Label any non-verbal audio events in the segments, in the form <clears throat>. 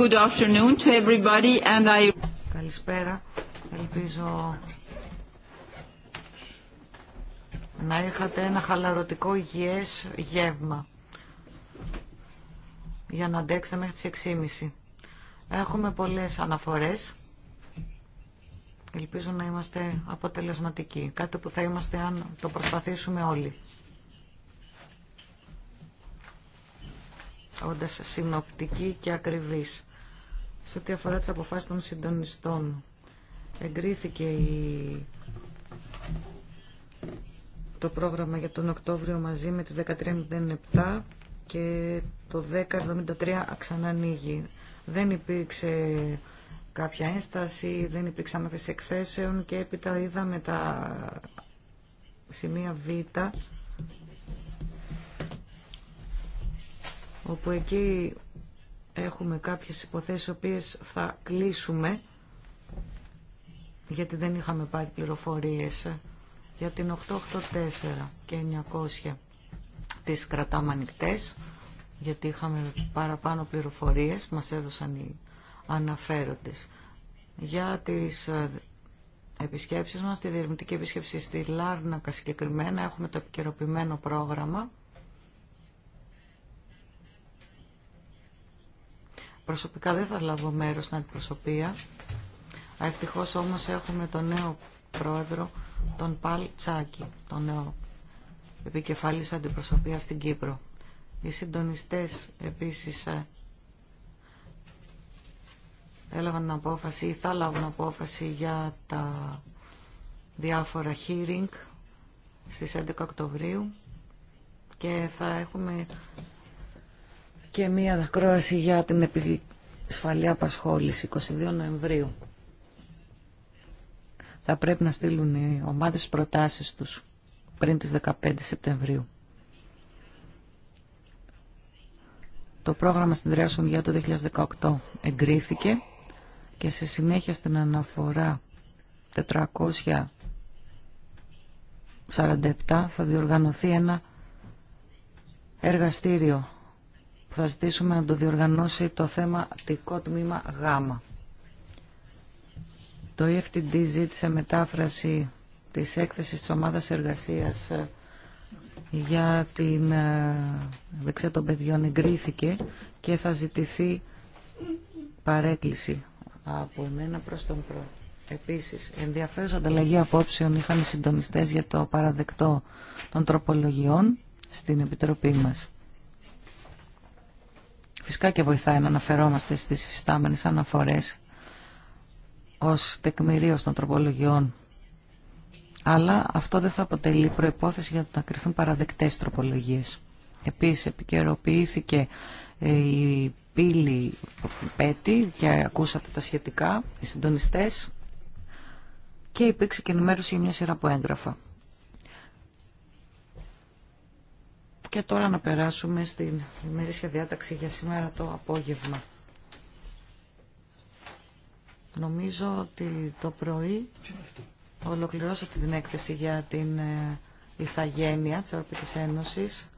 Good afternoon to everybody and I... Καλησπέρα. Ελπίζω να είχατε ένα χαλαρωτικό υγιές γεύμα για να αντέξετε μέχρι τις 6.30. Έχουμε πολλές αναφορές. Ελπίζω να είμαστε αποτελεσματικοί. Κάτι που θα είμαστε αν το προσπαθήσουμε όλοι. όντας συνοπτική και ακριβής. Σε ό,τι αφορά τις αποφάσεις των συντονιστών, εγκρίθηκε η... το πρόγραμμα για τον Οκτώβριο μαζί με τη 1307 και το 1073 ξανά Δεν υπήρξε κάποια ένσταση, δεν υπήρξε ανάθεση εκθέσεων και έπειτα είδαμε τα σημεία Β όπου εκεί έχουμε κάποιες υποθέσεις οποίες θα κλείσουμε γιατί δεν είχαμε πάρει πληροφορίες για την 884 και 900 τις κρατάμε ανοιχτέ, γιατί είχαμε παραπάνω πληροφορίες μας έδωσαν οι αναφέροντες για τις ε, επισκέψεις μας, τη διερμητική επίσκεψη στη Λάρνακα συγκεκριμένα έχουμε το επικαιροποιημένο πρόγραμμα Προσωπικά δεν θα λάβω μέρος στην αντιπροσωπεία. Ευτυχώς όμως έχουμε τον νέο πρόεδρο, τον Παλ Τσάκη, τον νέο επικεφαλής αντιπροσωπεία στην Κύπρο. Οι συντονιστές επίσης ε, έλαβαν απόφαση ή θα λάβουν απόφαση για τα διάφορα hearing στις 11 Οκτωβρίου και θα έχουμε και μία ακρόαση για την επισφαλή απασχόληση 22 Νοεμβρίου. Θα πρέπει να στείλουν οι ομάδες προτάσεις τους πριν τις 15 Σεπτεμβρίου. Το πρόγραμμα συνδυάσεων για το 2018 εγκρίθηκε και σε συνέχεια στην αναφορά 447 θα διοργανωθεί ένα εργαστήριο που θα ζητήσουμε να το διοργανώσει το θέμα τικό τμήμα Γ. Το EFTD ζήτησε μετάφραση της έκθεσης της ομάδας εργασίας ε, για την ε, δεξιά των παιδιών εγκρίθηκε και θα ζητηθεί παρέκκληση από εμένα προς τον προ. Επίσης, ενδιαφέρουσα ανταλλαγή απόψεων είχαν οι συντονιστές για το παραδεκτό των τροπολογιών στην Επιτροπή μας. Φυσικά και βοηθάει να αναφερόμαστε στις φυστάμενες αναφορές ως τεκμηρίως των τροπολογιών. Αλλά αυτό δεν θα αποτελεί προϋπόθεση για να κρυθούν παραδεκτές τροπολογίες. Επίσης επικαιροποιήθηκε ε, η πύλη πέτη και ακούσατε τα σχετικά, οι συντονιστές και υπήρξε και ενημέρωση για μια σειρά από έγγραφα. Και τώρα να περάσουμε στην ημερήσια διάταξη για σήμερα το απόγευμα. Νομίζω ότι το πρωί ολοκληρώσατε την έκθεση για την ε, ηθαγένεια της Ευρωπαϊκής Ένωσης,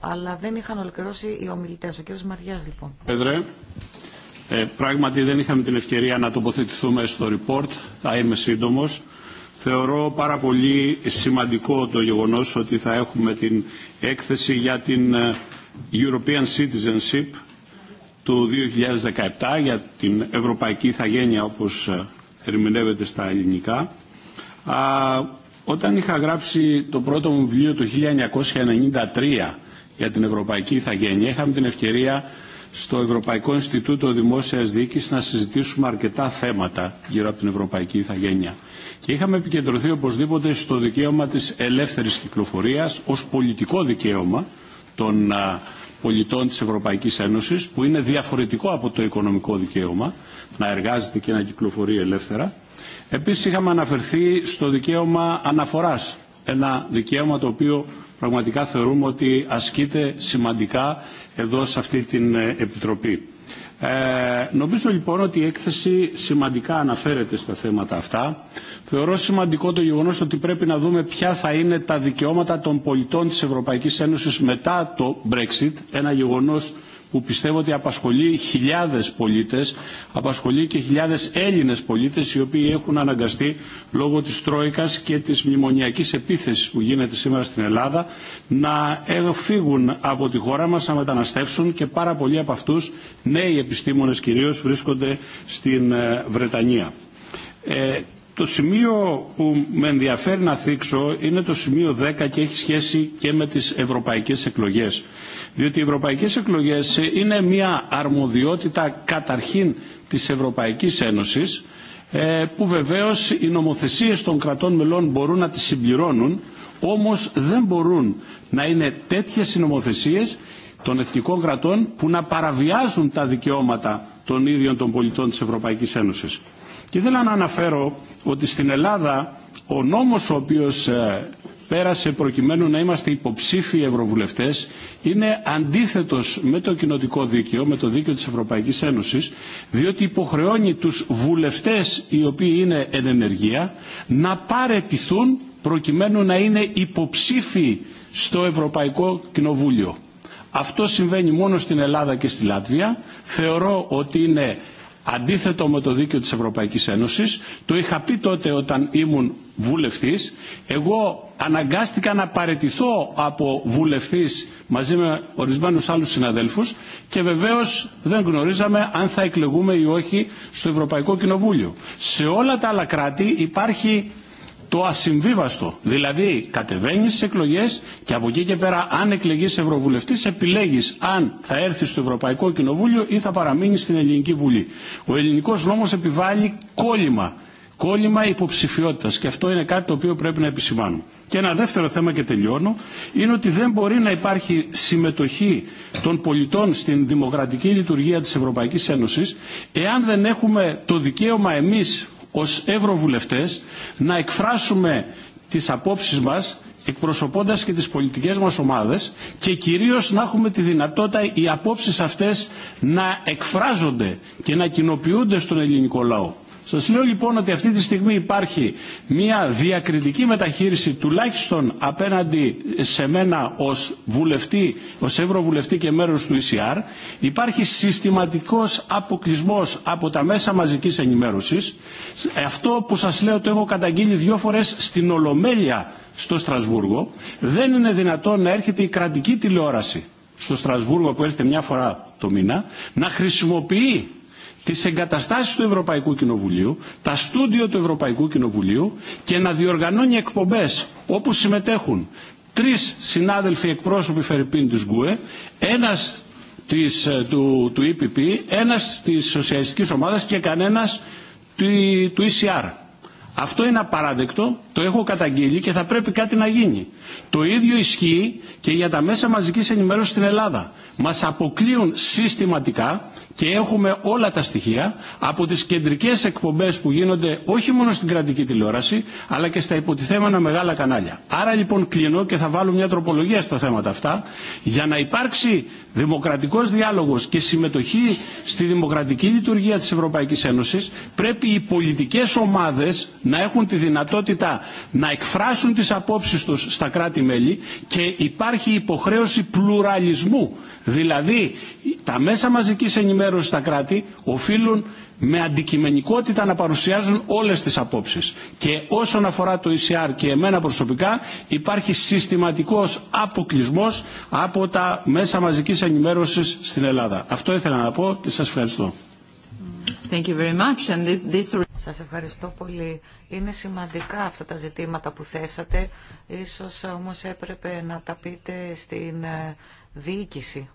αλλά δεν είχαν ολοκληρώσει οι ομιλητές. Ο κ. Μαριάς, λοιπόν. Πέδρε, ε, πράγματι δεν είχαμε την ευκαιρία να τοποθετηθούμε στο report. Θα είμαι σύντομος. Θεωρώ πάρα πολύ σημαντικό το γεγονός ότι θα έχουμε την έκθεση για την ε, European Citizenship του 2017 για την Ευρωπαϊκή Ιθαγένεια όπως ε, ερμηνεύεται στα ελληνικά. Α, όταν είχα γράψει το πρώτο μου βιβλίο το 1993 για την Ευρωπαϊκή Ιθαγένεια είχαμε την ευκαιρία στο Ευρωπαϊκό Ινστιτούτο Δημόσιας Διοίκησης να συζητήσουμε αρκετά θέματα γύρω από την Ευρωπαϊκή Ιθαγένεια και είχαμε επικεντρωθεί οπωσδήποτε στο δικαίωμα της ελεύθερης κυκλοφορίας ως πολιτικό δικαίωμα των πολιτών της Ευρωπαϊκής Ένωσης που είναι διαφορετικό από το οικονομικό δικαίωμα να εργάζεται και να κυκλοφορεί ελεύθερα. Επίσης είχαμε αναφερθεί στο δικαίωμα αναφοράς, ένα δικαίωμα το οποίο πραγματικά θεωρούμε ότι ασκείται σημαντικά εδώ σε αυτή την ε, Επιτροπή. Ε, νομίζω λοιπόν ότι η έκθεση σημαντικά αναφέρεται στα θέματα αυτά. Θεωρώ σημαντικό το γεγονός ότι πρέπει να δούμε ποια θα είναι τα δικαιώματα των πολιτών της Ευρωπαϊκής Ένωσης μετά το Brexit, ένα γεγονός που πιστεύω ότι απασχολεί χιλιάδες πολίτες, απασχολεί και χιλιάδες Έλληνες πολίτες οι οποίοι έχουν αναγκαστεί λόγω της Τρόικας και της μνημονιακής επίθεσης που γίνεται σήμερα στην Ελλάδα να φύγουν από τη χώρα μας, να μεταναστεύσουν και πάρα πολλοί από αυτούς νέοι επιστήμονες κυρίως βρίσκονται στην ε, Βρετανία. Ε, το σημείο που με ενδιαφέρει να θίξω είναι το σημείο 10 και έχει σχέση και με τις ευρωπαϊκές εκλογές. Διότι οι ευρωπαϊκές εκλογές είναι μια αρμοδιότητα καταρχήν της Ευρωπαϊκής Ένωσης ε, που βεβαίως οι νομοθεσίες των κρατών μελών μπορούν να τις συμπληρώνουν όμως δεν μπορούν να είναι τέτοιες οι νομοθεσίες των εθνικών κρατών που να παραβιάζουν τα δικαιώματα των ίδιων των πολιτών της Ευρωπαϊκής Ένωσης. Και ήθελα να αναφέρω ότι στην Ελλάδα ο νόμος ο οποίος ε, πέρασε προκειμένου να είμαστε υποψήφοι ευρωβουλευτές είναι αντίθετος με το κοινοτικό δίκαιο, με το δίκαιο της Ευρωπαϊκής Ένωσης, διότι υποχρεώνει τους βουλευτές οι οποίοι είναι εν ενεργεία να παρετηθούν προκειμένου να είναι υποψήφοι στο Ευρωπαϊκό Κοινοβούλιο. Αυτό συμβαίνει μόνο στην Ελλάδα και στη Λάτβια. Θεωρώ ότι είναι αντίθετο με το δίκαιο της Ευρωπαϊκής Ένωσης. Το είχα πει τότε όταν ήμουν βουλευτής. Εγώ αναγκάστηκα να παρετηθώ από βουλευτής μαζί με ορισμένους άλλους συναδέλφους και βεβαίως δεν γνωρίζαμε αν θα εκλεγούμε ή όχι στο Ευρωπαϊκό Κοινοβούλιο. Σε όλα τα άλλα κράτη υπάρχει το ασυμβίβαστο. Δηλαδή κατεβαίνει στι εκλογέ και από εκεί και πέρα αν εκλεγεί Ευρωβουλευτή επιλέγει αν θα έρθει στο Ευρωπαϊκό Κοινοβούλιο ή θα παραμείνει στην Ελληνική Βουλή. Ο ελληνικό νόμο επιβάλλει κόλλημα. Κόλλημα υποψηφιότητα και αυτό είναι κάτι το οποίο πρέπει να επισημάνουμε. Και ένα δεύτερο θέμα και τελειώνω είναι ότι δεν μπορεί να υπάρχει συμμετοχή των πολιτών στην δημοκρατική λειτουργία της Ευρωπαϊκής Ένωσης εάν δεν έχουμε το δικαίωμα εμείς ως ευρωβουλευτές να εκφράσουμε τις απόψεις μας εκπροσωπώντας και τις πολιτικές μας ομάδες και κυρίως να έχουμε τη δυνατότητα οι απόψεις αυτές να εκφράζονται και να κοινοποιούνται στον ελληνικό λαό. Σας λέω λοιπόν ότι αυτή τη στιγμή υπάρχει μια διακριτική μεταχείριση τουλάχιστον απέναντι σε μένα ως βουλευτή, ως ευρωβουλευτή και μέρος του ECR. Υπάρχει συστηματικός αποκλεισμό από τα μέσα μαζικής ενημέρωσης. Αυτό που σας λέω το έχω καταγγείλει δύο φορές στην Ολομέλεια στο Στρασβούργο. Δεν είναι δυνατόν να έρχεται η κρατική τηλεόραση στο Στρασβούργο που έρχεται μια φορά το μήνα να χρησιμοποιεί τις εγκαταστάσεις του Ευρωπαϊκού Κοινοβουλίου, τα στούντιο του Ευρωπαϊκού Κοινοβουλίου και να διοργανώνει εκπομπές όπου συμμετέχουν τρεις συνάδελφοι εκπρόσωποι Φερρυπίν της ΓΚΟΕ, ένας της, ε, του, του EPP, ένας της Σοσιαλιστικής Ομάδας και κανένας του, του ECR. Αυτό είναι απαράδεκτο, το έχω καταγγείλει και θα πρέπει κάτι να γίνει. Το ίδιο ισχύει και για τα μέσα μαζικής ενημέρωσης στην Ελλάδα. Μας αποκλείουν συστηματικά και έχουμε όλα τα στοιχεία από τις κεντρικές εκπομπές που γίνονται όχι μόνο στην κρατική τηλεόραση αλλά και στα υποτιθέμενα μεγάλα κανάλια. Άρα λοιπόν κλείνω και θα βάλω μια τροπολογία στα θέματα αυτά για να υπάρξει δημοκρατικός διάλογος και συμμετοχή στη δημοκρατική λειτουργία της Ευρωπαϊκής Ένωσης πρέπει οι πολιτικές ομάδες να έχουν τη δυνατότητα να εκφράσουν τις απόψεις τους στα κράτη-μέλη και υπάρχει υποχρέωση πλουραλισμού Δηλαδή τα μέσα μαζικής ενημέρωσης στα κράτη οφείλουν με αντικειμενικότητα να παρουσιάζουν όλες τις απόψεις. Και όσον αφορά το ECR και εμένα προσωπικά υπάρχει συστηματικός αποκλεισμό από τα μέσα μαζικής ενημέρωσης στην Ελλάδα. Αυτό ήθελα να πω και σας ευχαριστώ. Thank ευχαριστώ πολύ. Είναι σημαντικά αυτά τα ζητήματα που θέσατε. Ίσως όμως έπρεπε να τα πείτε στην ε, διοίκηση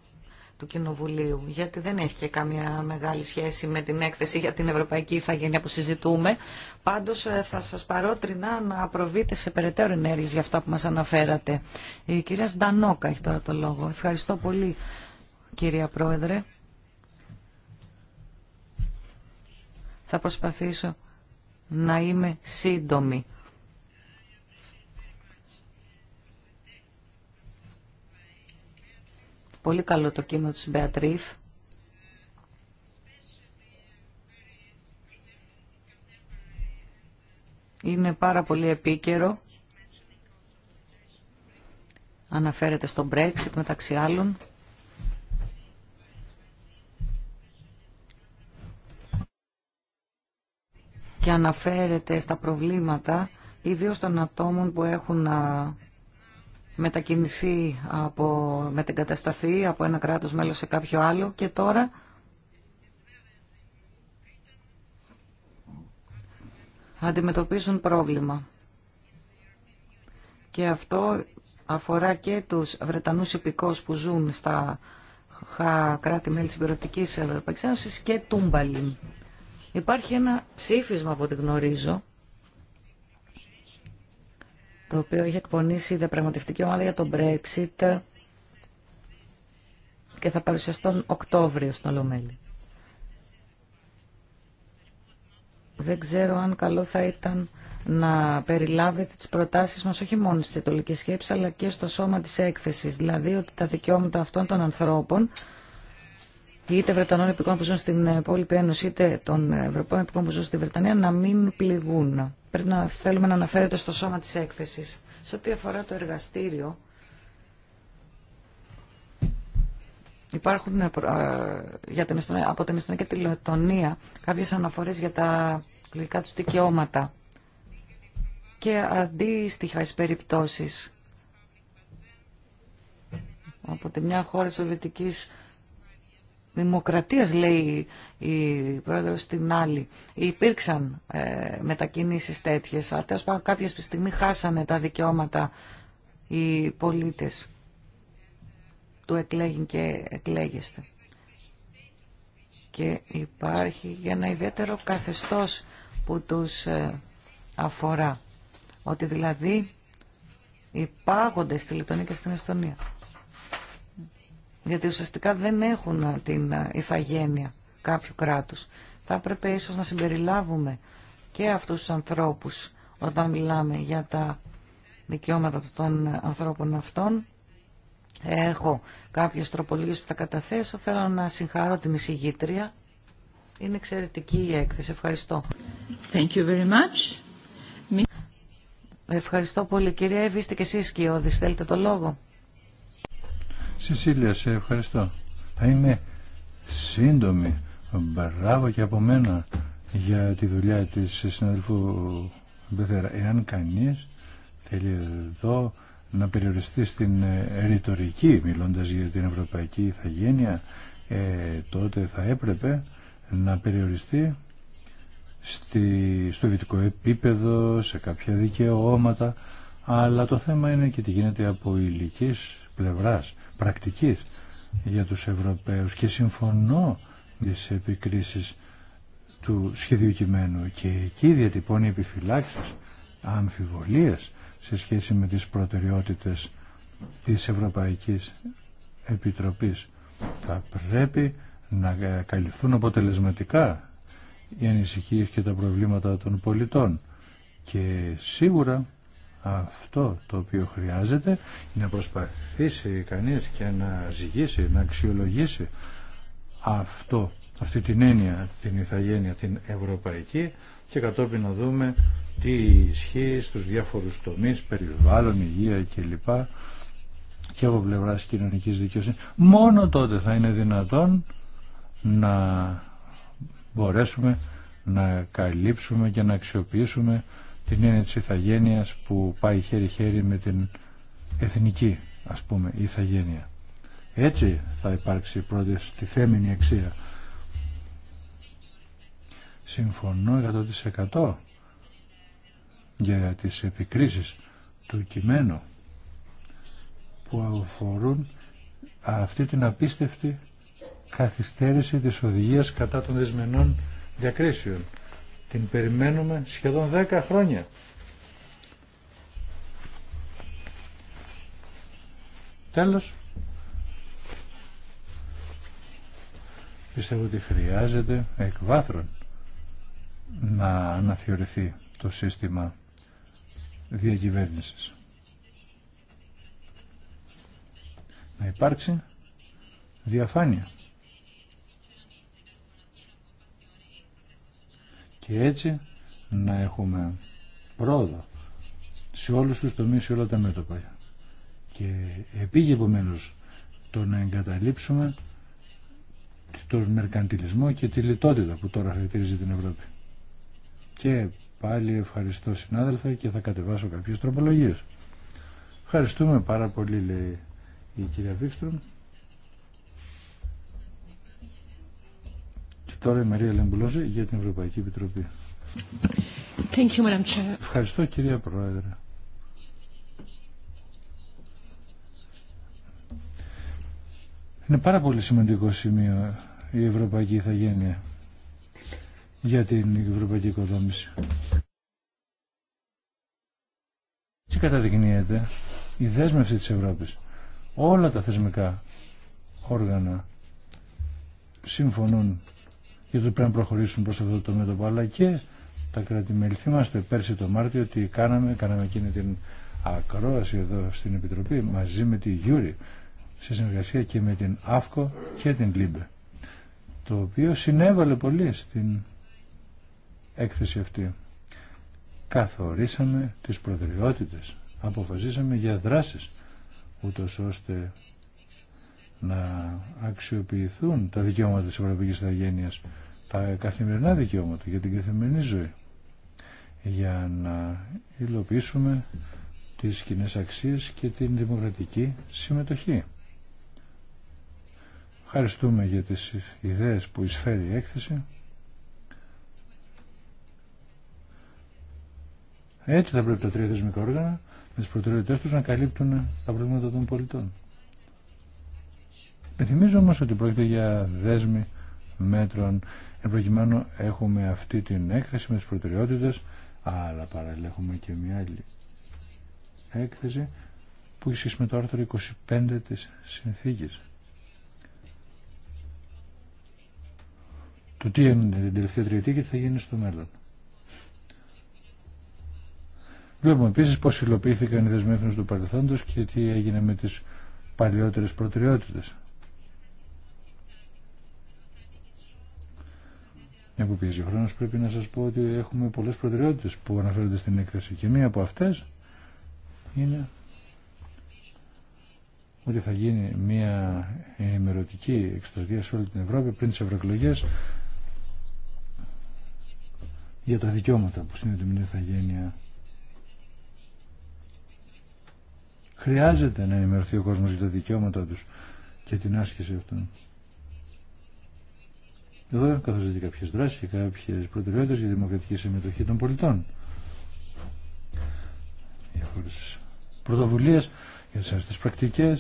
του Κοινοβουλίου, γιατί δεν έχει και καμία μεγάλη σχέση με την έκθεση για την Ευρωπαϊκή Ιθαγένεια που συζητούμε. Πάντως ε, θα σας παρότρινα να προβείτε σε περαιτέρω ενέργειες για αυτά που μας αναφέρατε. Η κυρία Στανόκα έχει τώρα το λόγο. Ευχαριστώ πολύ κυρία Πρόεδρε. Θα προσπαθήσω να είμαι σύντομη. Πολύ καλό το κείμενο της Μπεατρίθ. Είναι πάρα πολύ επίκαιρο. Αναφέρεται στο Brexit μεταξύ άλλων. Και αναφέρεται στα προβλήματα ιδίως των ατόμων που έχουν μετακινηθεί, από, μετεγκατασταθεί από ένα κράτος μέλος σε κάποιο άλλο και τώρα αντιμετωπίζουν πρόβλημα. Και αυτό αφορά και τους Βρετανούς υπηκός που ζουν στα κράτη-μέλη της Υπηρετικής Ευρωπαϊκής Ένωσης και Τούμπαλιν. Υπάρχει ένα ψήφισμα που τη γνωρίζω το οποίο έχει εκπονήσει η διαπραγματευτική ομάδα για τον Brexit και θα παρουσιαστεί τον Οκτώβριο στο Λομέλη. Δεν ξέρω αν καλό θα ήταν να περιλάβετε τις προτάσεις μας όχι μόνο στις ετολικές σκέψεις αλλά και στο σώμα της έκθεσης, δηλαδή ότι τα δικαιώματα αυτών των ανθρώπων είτε Βρετανών επικών που ζουν στην υπόλοιπη Ένωση, είτε των Ευρωπαίων επικών που ζουν στη Βρετανία, να μην πληγούν. Πρέπει να θέλουμε να αναφέρεται στο σώμα της έκθεσης. Σε ό,τι αφορά το εργαστήριο, υπάρχουν ε, ε, για την ιστονία, από την Εστονία και τη κάποιες αναφορές για τα λογικά τους δικαιώματα και αντίστοιχα περιπτώσεις από τη μια χώρα της Σοβιετικής δημοκρατίας λέει η πρόεδρος στην άλλη. Υπήρξαν ε, μετακινήσεις τέτοιες, αλλά τέλος πάντων κάποια στιγμή χάσανε τα δικαιώματα οι πολίτες του εκλέγει και εκλέγεστε. Και υπάρχει για ένα ιδιαίτερο καθεστώς που τους ε, αφορά. Ότι δηλαδή υπάγονται στη Λιτωνία και στην Εστονία γιατί ουσιαστικά δεν έχουν ε, την ε, ηθαγένεια κάποιου κράτους. Θα έπρεπε ίσως να συμπεριλάβουμε και αυτούς τους ανθρώπους όταν μιλάμε για τα δικαιώματα των ανθρώπων αυτών. Έχω κάποιες τροπολογίες που θα καταθέσω. Θέλω να συγχαρώ την εισηγήτρια. Είναι εξαιρετική η έκθεση. Ευχαριστώ. Thank you very much. Ευχαριστώ πολύ. Κυρία Εύη, είστε και εσείς Θέλετε το λόγο. Σεσίλια, σε ευχαριστώ. Θα είμαι σύντομη. Μπράβο και από μένα για τη δουλειά της συναδελφού Μπεθέρα. Εάν κανείς θέλει εδώ να περιοριστεί στην ε, ρητορική μιλώντας για την ευρωπαϊκή ηθαγένεια ε, τότε θα έπρεπε να περιοριστεί στη, στο βυτικό επίπεδο, σε κάποια δικαιώματα αλλά το θέμα είναι και τι γίνεται από ηλικής πλευράς πρακτικής για τους Ευρωπαίους και συμφωνώ με τις επικρίσεις του σχεδίου κειμένου και εκεί διατυπώνει επιφυλάξεις, αμφιβολίες σε σχέση με τις προτεραιότητες της Ευρωπαϊκής Επιτροπής. Θα πρέπει να καλυφθούν αποτελεσματικά οι ανησυχίες και τα προβλήματα των πολιτών και σίγουρα αυτό το οποίο χρειάζεται είναι να προσπαθήσει κανείς και να ζυγίσει, να αξιολογήσει αυτό, αυτή την έννοια, την ηθαγένεια, την ευρωπαϊκή και κατόπιν να δούμε τι ισχύει στους διάφορους τομείς, περιβάλλον, υγεία κλπ. και από πλευρά κοινωνική δικαιοσύνη. Μόνο τότε θα είναι δυνατόν να μπορέσουμε να καλύψουμε και να αξιοποιήσουμε την έννοια της ηθαγένειας που πάει χέρι-χέρι με την εθνική, ας πούμε, ηθαγένεια. Έτσι θα υπάρξει πρώτη στη θέμενη αξία. Συμφωνώ 100% για τις επικρίσεις του κειμένου που αφορούν αυτή την απίστευτη καθυστέρηση της οδηγίας κατά των δεσμενών διακρίσεων. Την περιμένουμε σχεδόν 10 χρόνια. Τέλος. Πιστεύω ότι χρειάζεται εκ βάθρων να αναθεωρηθεί το σύστημα διακυβέρνησης. Να υπάρξει διαφάνεια. και έτσι να έχουμε πρόοδο σε όλους τους τομείς, σε όλα τα μέτωπα. Και επήγε επομένω το να εγκαταλείψουμε τον μερκαντιλισμό και τη λιτότητα που τώρα χαρακτηρίζει την Ευρώπη. Και πάλι ευχαριστώ συνάδελφα και θα κατεβάσω κάποιες τροπολογίες. Ευχαριστούμε πάρα πολύ λέει η κυρία Τώρα η Μαρία Λεμπουλόζη για την Ευρωπαϊκή Επιτροπή. you, Ευχαριστώ κυρία Πρόεδρε. Είναι πάρα πολύ σημαντικό σημείο η Ευρωπαϊκή Ιθαγένεια για την Ευρωπαϊκή Οικοδόμηση. Τι καταδεικνύεται η δέσμευση της Ευρώπης. Όλα τα θεσμικά όργανα συμφωνούν γιατί πρέπει να προχωρήσουν προς αυτό το μέτωπο αλλά και τα κράτη-μέλη. Θυμάστε πέρσι το Μάρτιο ότι κάναμε, κάναμε εκείνη την ακρόαση εδώ στην Επιτροπή μαζί με τη Γιούρη σε συνεργασία και με την ΑΦΚΟ και την ΛΥΜΠΕ το οποίο συνέβαλε πολύ στην έκθεση αυτή. Καθορίσαμε τις προτεραιότητες, αποφασίσαμε για δράσεις ούτως ώστε να αξιοποιηθούν τα δικαιώματα της Ευρωπαϊκής Ιθαγένειας, τα καθημερινά δικαιώματα για την καθημερινή ζωή, για να υλοποιήσουμε τις κοινέ αξίες και την δημοκρατική συμμετοχή. Ευχαριστούμε για τις ιδέες που εισφέρει η έκθεση. Έτσι θα πρέπει τα τρία θεσμικά όργανα με τις προτεραιότητες τους να καλύπτουν τα προβλήματα των πολιτών. Υπενθυμίζω όμω ότι πρόκειται για δέσμη μέτρων. Εν προκειμένου έχουμε αυτή την έκθεση με τι προτεραιότητε, αλλά παράλληλα έχουμε και μια άλλη έκθεση που έχει με το άρθρο 25 της συνθήκης. Το τι έγινε την τελευταία τριετία και τι θα γίνει στο μέλλον. Βλέπουμε επίση πώ υλοποιήθηκαν οι δεσμεύσει του παρελθόντο και τι έγινε με τι παλιότερε προτεραιότητε. Μια που πιέζει ο πρέπει να σα πω ότι έχουμε πολλέ προτεραιότητες που αναφέρονται στην έκθεση και μία από αυτές είναι ότι θα γίνει μια ενημερωτική εκστρατεία σε όλη την Ευρώπη πριν τι ευρωεκλογέ για τα δικαιώματα που συνδέονται με την Χρειάζεται να ενημερωθεί ο κόσμος για τα δικαιώματα τους και την άσκηση αυτών. Εδώ καθορίζονται κάποιε δράσει και κάποιε προτεραιότητε για δημοκρατική συμμετοχή των πολιτών. Διάφορε πρωτοβουλίε για τι αριστερέ πρακτικέ,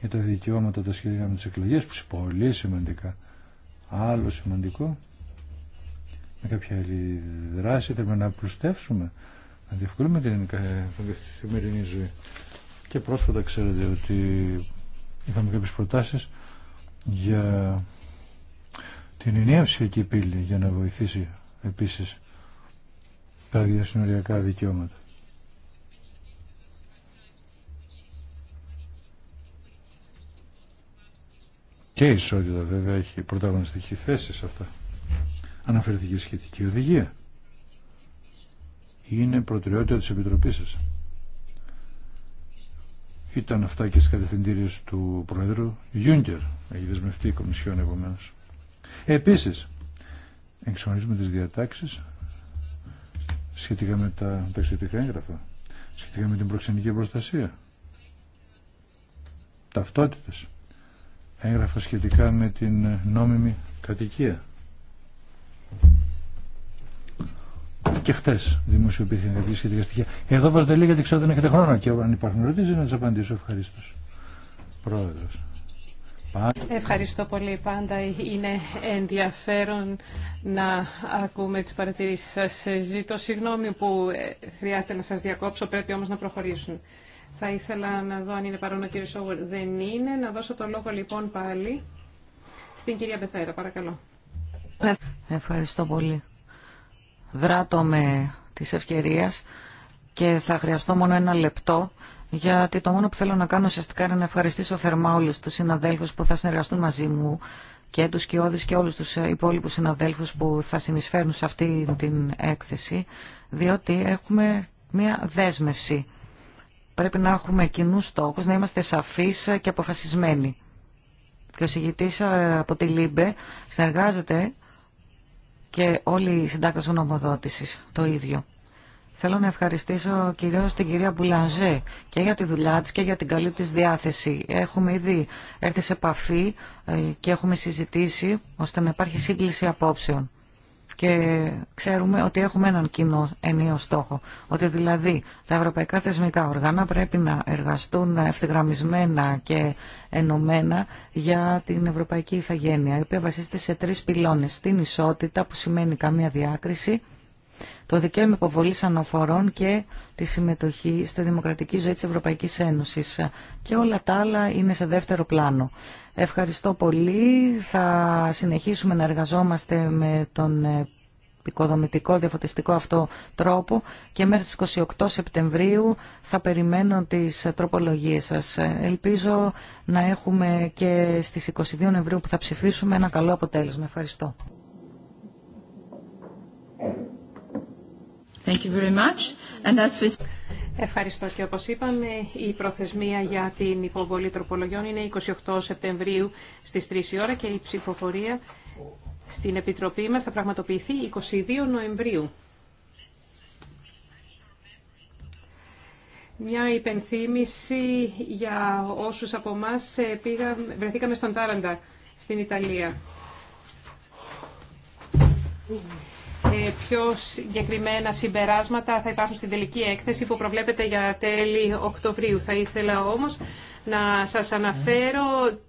για τα δικαιώματα τα σχετικά με τι εκλογέ, που είναι πολύ σημαντικά. Άλλο σημαντικό, με κάποια άλλη δράση θέλουμε να πλουστεύσουμε, να διευκολύνουμε την καθημερινή ζωή. Και πρόσφατα ξέρετε ότι είχαμε κάποιε προτάσει για την νέα ψηφιακή πύλη για να βοηθήσει επίσης τα διασυνοριακά δικαιώματα. Και η ισότητα βέβαια έχει πρωταγωνιστική θέση σε αυτά. Αναφερθήκε σχετική οδηγία. Είναι προτεραιότητα της Επιτροπής σας. Ήταν αυτά και στις κατευθυντήριες του Πρόεδρου Γιούγκερ. Έχει δεσμευτεί η Κομισιόν επομένως. Επίσης, εξονίζουμε τις διατάξεις σχετικά με τα ταξιδιωτικά έγγραφα, σχετικά με την προξενική προστασία, ταυτότητες, έγγραφα σχετικά με την νόμιμη κατοικία. Και χτε δημοσιοποιήθηκαν κάποια σχετικά στοιχεία. Εδώ βάζετε λίγα γιατί ξέρω δεν έχετε χρόνο και αν υπάρχουν ερωτήσει να τι απαντήσω. Ευχαρίστω. Πρόεδρος. Ευχαριστώ πολύ. Πάντα είναι ενδιαφέρον να ακούμε τις παρατηρήσεις σας. Ζήτω συγγνώμη που ε, χρειάζεται να σας διακόψω, πρέπει όμως να προχωρήσουν. Θα ήθελα να δω αν είναι παρόν ο κύριος Δεν είναι. Να δώσω το λόγο λοιπόν πάλι στην κυρία Μπεθέρα. Παρακαλώ. Ευχαριστώ πολύ. Δράτω με της ευκαιρίας και θα χρειαστώ μόνο ένα λεπτό γιατί το μόνο που θέλω να κάνω ουσιαστικά είναι να ευχαριστήσω θερμά όλου του συναδέλφους που θα συνεργαστούν μαζί μου και τους Κιώδης και όλους τους υπόλοιπου συναδέλφους που θα συνεισφέρουν σε αυτή την έκθεση, διότι έχουμε μία δέσμευση. Πρέπει να έχουμε κοινού στόχου, να είμαστε σαφείς και αποφασισμένοι. Και ο συγητή ε, από τη ΛΥΜΠΕ συνεργάζεται και όλοι οι συντάκτες ονομοδότηση. το ίδιο. Θέλω να ευχαριστήσω κυρίως την κυρία Μπουλανζέ και για τη δουλειά της και για την καλή της διάθεση. Έχουμε ήδη έρθει σε επαφή ε, και έχουμε συζητήσει ώστε να υπάρχει σύγκληση απόψεων. Και ξέρουμε ότι έχουμε έναν κοινό ενίο στόχο. Ότι δηλαδή τα ευρωπαϊκά θεσμικά οργάνα πρέπει να εργαστούν ευθυγραμμισμένα και ενωμένα για την ευρωπαϊκή ηθαγένεια, η οποία βασίζεται σε τρει πυλώνες. Την ισότητα που σημαίνει καμία διάκριση, το δικαίωμα υποβολή αναφορών και τη συμμετοχή στη δημοκρατική ζωή της Ευρωπαϊκής Ένωσης. Και όλα τα άλλα είναι σε δεύτερο πλάνο. Ευχαριστώ πολύ. Θα συνεχίσουμε να εργαζόμαστε με τον οικοδομητικό, διαφωτιστικό αυτό τρόπο και μέχρι τις 28 Σεπτεμβρίου θα περιμένω τις τροπολογίες σας. Ελπίζω να έχουμε και στις 22 Νευρίου που θα ψηφίσουμε ένα καλό αποτέλεσμα. Ευχαριστώ. Ευχαριστώ και όπως είπαμε η προθεσμία για την υποβολή τροπολογιών είναι 28 Σεπτεμβρίου στις 3 η ώρα και η ψηφοφορία στην Επιτροπή μας θα πραγματοποιηθεί 22 Νοεμβρίου. Μια υπενθύμηση για όσους από εμά βρεθήκαμε στον Τάραντα στην Ιταλία. Ε, πιο συγκεκριμένα συμπεράσματα θα υπάρχουν στην τελική έκθεση που προβλέπεται για τέλη Οκτωβρίου. Θα ήθελα όμως να σας αναφέρω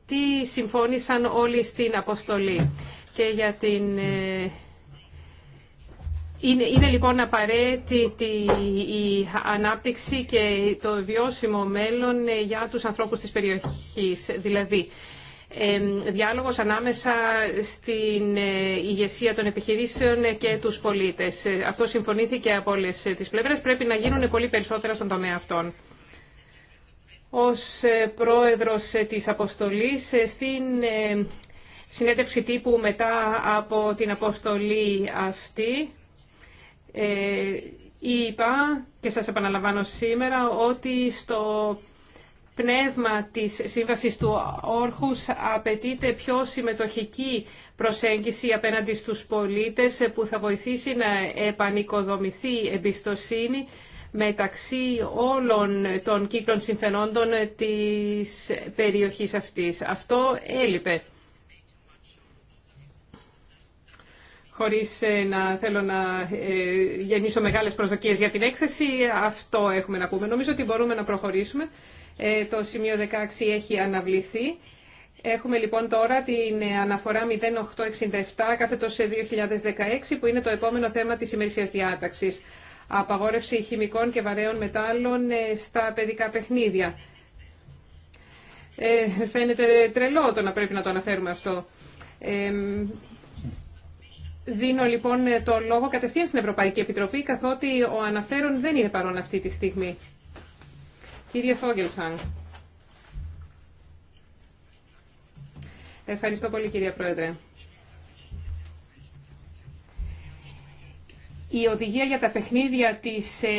τι συμφώνησαν όλοι στην αποστολή. Και για την... Ε, είναι, είναι λοιπόν απαραίτητη η ανάπτυξη και το βιώσιμο μέλλον ε, για τους ανθρώπους της περιοχής. Δηλαδή, διάλογος ανάμεσα στην ε, ηγεσία των επιχειρήσεων και τους πολίτες. Ε, αυτό συμφωνήθηκε από όλες ε, τις πλευρές. Πρέπει να γίνουν πολύ περισσότερα στον τομέα αυτών. Ως πρόεδρος της αποστολής στην συνέντευξη τύπου μετά από την αποστολή αυτή είπα και σας επαναλαμβάνω σήμερα ότι στο πνεύμα της σύμβασης του όρχους απαιτείται πιο συμμετοχική προσέγγιση απέναντι στους πολίτες που θα βοηθήσει να επανοικοδομηθεί εμπιστοσύνη μεταξύ όλων των κύκλων συμφενόντων της περιοχής αυτής. Αυτό έλειπε. Χωρίς ε, να θέλω να ε, γεννήσω μεγάλες προσδοκίες για την έκθεση, αυτό έχουμε να πούμε. Νομίζω ότι μπορούμε να προχωρήσουμε. Ε, το σημείο 16 έχει αναβληθεί. Έχουμε λοιπόν τώρα την ε, αναφορά 0867 κάθετος 2016 που είναι το επόμενο θέμα της ημερησίας διάταξης. Απαγόρευση χημικών και βαρέων μετάλλων ε, στα παιδικά παιχνίδια. Ε, φαίνεται τρελό το να πρέπει να το αναφέρουμε αυτό. Ε, δίνω λοιπόν το λόγο κατευθείαν στην Ευρωπαϊκή Επιτροπή καθότι ο αναφέρον δεν είναι παρόν αυτή τη στιγμή. Κύριε Φόγγελσαν. Ευχαριστώ πολύ κύριε Πρόεδρε. Η οδηγία για τα παιχνίδια της ε,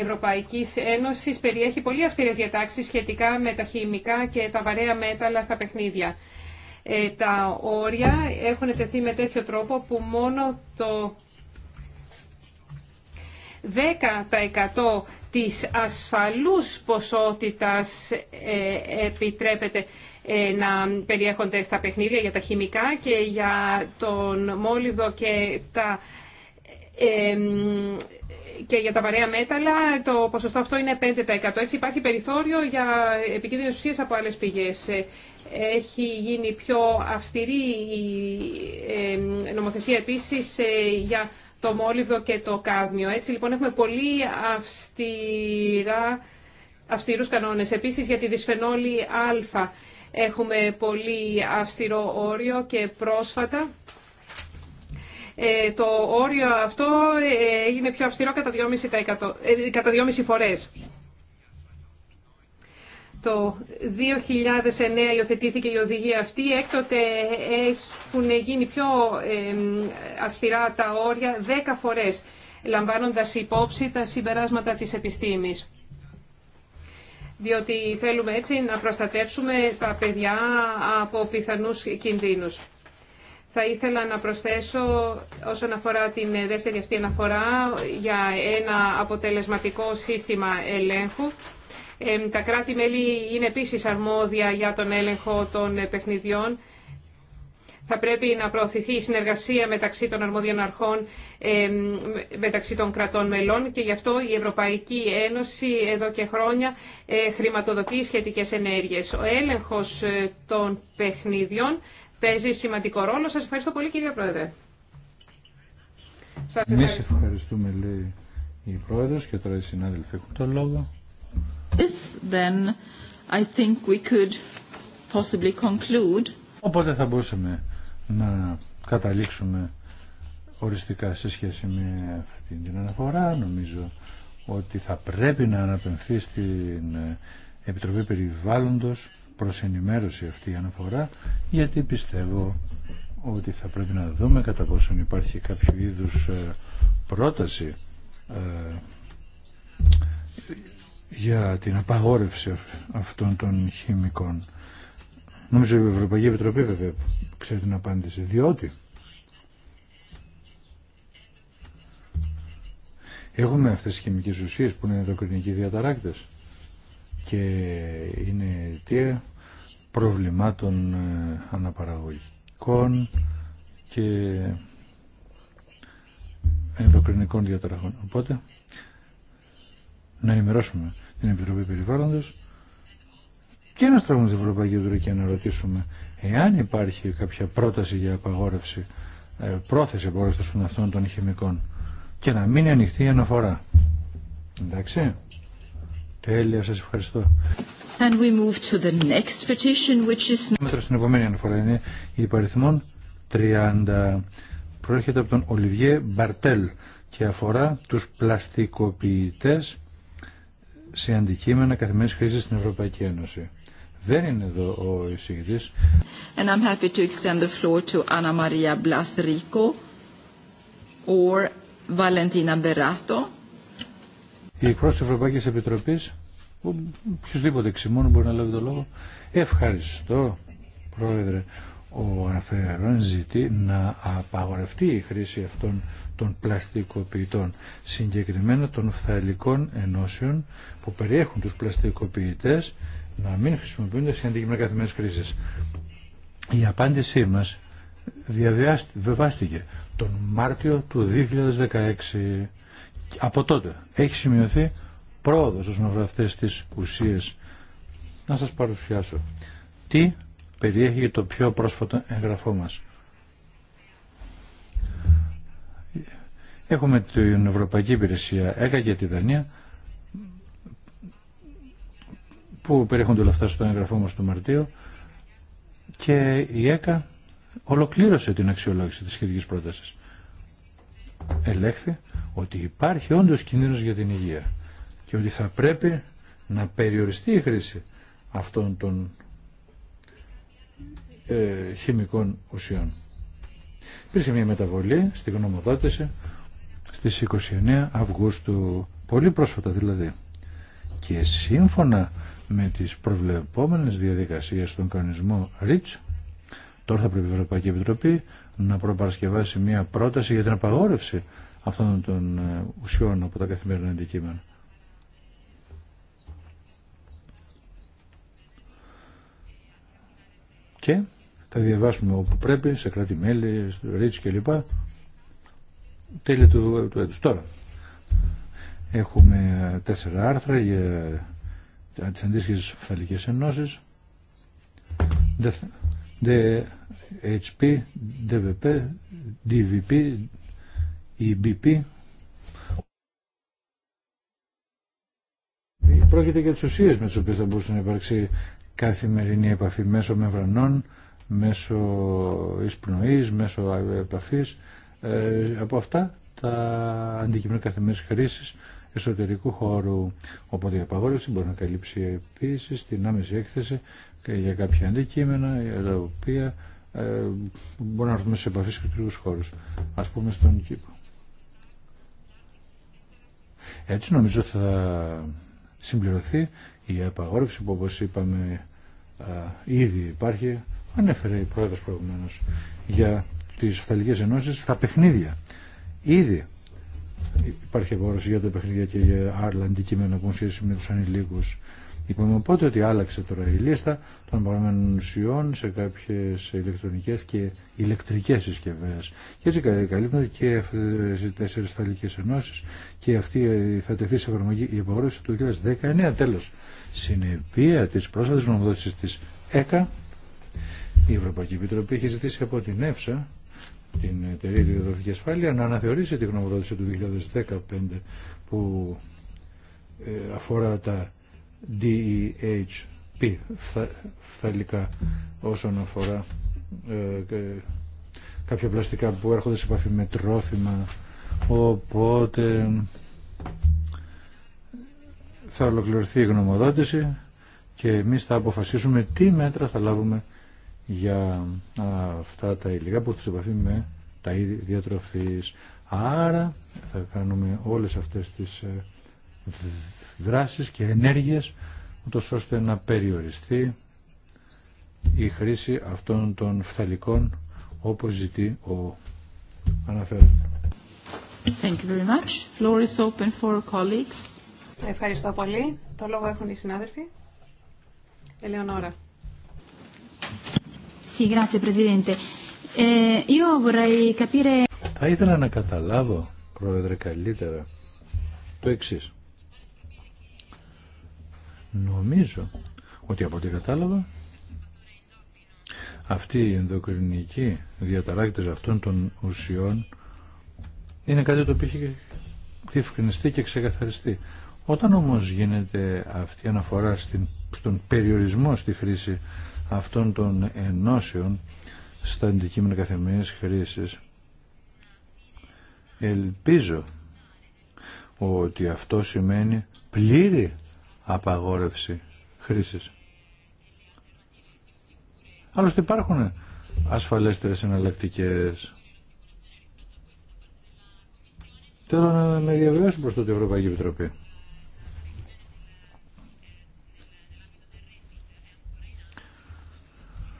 Ευρωπαϊκής Ένωσης περιέχει πολύ αυστηρές διατάξεις σχετικά με τα χημικά και τα βαρέα μέταλλα στα παιχνίδια. Ε, τα όρια έχουν τεθεί με τέτοιο τρόπο που μόνο το 10% της ασφαλούς ποσότητας ε, επιτρέπεται ε, να περιέχονται στα παιχνίδια για τα χημικά και για τον μόλιδο και τα ε, και για τα βαρέα μέταλλα το ποσοστό αυτό είναι 5%. Έτσι υπάρχει περιθώριο για επικίνδυνες ουσίες από άλλες πηγές. Έχει γίνει πιο αυστηρή η νομοθεσία επίσης για το μόλιβδο και το κάδμιο. Έτσι λοιπόν έχουμε πολύ αυστηρά, αυστηρούς κανόνες. Επίσης για τη δυσφενόλη α έχουμε πολύ αυστηρό όριο και πρόσφατα. Ε, το όριο αυτό ε, έγινε πιο αυστηρό κατά 2,5 ε, φορές. Το 2009 υιοθετήθηκε η οδηγία αυτή, έκτοτε έχουν γίνει πιο αυστηρά τα όρια 10 φορές, λαμβάνοντας υπόψη τα συμπεράσματα της επιστήμης. Διότι θέλουμε έτσι να προστατεύσουμε τα παιδιά από πιθανούς κινδύνους. Θα ήθελα να προσθέσω όσον αφορά την δεύτερη αυτή αναφορά για ένα αποτελεσματικό σύστημα ελέγχου τα κράτη-μέλη είναι επίσης αρμόδια για τον έλεγχο των ε, παιχνιδιών. Θα πρέπει να προωθηθεί η συνεργασία μεταξύ των αρμόδιων αρχών, μεταξύ των κρατών μελών και γι' αυτό η Ευρωπαϊκή Ένωση εδώ και χρόνια ε, χρηματοδοτεί σχετικές ενέργειες. Ο έλεγχος ε, των παιχνιδιών παίζει σημαντικό ρόλο. Σας ευχαριστώ πολύ κύριε Πρόεδρε. Σας ευχαριστούμε λέει η Πρόεδρος και τώρα οι συνάδελφοι έχουν λόγο think we Οπότε θα μπορούσαμε να καταλήξουμε οριστικά σε σχέση με αυτή την αναφορά. Νομίζω ότι θα πρέπει να αναπαινθεί στην Επιτροπή Περιβάλλοντος προς ενημέρωση αυτή η αναφορά γιατί πιστεύω ότι θα πρέπει να δούμε κατά πόσον υπάρχει κάποιο είδους ε, πρόταση ε, για την απαγόρευση αυτών των χημικών. Νομίζω η Ευρωπαϊκή Επιτροπή βέβαια ξέρει την απάντηση. Διότι έχουμε αυτές τις χημικές ουσίες που είναι ενδοκρινικοί διαταράκτες και είναι αιτία προβλημάτων ε, αναπαραγωγικών και ενδοκρινικών διαταραχών. Οπότε να ενημερώσουμε την Επιτροπή Περιβάλλοντο. και να στραφούμε στην Ευρωπαϊκή Επιτροπή να ρωτήσουμε εάν υπάρχει κάποια πρόταση για απαγόρευση, ε, πρόθεση απαγόρευση των αυτών των χημικών και να μείνει ανοιχτή η αναφορά. Εντάξει. Τέλεια, σας ευχαριστώ. And we move to the next petition, which is... Μέτρα στην επόμενη αναφορά είναι η 30. Προέρχεται από τον Ολιβιέ Μπαρτέλ και αφορά τους πλαστικοποιητές σε αντικείμενα καθημερινή χρήση στην Ευρωπαϊκή Ένωση. Δεν είναι εδώ ο εισηγητή. And I'm happy to extend the Η εκπρόσωπη Ευρωπαϊκή Επιτροπή, οποιοδήποτε εξημών μπορεί να λάβει το λόγο. Ευχαριστώ, Πρόεδρε. Ο αναφέρον ζητεί να απαγορευτεί η χρήση αυτών των πλαστικοποιητών, συγκεκριμένα των φθαλικών ενώσεων που περιέχουν τους πλαστικοποιητές να μην χρησιμοποιούνται σε αντικείμενα καθημερινές κρίση. Η απάντησή μας βεβάστηκε τον Μάρτιο του 2016. Από τότε έχει σημειωθεί πρόοδος στους αφορά αυτές τις ουσίες. Να σας παρουσιάσω τι περιέχει το πιο πρόσφατο εγγραφό μας. Έχουμε την Ευρωπαϊκή Υπηρεσία ΕΚΑ για τη Δανία που περιέχονται όλα αυτά στο έγγραφό μας του Μαρτίου και η ΕΚΑ ολοκλήρωσε την αξιολόγηση της σχετικής πρότασης. Ελέγχθη ότι υπάρχει όντως κινδύνος για την υγεία και ότι θα πρέπει να περιοριστεί η χρήση αυτών των ε, χημικών ουσιών. Υπήρχε μια μεταβολή στη γνωμοδότηση στις 29 Αυγούστου, πολύ πρόσφατα δηλαδή. Και σύμφωνα με τις προβλεπόμενες διαδικασίες στον κανονισμό REACH, τώρα θα πρέπει η Ευρωπαϊκή Επιτροπή να προπαρασκευάσει μια πρόταση για την απαγόρευση αυτών των ε, ουσιών από τα καθημερινά αντικείμενα. Και θα διαβάσουμε όπου πρέπει, σε κράτη-μέλη, ρίτς κλπ τέλη του, του έτους. Τώρα, έχουμε τέσσερα άρθρα για τις αντίστοιχες φθαλικές ενώσεις, DHP, DVP, DVP, EBP. Πρόκειται για τις ουσίες με τις οποίες θα μπορούσε να υπάρξει καθημερινή επαφή μέσω μεμβρανών, μέσω εισπνοής, μέσω επαφής ε, από αυτά τα αντικείμενα καθημερινής χρήση εσωτερικού χώρου. Οπότε η απαγόρευση μπορεί να καλύψει επίση την άμεση έκθεση για κάποια αντικείμενα τα οποία ε, μπορεί να έρθουμε σε επαφή σε χώρους. Ας πούμε στον κήπο. Έτσι νομίζω θα συμπληρωθεί η απαγόρευση που όπω είπαμε ήδη υπάρχει, ανέφερε η πρόεδρος προηγουμένως για της Αυθαλικές Ενώσης στα παιχνίδια. Ήδη υπάρχει αγόραση για τα παιχνίδια και για άλλα αντικείμενα που σχέση με τους ανηλίκους. Είπαμε οπότε ότι άλλαξε τώρα η λίστα των παραμένων ουσιών σε κάποιες ηλεκτρονικές και ηλεκτρικές συσκευές. Και έτσι καλύπτονται και αυτές οι τέσσερις θαλικές ενώσεις και αυτή θα τεθεί σε εφαρμογή η υπογόρευση του 2019 τέλος. Συνεπία της πρόσφατης νομοδότησης της ΕΚΑ η Ευρωπαϊκή Επιτροπή έχει ζητήσει από την ΕΦΣΑ την εταιρεία ιδιοδοτική ασφάλεια να αναθεωρήσει τη γνωμοδότηση του 2015 που ε, αφορά τα DEHP φθαλικά όσον αφορά ε, κάποια πλαστικά που έρχονται σε επαφή με τρόφιμα οπότε θα ολοκληρωθεί η γνωμοδότηση και εμείς θα αποφασίσουμε τι μέτρα θα λάβουμε για αυτά τα υλικά που έχουν συμπαθεί με τα είδη διατροφής. Άρα θα κάνουμε όλες αυτές τις ε, δράσεις και ενέργειες ούτως ώστε να περιοριστεί η χρήση αυτών των φθαλικών όπως ζητεί ο αναφέρον. Thank you much. Floor is open for colleagues. Ευχαριστώ πολύ. Το λόγο έχουν οι συνάδελφοι. Ελεονόρα. Sì, grazie Presidente. Eh, io vorrei capire... Θα ήθελα να καταλάβω, Πρόεδρε, καλύτερα το εξή. Νομίζω ότι από ό,τι κατάλαβα αυτή η ενδοκρινική διαταράκτηση αυτών των ουσιών είναι κάτι το οποίο έχει διευκρινιστεί και ξεκαθαριστεί. Όταν όμως γίνεται αυτή η αναφορά στην, στον περιορισμό στη χρήση αυτών των ενώσεων στα αντικείμενα καθημερινής χρήση. Ελπίζω ότι αυτό σημαίνει πλήρη απαγόρευση χρήσης. Άλλωστε υπάρχουν ασφαλέστερες εναλλακτικέ. Θέλω να με διαβεβαιώσει προς το Ευρωπαϊκή Επιτροπή.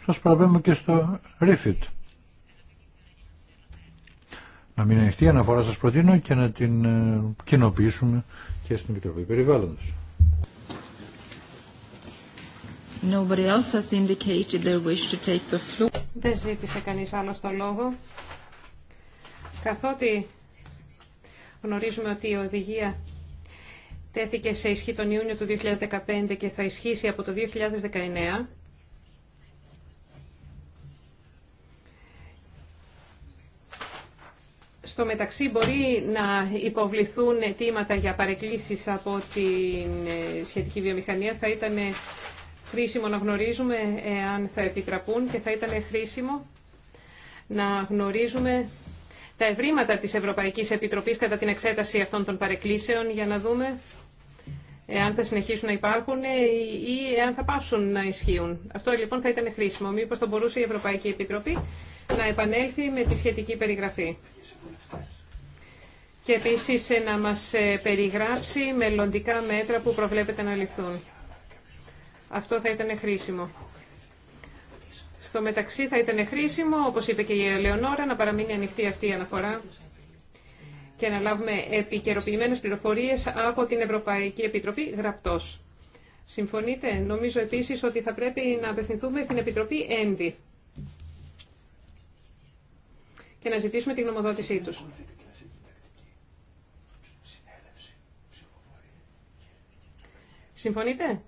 σας παραπέμπω και στο Refit. Να μην ανοιχτεί η αναφορά σας προτείνω και να την ε, κοινοποιήσουμε και στην Επιτροπή Περιβάλλοντος. Nobody Δεν ζήτησε κανείς άλλο το λόγο. Καθότι γνωρίζουμε ότι η οδηγία τέθηκε σε ισχύ τον Ιούνιο του 2015 και θα ισχύσει από το 2019, Στο μεταξύ μπορεί να υποβληθούν αιτήματα για παρεκκλήσεις από την ε, σχετική βιομηχανία. Θα ήταν χρήσιμο να γνωρίζουμε εάν θα επιτραπούν και θα ήταν χρήσιμο να γνωρίζουμε τα ευρήματα της Ευρωπαϊκής Επιτροπής κατά την εξέταση αυτών των παρεκκλήσεων για να δούμε εάν θα συνεχίσουν να υπάρχουν ή εάν θα πάψουν να ισχύουν. Αυτό λοιπόν θα ήταν χρήσιμο. Μήπως θα μπορούσε η Ευρωπαϊκή Επιτροπή να επανέλθει με τη σχετική περιγραφή και επίσης ε, να μας ε, περιγράψει μελλοντικά μέτρα που προβλέπεται να ληφθούν. Αυτό θα ήταν χρήσιμο. Στο μεταξύ θα ήταν χρήσιμο, όπως είπε και η Ελεονόρα, να παραμείνει ανοιχτή αυτή η αναφορά και να λάβουμε επικαιροποιημένες πληροφορίες από την Ευρωπαϊκή Επιτροπή γραπτός. Συμφωνείτε. Νομίζω επίσης ότι θα πρέπει να απευθυνθούμε στην Επιτροπή ΕΝΔΙ και να ζητήσουμε την γνωμοδότησή τους. Συμφωνείτε?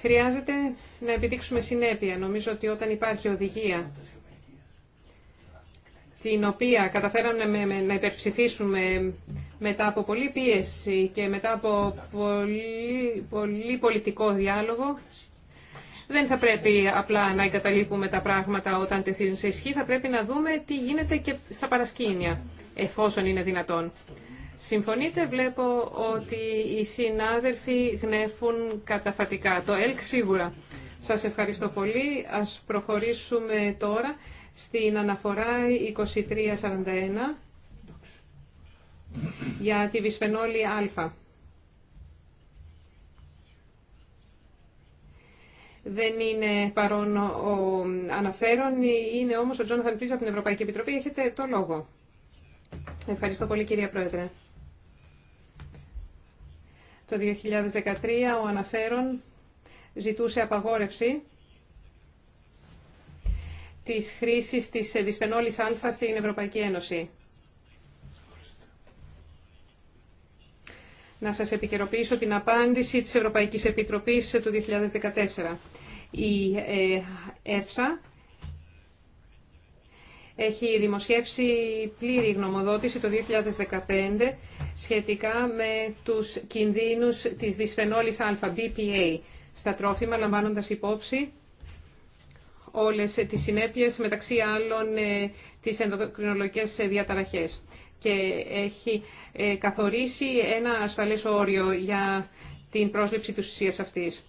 Χρειάζεται να επιδείξουμε συνέπεια. Νομίζω ότι όταν υπάρχει οδηγία την οποία καταφέραμε να υπερψηφίσουμε μετά από πολλή πίεση και μετά από πολύ, πολύ πολιτικό διάλογο, δεν θα πρέπει απλά να εγκαταλείπουμε τα πράγματα όταν τεθούν σε ισχύ, θα πρέπει να δούμε τι γίνεται και στα παρασκήνια, εφόσον είναι δυνατόν. Συμφωνείτε, βλέπω ότι οι συνάδελφοι γνέφουν καταφατικά. Το ΕΛΚ σίγουρα. Σας ευχαριστώ πολύ. Ας προχωρήσουμε τώρα στην αναφορά 2341 για τη βυσφενόλη Α. Δεν είναι παρόν ο αναφέρον, είναι όμως ο Τζόναθαν Πρίζα από την Ευρωπαϊκή Επιτροπή. Έχετε το λόγο. Ευχαριστώ πολύ κυρία Πρόεδρε. Το 2013 ο αναφέρον ζητούσε απαγόρευση της χρήσης της δυσπενόλης α στην Ευρωπαϊκή Ένωση. Να σας επικαιροποιήσω την απάντηση της Ευρωπαϊκής Επιτροπής του 2014. Η ΕΦΣΑ έχει δημοσιεύσει πλήρη γνωμοδότηση το 2015 σχετικά με τους κινδύνους της δυσφενόλης α, BPA, ε. στα τρόφιμα, λαμβάνοντας υπόψη όλες τις συνέπειες, μεταξύ άλλων ε, τις ενδοκρινολογικές διαταραχές. Και έχει ε, καθορίσει ένα ασφαλές όριο για την πρόσληψη της ουσίας αυτής.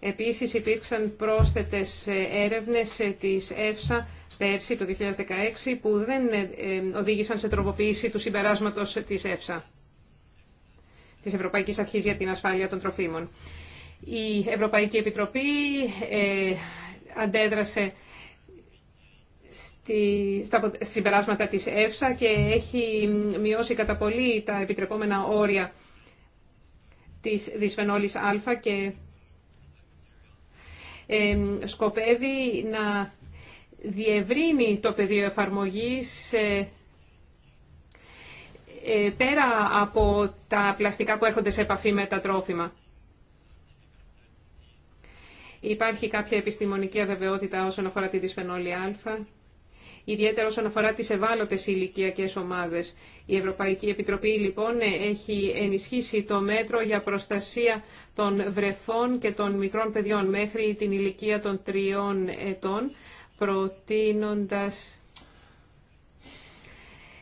Επίσης υπήρξαν πρόσθετες ε, έρευνες ε, της ΕΦΣΑ πέρσι το 2016 που δεν ε, οδήγησαν σε τροποποίηση του συμπεράσματος της ΕΦΣΑ, της Ευρωπαϊκής Αρχής για την Ασφάλεια των Τροφίμων. Η Ευρωπαϊκή Επιτροπή αντέδρασε στα συμπεράσματα της ΕΦΣΑ και έχει μειώσει κατά πολύ τα επιτρεπόμενα όρια της δυσφενόλης Α και σκοπεύει να διευρύνει το πεδίο εφαρμογής ε, ε, πέρα από τα πλαστικά που έρχονται σε επαφή με τα τρόφιμα. Υπάρχει κάποια επιστημονική αβεβαιότητα όσον αφορά τη δυσφενόλη α ιδιαίτερα όσον αφορά τις ευάλωτες ηλικιακές ομάδες. Η Ευρωπαϊκή Επιτροπή λοιπόν έχει ενισχύσει το μέτρο για προστασία των βρεφών και των μικρών παιδιών μέχρι την ηλικία των τριών ετών, προτείνοντας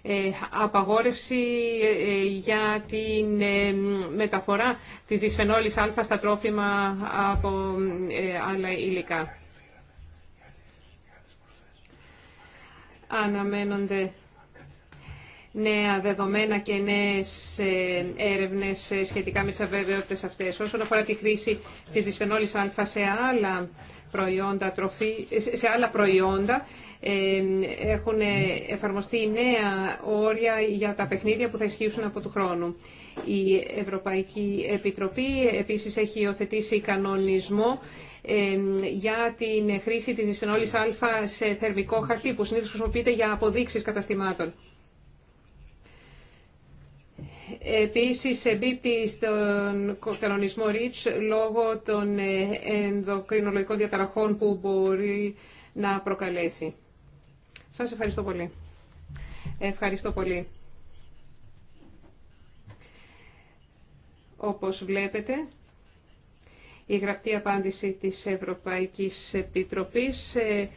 ε, απαγόρευση ε, για την ε, μεταφορά της δυσφενόλης α στα τρόφιμα από άλλα υλικά. αναμένονται νέα δεδομένα και νέες ε, έρευνες ε, σχετικά με τις αβεβαιότητες αυτές. Όσον αφορά τη χρήση της δυσφενόλης α σε άλλα προϊόντα, τροφή, ε, σε άλλα προϊόντα, έχουν εφαρμοστεί νέα όρια για τα παιχνίδια που θα ισχύσουν από του χρόνου. Η Ευρωπαϊκή Επιτροπή επίσης έχει υιοθετήσει κανονισμό για την χρήση της δυσφενόλης α σε θερμικό χαρτί που συνήθως χρησιμοποιείται για αποδείξεις καταστημάτων. Επίσης, εμπίπτει στον κανονισμό REACH λόγω των ε, ενδοκρινολογικών διαταραχών που μπορεί να προκαλέσει. Σας ευχαριστώ πολύ. Ευχαριστώ πολύ. Όπως βλέπετε, η γραπτή απάντηση της Ευρωπαϊκής Επιτροπής ε,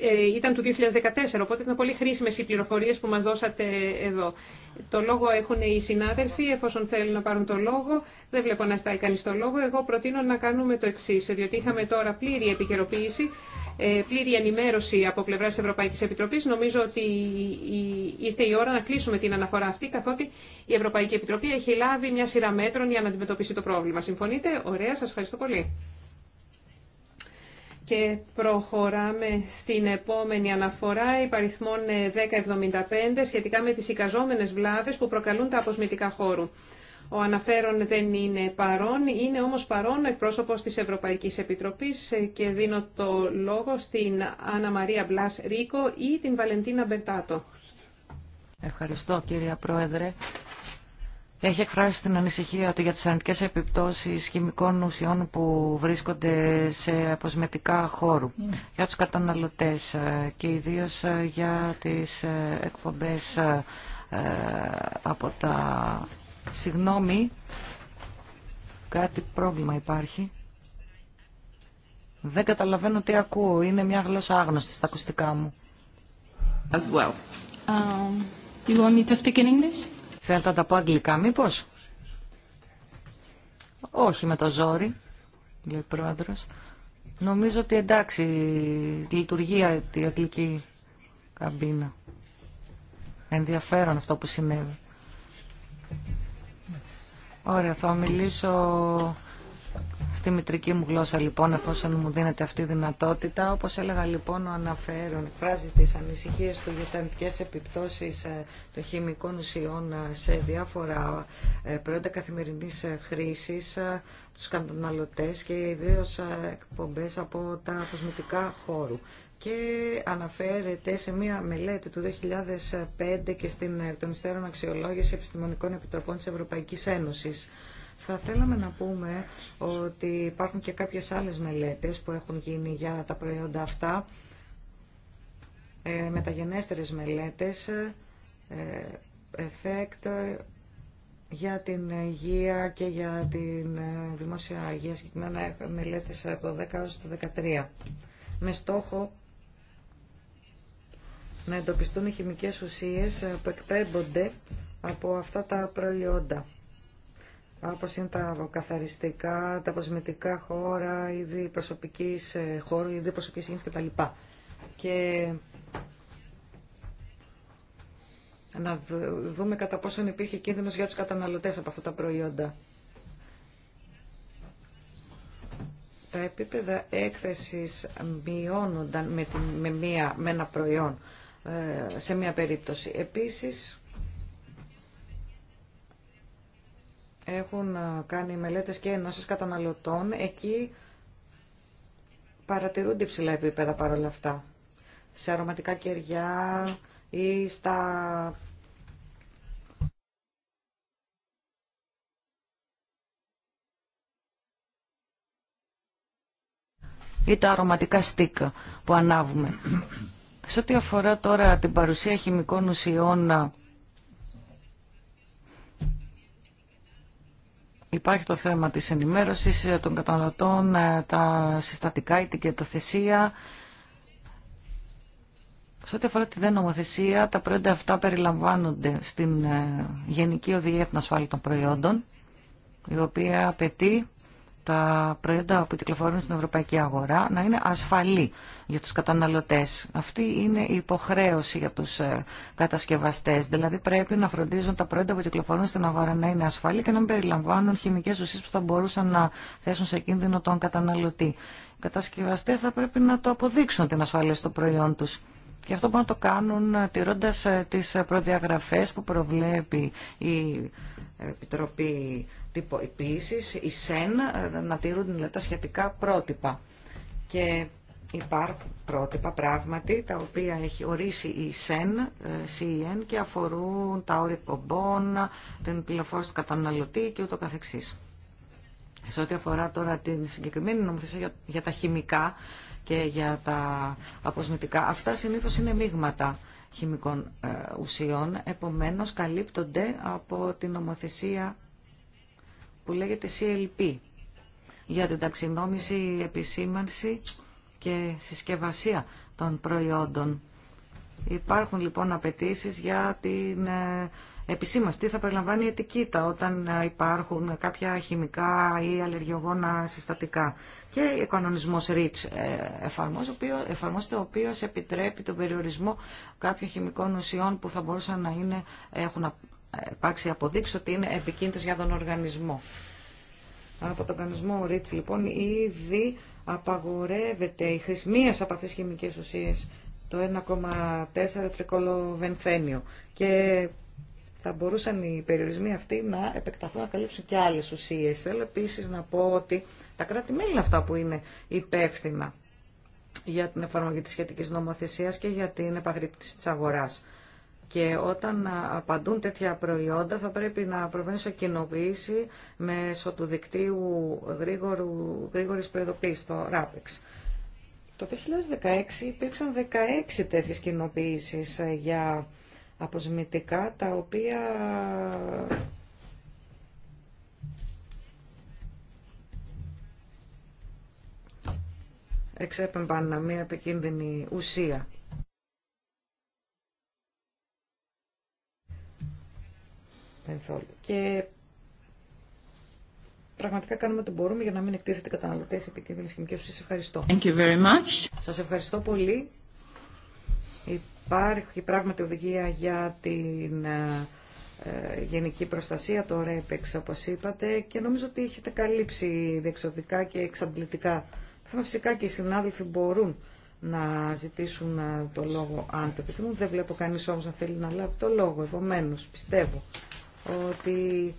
ε, ήταν του 2014, οπότε ήταν πολύ χρήσιμες οι πληροφορίες που μας δώσατε εδώ. Το λόγο έχουν οι συνάδελφοι, εφόσον θέλουν να πάρουν το λόγο. Δεν βλέπω να στάει κανείς το λόγο. Εγώ προτείνω να κάνουμε το εξής, διότι είχαμε τώρα πλήρη επικαιροποίηση ε, πλήρη ενημέρωση από πλευρά τη Ευρωπαϊκή Επιτροπή. Νομίζω ότι ήρθε η ώρα να κλείσουμε την αναφορά αυτή, καθότι η Ευρωπαϊκή Επιτροπή έχει λάβει μια σειρά μέτρων για να αντιμετωπίσει το πρόβλημα. Συμφωνείτε? Ωραία, σα ευχαριστώ πολύ. Και προχωράμε στην επόμενη αναφορά, υπαριθμών 1075, ε, σχετικά με τις εικαζόμενες βλάβες που προκαλούν τα αποσμητικά χώρου. Ο αναφέρον δεν είναι παρόν, είναι όμως παρόν εκπρόσωπος της Ευρωπαϊκής Επιτροπής και δίνω το λόγο στην Άννα Μαρία Μπλάς Ρίκο ή την Βαλεντίνα Μπερτάτο. Ευχαριστώ κυρία Πρόεδρε. Έχει εκφράσει την ανησυχία του για τις αρνητικές επιπτώσεις χημικών ουσιών που βρίσκονται σε αποσμετικά χώρου για τους καταναλωτές ε, και ιδίως ε, για τις ε, εκπομπές από τα Συγγνώμη, κάτι πρόβλημα υπάρχει. Δεν καταλαβαίνω τι ακούω. Είναι μια γλώσσα άγνωστη στα ακουστικά μου. As well. Um, you want me to speak in English? Θέλετε να τα πω αγγλικά μήπως? Όχι με το ζόρι, λέει ο πρόεδρο. Νομίζω ότι εντάξει, λειτουργεί η αγγλική καμπίνα. Ενδιαφέρον αυτό που συνέβη. Ωραία, θα μιλήσω στη μητρική μου γλώσσα λοιπόν, εφόσον μου δίνεται αυτή η δυνατότητα. Όπως έλεγα λοιπόν, ο αναφέρον εκφράζει τις ανησυχίες του για τις αντικέ επιπτώσεις ε, των χημικών ουσιών ε, σε διάφορα ε, προϊόντα καθημερινής χρήσης, τους καταναλωτές και ιδίως εκπομπές από τα κοσμητικά χώρου και αναφέρεται σε μία μελέτη του 2005 και στην εκ αξιολόγηση επιστημονικών επιτροπών της Ευρωπαϊκής Ένωσης. Θα θέλαμε να πούμε ότι υπάρχουν και κάποιες άλλες μελέτες που έχουν γίνει για τα προϊόντα αυτά, ε, μεταγενέστερες μελέτες, ε, για την υγεία και για την ε, δημόσια υγεία, συγκεκριμένα μελέτες από το 10 έως το 13, με στόχο να εντοπιστούν οι χημικές ουσίες ε, που εκπέμπονται από αυτά τα προϊόντα όπως είναι τα καθαριστικά, τα κοσμητικά χώρα, είδη προσωπικής ε, χώρου, είδη προσωπικής υγιεινής κτλ. Και να δούμε κατά πόσον υπήρχε κίνδυνος για τους καταναλωτές από αυτά τα προϊόντα. Τα επίπεδα έκθεσης μειώνονταν με, με, μία, με ένα προϊόν ε, σε μια περίπτωση. Επίσης, έχουν ε, κάνει μελέτες και ενώσεις καταναλωτών. Εκεί παρατηρούνται υψηλά επίπεδα παρόλα αυτά. Σε αρωματικά κεριά ή στα... ή τα αρωματικά στίκ που ανάβουμε. Σε ό,τι αφορά τώρα την παρουσία χημικών ουσιών, υπάρχει το θέμα της ενημέρωσης των καταναλωτών, τα συστατικά, η τικετοθεσία. Σε ό,τι αφορά τη δε νομοθεσία, τα προϊόντα αυτά περιλαμβάνονται στην ε, Γενική Οδηγία για Ασφάλεια των Προϊόντων, η οποία απαιτεί τα προϊόντα που κυκλοφορούν στην ευρωπαϊκή αγορά να είναι ασφαλή για τους καταναλωτές. Αυτή είναι η υποχρέωση για τους ε, κατασκευαστές. Δηλαδή πρέπει να φροντίζουν τα προϊόντα που κυκλοφορούν στην αγορά να είναι ασφαλή και να μην περιλαμβάνουν χημικές ουσίες που θα μπορούσαν να θέσουν σε κίνδυνο τον καταναλωτή. Οι κατασκευαστές θα πρέπει να το αποδείξουν την ασφάλεια στο προϊόν τους. Και αυτό μπορούν να το κάνουν ε, τηρώντας ε, τις προδιαγραφές που προβλέπει η Επιτροπή Επίση, η ΣΕΝ, ε, να τηρούν δηλαδή, τα σχετικά πρότυπα. Και υπάρχουν πρότυπα πράγματι, τα οποία έχει ορίσει η ΣΕΝ, ε, και αφορούν τα όρια πομπών, την πληροφόρηση του καταναλωτή και ούτω καθεξής. Σε ό,τι αφορά τώρα την συγκεκριμένη νομοθεσία για τα χημικά και για τα αποσμητικά, αυτά συνήθως είναι μείγματα χημικών ε, ουσιών, επομένως καλύπτονται από την νομοθεσία που λέγεται CLP για την ταξινόμηση, επισήμανση και συσκευασία των προϊόντων. Υπάρχουν λοιπόν απαιτήσει για την ε, επισήμανση. Τι θα περιλαμβάνει η ετικήτα όταν ε, υπάρχουν κάποια χημικά ή αλλεργιογόνα συστατικά. Και ε, ο κανονισμό REACH εφαρμόζεται, ο οποίο επιτρέπει τον περιορισμό κάποιων χημικών ουσιών που θα μπορούσαν να είναι, έχουν υπάρξει αποδείξω ότι είναι επικίνδυνες για τον οργανισμό. Από τον κανονισμό Ρίτς λοιπόν ήδη απαγορεύεται η χρήση μίας από αυτές τις χημικές ουσίες το 1,4 τρικολοβενθένιο και θα μπορούσαν οι περιορισμοί αυτοί να επεκταθούν να καλύψουν και άλλες ουσίες. Θέλω επίσης να πω ότι τα κράτη-μέλη είναι αυτά που είναι υπεύθυνα για την εφαρμογή της σχετικής νομοθεσίας και για την επαγρύπτηση της αγοράς. Και όταν απαντούν τέτοια προϊόντα θα πρέπει να προβαίνουν σε κοινοποίηση μέσω του δικτύου γρήγορου, γρήγορης προειδοποίησης, το RAPEX. Το 2016 υπήρξαν 16 τέτοιες κοινοποίησεις για αποσμητικά, τα οποία εξέπεμπαν μία επικίνδυνη ουσία. Και πραγματικά κάνουμε ό,τι μπορούμε για να μην εκτίθεται καταναλωτέ σε επικίνδυνε χημικέ ουσίε. Ευχαριστώ. Thank you very much. Σας ευχαριστώ πολύ. Υπάρχει πράγματι οδηγία για την ε, ε γενική προστασία, το ΡΕΠΕΞ όπως είπατε και νομίζω ότι έχετε καλύψει διεξοδικά και εξαντλητικά. Θα φυσικά και οι συνάδελφοι μπορούν να ζητήσουν ε, το λόγο αν το επιθυμούν. Δεν βλέπω κανείς όμως να θέλει να λάβει το λόγο. Επομένως, πιστεύω ότι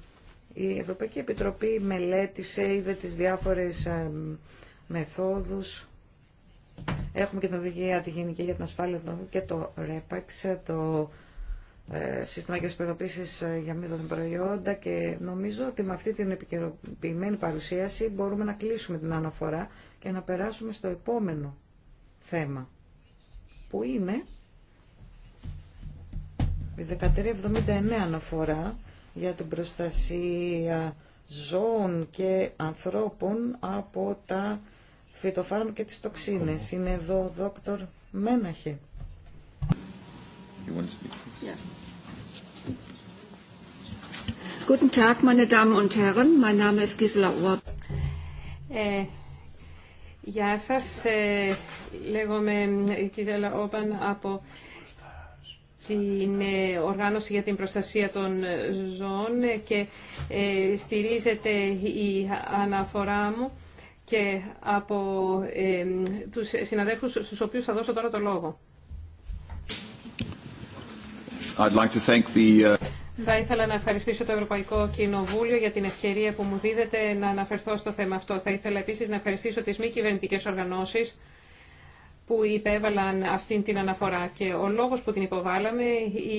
η Ευρωπαϊκή Επιτροπή μελέτησε, είδε τις διάφορες μεθόδους. Έχουμε και την οδηγία τη Γενική για την Ασφάλεια και το ΡΕΠΑΞ, το ε, σύστημα και προειδοποίησεις ε, για των προϊόντα και νομίζω ότι με αυτή την επικαιροποιημένη παρουσίαση μπορούμε να κλείσουμε την αναφορά και να περάσουμε στο επόμενο θέμα που είναι η 1379 αναφορά για την προστασία ζώων και ανθρώπων από τα φυτοφάρμακα και τις τοξίνες. Είναι εδώ ο δόκτωρ Μέναχε. Guten Tag, meine Damen und Herren. Mein Name ist Gisela Ohr. Ε, γεια σας. Ε, λέγομαι Κιζέλα Ohr από την ε, Οργάνωση για την Προστασία των Ζώων και ε, στηρίζεται η αναφορά μου και από ε, τους συναδέλφους στους οποίους θα δώσω τώρα το λόγο. Θα ήθελα να ευχαριστήσω το Ευρωπαϊκό Κοινοβούλιο για την ευκαιρία που μου δίδεται να αναφερθώ στο θέμα αυτό. Θα ήθελα επίσης να ευχαριστήσω τις μη κυβερνητικές οργανώσεις που υπέβαλαν αυτήν την αναφορά και ο λόγος που την υποβάλαμε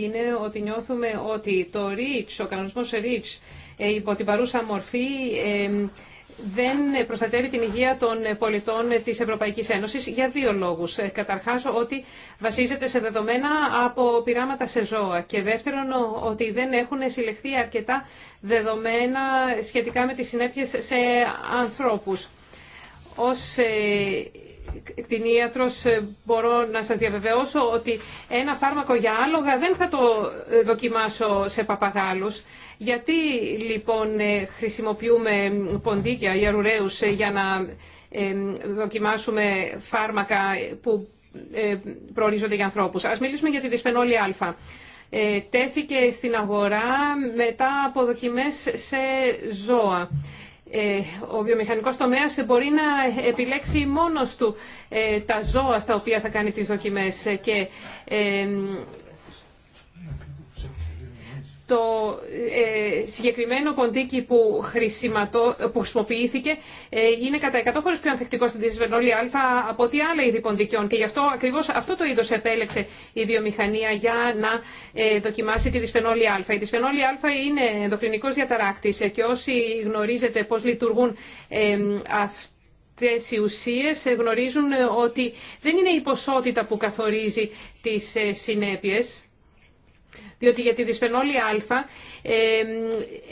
είναι ότι νιώθουμε ότι το REACH, ο κανονισμός REACH ε, υπό την παρούσα μορφή ε, δεν προστατεύει την υγεία των πολιτών της Ευρωπαϊκής Ένωσης για δύο λόγους. Ε, καταρχάς ότι βασίζεται σε δεδομένα από πειράματα σε ζώα και δεύτερον ότι δεν έχουν συλλεχθεί αρκετά δεδομένα σχετικά με τις συνέπειες σε ανθρώπους. Ως κτηνίατρος ε, μπορώ να σας διαβεβαιώσω ότι ένα φάρμακο για άλογα δεν θα το ε, δοκιμάσω σε παπαγάλους. Γιατί λοιπόν ε, χρησιμοποιούμε ποντίκια ή αρουραίους για να δοκιμάσουμε φάρμακα που προορίζονται για ανθρώπους. Ας μιλήσουμε για τη δυσπενόλη α. Τέθηκε στην αγορά μετά από δοκιμές σε ζώα. Ε, ο βιομηχανικός τομέας μπορεί να επιλέξει μόνος του ε, τα ζώα στα οποία θα κάνει τις δοκιμές ε, και το ε, συγκεκριμένο ποντίκι που, χρησιμοποιήθηκε ε, είναι κατά 100 φορές πιο ανθεκτικό στην δυσβενόλη α από ό,τι άλλα είδη ποντικιών και γι' αυτό ακριβώς αυτό το είδος επέλεξε η βιομηχανία για να ε, δοκιμάσει τη δυσφενόλη α. Η δυσφενόλη α είναι ενδοκρινικός διαταράκτης και όσοι γνωρίζετε πώς λειτουργούν αυτοί οι ουσίες γνωρίζουν ότι δεν είναι η ποσότητα που καθορίζει τις συνέπειες. Διότι για τη δυσφενόλη α,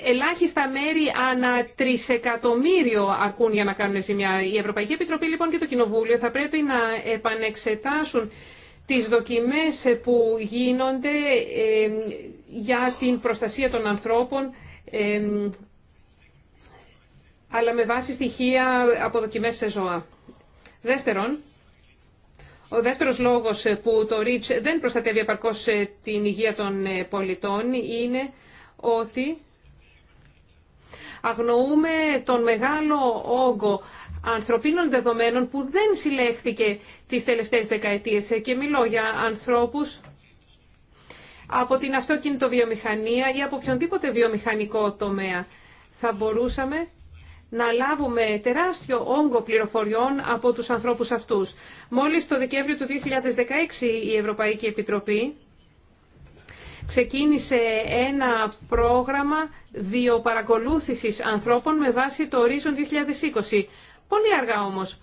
ελάχιστα μέρη ανά τρισεκατομμύριο ακούν για να κάνουν ζημιά. Η Ευρωπαϊκή Επιτροπή λοιπόν και το Κοινοβούλιο θα πρέπει να επανεξετάσουν τις δοκιμές που γίνονται για την προστασία των ανθρώπων αλλά με βάση στοιχεία από δοκιμές σε ζώα. Δεύτερον, ο δεύτερος λόγος ε, που το REACH δεν προστατεύει επαρκώς ε, την υγεία των ε, πολιτών είναι ότι αγνοούμε τον μεγάλο όγκο ανθρωπίνων δεδομένων που δεν συλλέχθηκε τις τελευταίες δεκαετίες και μιλώ για ανθρώπους από την αυτοκινητοβιομηχανία ή από οποιονδήποτε βιομηχανικό τομέα. Θα μπορούσαμε να λάβουμε τεράστιο όγκο πληροφοριών από τους ανθρώπους αυτούς. Μόλις το Δεκέμβριο του 2016 η Ευρωπαϊκή Επιτροπή ξεκίνησε ένα πρόγραμμα διοπαρακολούθησης ανθρώπων με βάση το ορίζον 2020. Πολύ αργά όμως.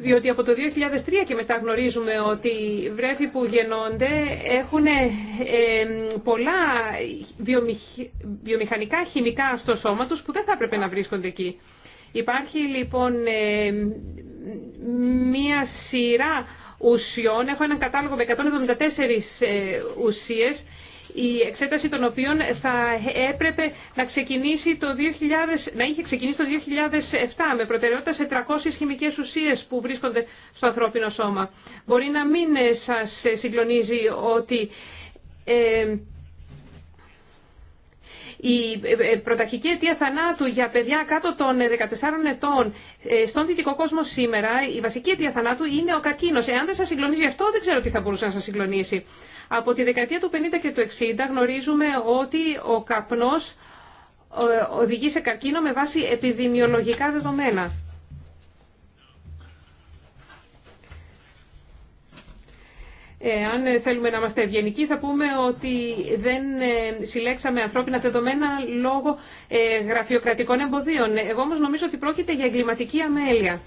Διότι από το 2003 και μετά γνωρίζουμε ότι βρέφοι που γεννώνται έχουν ε, πολλά βιομηχανικά χημικά στο σώμα τους που δεν θα έπρεπε να βρίσκονται εκεί. Υπάρχει λοιπόν μία σειρά ουσιών, έχω έναν κατάλογο με 174 ε, ουσίες η εξέταση των οποίων θα έπρεπε να, ξεκινήσει το 2000, να είχε ξεκινήσει το 2007 με προτεραιότητα σε 300 χημικές ουσίες που βρίσκονται στο ανθρώπινο σώμα. Μπορεί να μην σας συγκλονίζει ότι ε, η ε, πρωταρχική αιτία θανάτου για παιδιά κάτω των 14 ετών ε, στον δυτικό κόσμο σήμερα, η βασική αιτία θανάτου είναι ο καρκίνος. Εάν δεν σας συγκλονίζει αυτό, δεν ξέρω τι θα μπορούσε να σας συγκλονίσει. Από τη δεκαετία του 50 και του 60 γνωρίζουμε ότι ο καπνός ε, οδηγεί σε καρκίνο με βάση επιδημιολογικά δεδομένα. Ε, αν θέλουμε να είμαστε ευγενικοί, θα πούμε ότι δεν ε, συλλέξαμε ανθρώπινα δεδομένα λόγω γραφειοκρατικών εμποδίων. Εγώ όμως νομίζω ότι πρόκειται για εγκληματική αμέλεια.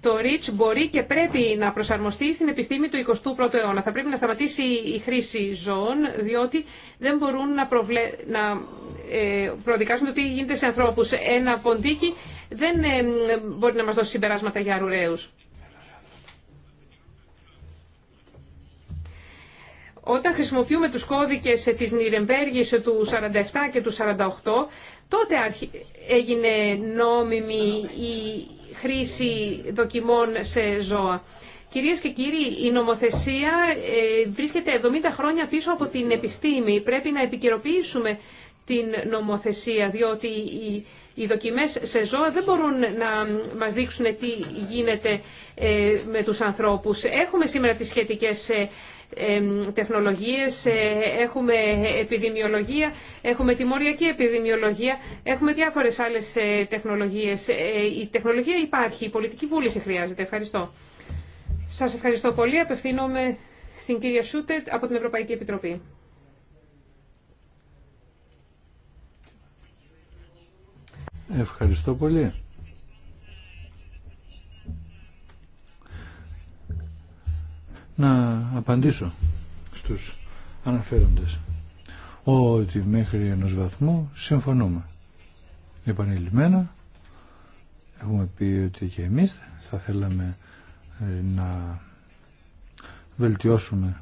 Το REACH μπορεί και πρέπει να προσαρμοστεί στην επιστήμη του 21ου αιώνα. Θα πρέπει να σταματήσει η χρήση ζώων, διότι δεν μπορούν να, προβλε... να ε, προδικάσουν το τι γίνεται σε ανθρώπου, Ένα ποντίκι δεν ε, μπορεί να μα δώσει συμπεράσματα για αρουραίους. Όταν χρησιμοποιούμε τους κώδικες της Νιρεμβέργης του 47 και του 48, τότε έγινε νόμιμη η χρήση δοκιμών σε ζώα. Κυρίες και κύριοι, η νομοθεσία ε, βρίσκεται 70 χρόνια πίσω από την επιστήμη. Πρέπει να επικαιροποιήσουμε την νομοθεσία, διότι οι δοκιμές σε ζώα δεν μπορούν να μας δείξουν τι γίνεται ε, με τους ανθρώπους. Έχουμε σήμερα τις σχετικές ε, τεχνολογίες, ε, έχουμε επιδημιολογία, έχουμε τιμωριακή επιδημιολογία, έχουμε διάφορες άλλες ε, τεχνολογίες. Ε, η τεχνολογία υπάρχει, η πολιτική βούληση χρειάζεται. Ευχαριστώ. Σας ευχαριστώ πολύ. Απευθύνομαι στην κυρία Σούτετ από την Ευρωπαϊκή Επιτροπή. Ευχαριστώ πολύ. να απαντήσω στους αναφέροντες ότι μέχρι ενός βαθμού συμφωνούμε. Επανειλημμένα έχουμε πει ότι και εμείς θα θέλαμε ε, να βελτιώσουμε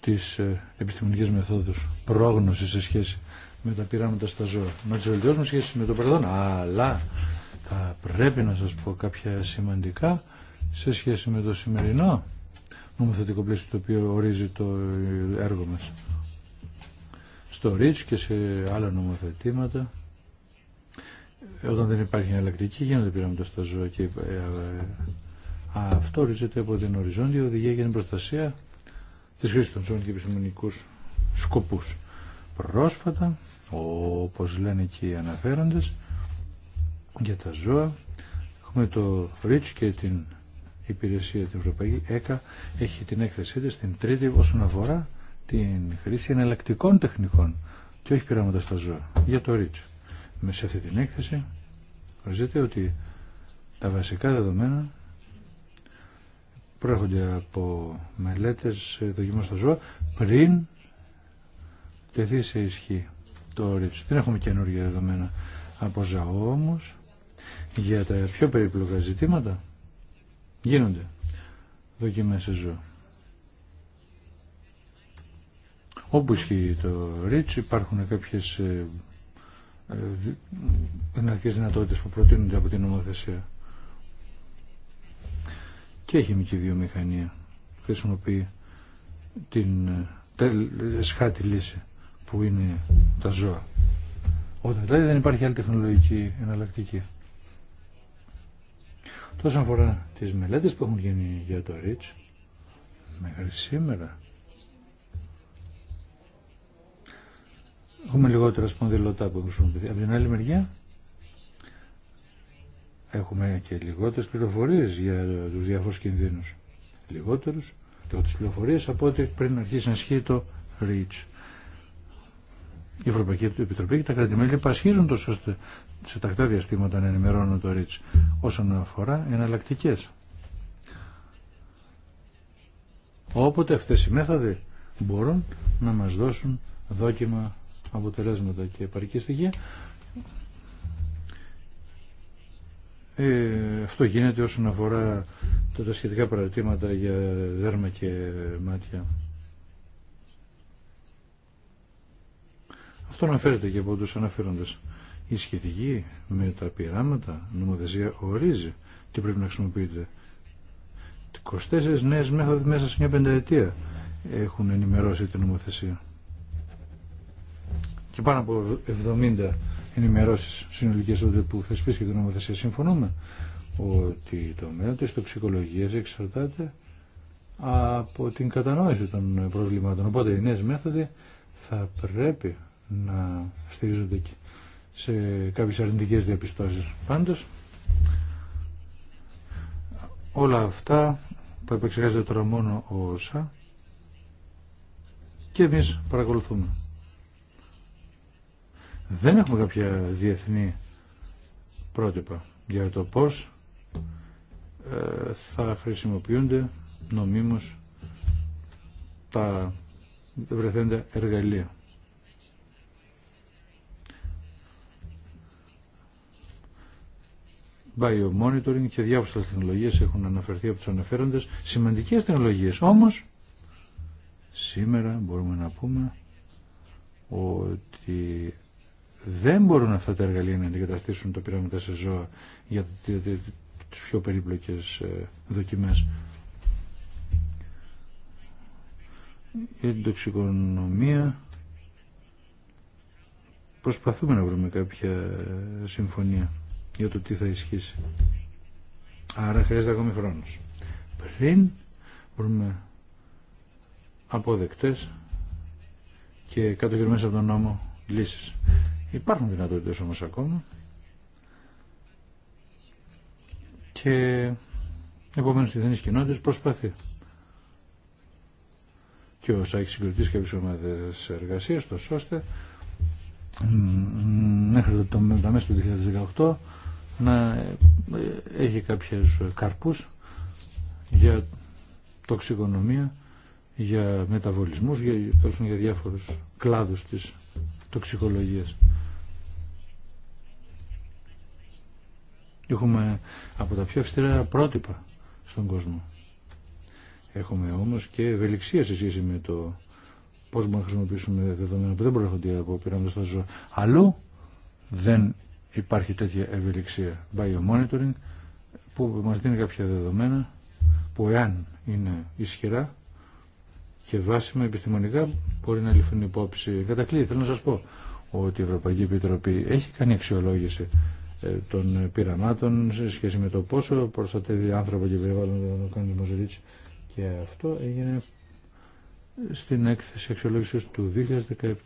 τις ε, επιστημονικές μεθόδους πρόγνωσης σε σχέση με τα πειράματα στα ζώα. Να τις βελτιώσουμε σε σχέση με το παρελθόν. Αλλά θα πρέπει να σας πω κάποια σημαντικά σε σχέση με το σημερινό νομοθετικό πλαίσιο το οποίο ορίζει το έργο μας. Στο ΡΙΤΣ και σε άλλα νομοθετήματα όταν δεν υπάρχει εναλλακτική γίνονται πειράματα στα ζώα και ε, ε, αυτό ορίζεται από την οριζόντια οδηγία για την προστασία της χρήσης των ζώων και επιστημονικούς σκοπούς. Πρόσφατα, όπως λένε και οι αναφέροντες, για τα ζώα έχουμε το ΡΙΤΣ και την υπηρεσία την Ευρωπαϊκή ΕΚΑ έχει την έκθεσή της την τρίτη όσον αφορά την χρήση εναλλακτικών τεχνικών και όχι πειράματα στα ζώα για το ρίτσο. Με σε αυτή την έκθεση γνωρίζετε ότι τα βασικά δεδομένα προέρχονται από μελέτες ε, δοκιμών στα ζώα πριν τεθεί σε ισχύ το ρίτσο. Δεν έχουμε καινούργια δεδομένα από ζαό όμως για τα πιο περίπλοκα ζητήματα Γίνονται δοκιμές σε ζώα. Όπου ισχύει το ρίτς υπάρχουν κάποιες ε, ε, ενεργικές δυνατότητες που προτείνονται από την νομοθεσία. Και η χημική βιομηχανία χρησιμοποιεί την ε, σχάτη λύση που είναι τα ζώα. Όταν δηλαδή δεν υπάρχει άλλη τεχνολογική εναλλακτική. Τόσο αφορά τις μελέτες που έχουν γίνει για το ΡΙΤΣ μέχρι σήμερα. Έχουμε λιγότερα σπονδυλωτά που έχουν χρησιμοποιηθεί. Από την άλλη μεριά έχουμε και λιγότερες πληροφορίες για τους διάφορους κινδύνους. Λιγότερους, λιγότερες πληροφορίες από ό,τι πριν αρχίσει να ισχύει το REACH η Ευρωπαϊκή Επιτροπή και τα μέλη πασχίζουν τόσο ώστε σε τακτά διαστήματα να ενημερώνουν το ΡΙΤΣ όσον αφορά εναλλακτικέ. Όποτε αυτέ οι μέθοδοι μπορούν να μας δώσουν δόκιμα αποτελέσματα και επαρκή στοιχεία. Ε, αυτό γίνεται όσον αφορά τα σχετικά παρατήματα για δέρμα και μάτια. Αυτό αναφέρεται και από τους αναφέροντες. Η σχετική με τα πειράματα νομοθεσία ορίζει τι πρέπει να χρησιμοποιείται. 24 νέες μέθοδοι μέσα σε μια πενταετία έχουν ενημερώσει την νομοθεσία. Και πάνω από 70 ενημερώσεις συνολικές που θεσπίστηκε την νομοθεσία. Συμφωνούμε ότι το μέλλον της τοξικολογίας εξαρτάται από την κατανόηση των προβλημάτων. Οπότε οι νέες μέθοδοι θα πρέπει να στηρίζονται και σε κάποιες αρνητικές διαπιστώσεις. Πάντως, όλα αυτά που επεξεργάζεται τώρα μόνο ο ΩΣΑ και εμείς παρακολουθούμε. Δεν έχουμε κάποια διεθνή πρότυπα για το πώς ε, θα χρησιμοποιούνται νομίμως τα βρεθέντα εργαλεία. biomonitoring και διάφορες τεχνολογίες έχουν αναφερθεί από του αναφέροντες, σημαντικές τεχνολογίες. Όμως, σήμερα μπορούμε να πούμε ότι δεν μπορούν αυτά τα εργαλεία να αντικαταστήσουν τα πειράματα σε ζώα για τις πιο περίπλοκες ε, δοκιμές. Για την τοξικονομία προσπαθούμε να βρούμε κάποια ε, συμφωνία για το τι θα ισχύσει. Άρα χρειάζεται ακόμη χρόνο. Πριν μπορούμε αποδεκτέ και κάτω και από τον νόμο λύσεις. Υπάρχουν δυνατότητες όμως ακόμα και επομένως η διεθνείς κοινότητα προσπαθεί. Και όσα έχει συγκροτήσει κάποιε ομάδε εργασία, το ώστε μέχρι το, τα του 2018 να ε, έχει κάποιες καρπούς για τοξικονομία, για μεταβολισμούς, για, για διάφορους κλάδους της τοξικολογίας. Έχουμε από τα πιο αυστηρά πρότυπα στον κόσμο. Έχουμε όμως και ευελιξία σε σχέση με το Πώς μπορούμε να χρησιμοποιήσουμε δεδομένα που δεν προέρχονται από πειράματα στα ζώα. Αλλού δεν υπάρχει τέτοια ευελιξία. Biomonitoring που μας δίνει κάποια δεδομένα που εάν είναι ισχυρά και βάσιμα επιστημονικά μπορεί να ληφθούν υπόψη. Κατακλείδη, θέλω να σας πω ότι η Ευρωπαϊκή Επιτροπή έχει κάνει αξιολόγηση ε, των πειραμάτων σε σχέση με το πόσο προστατεύει άνθρωπο και περιβάλλον και αυτό έγινε στην έκθεση αξιολόγησης του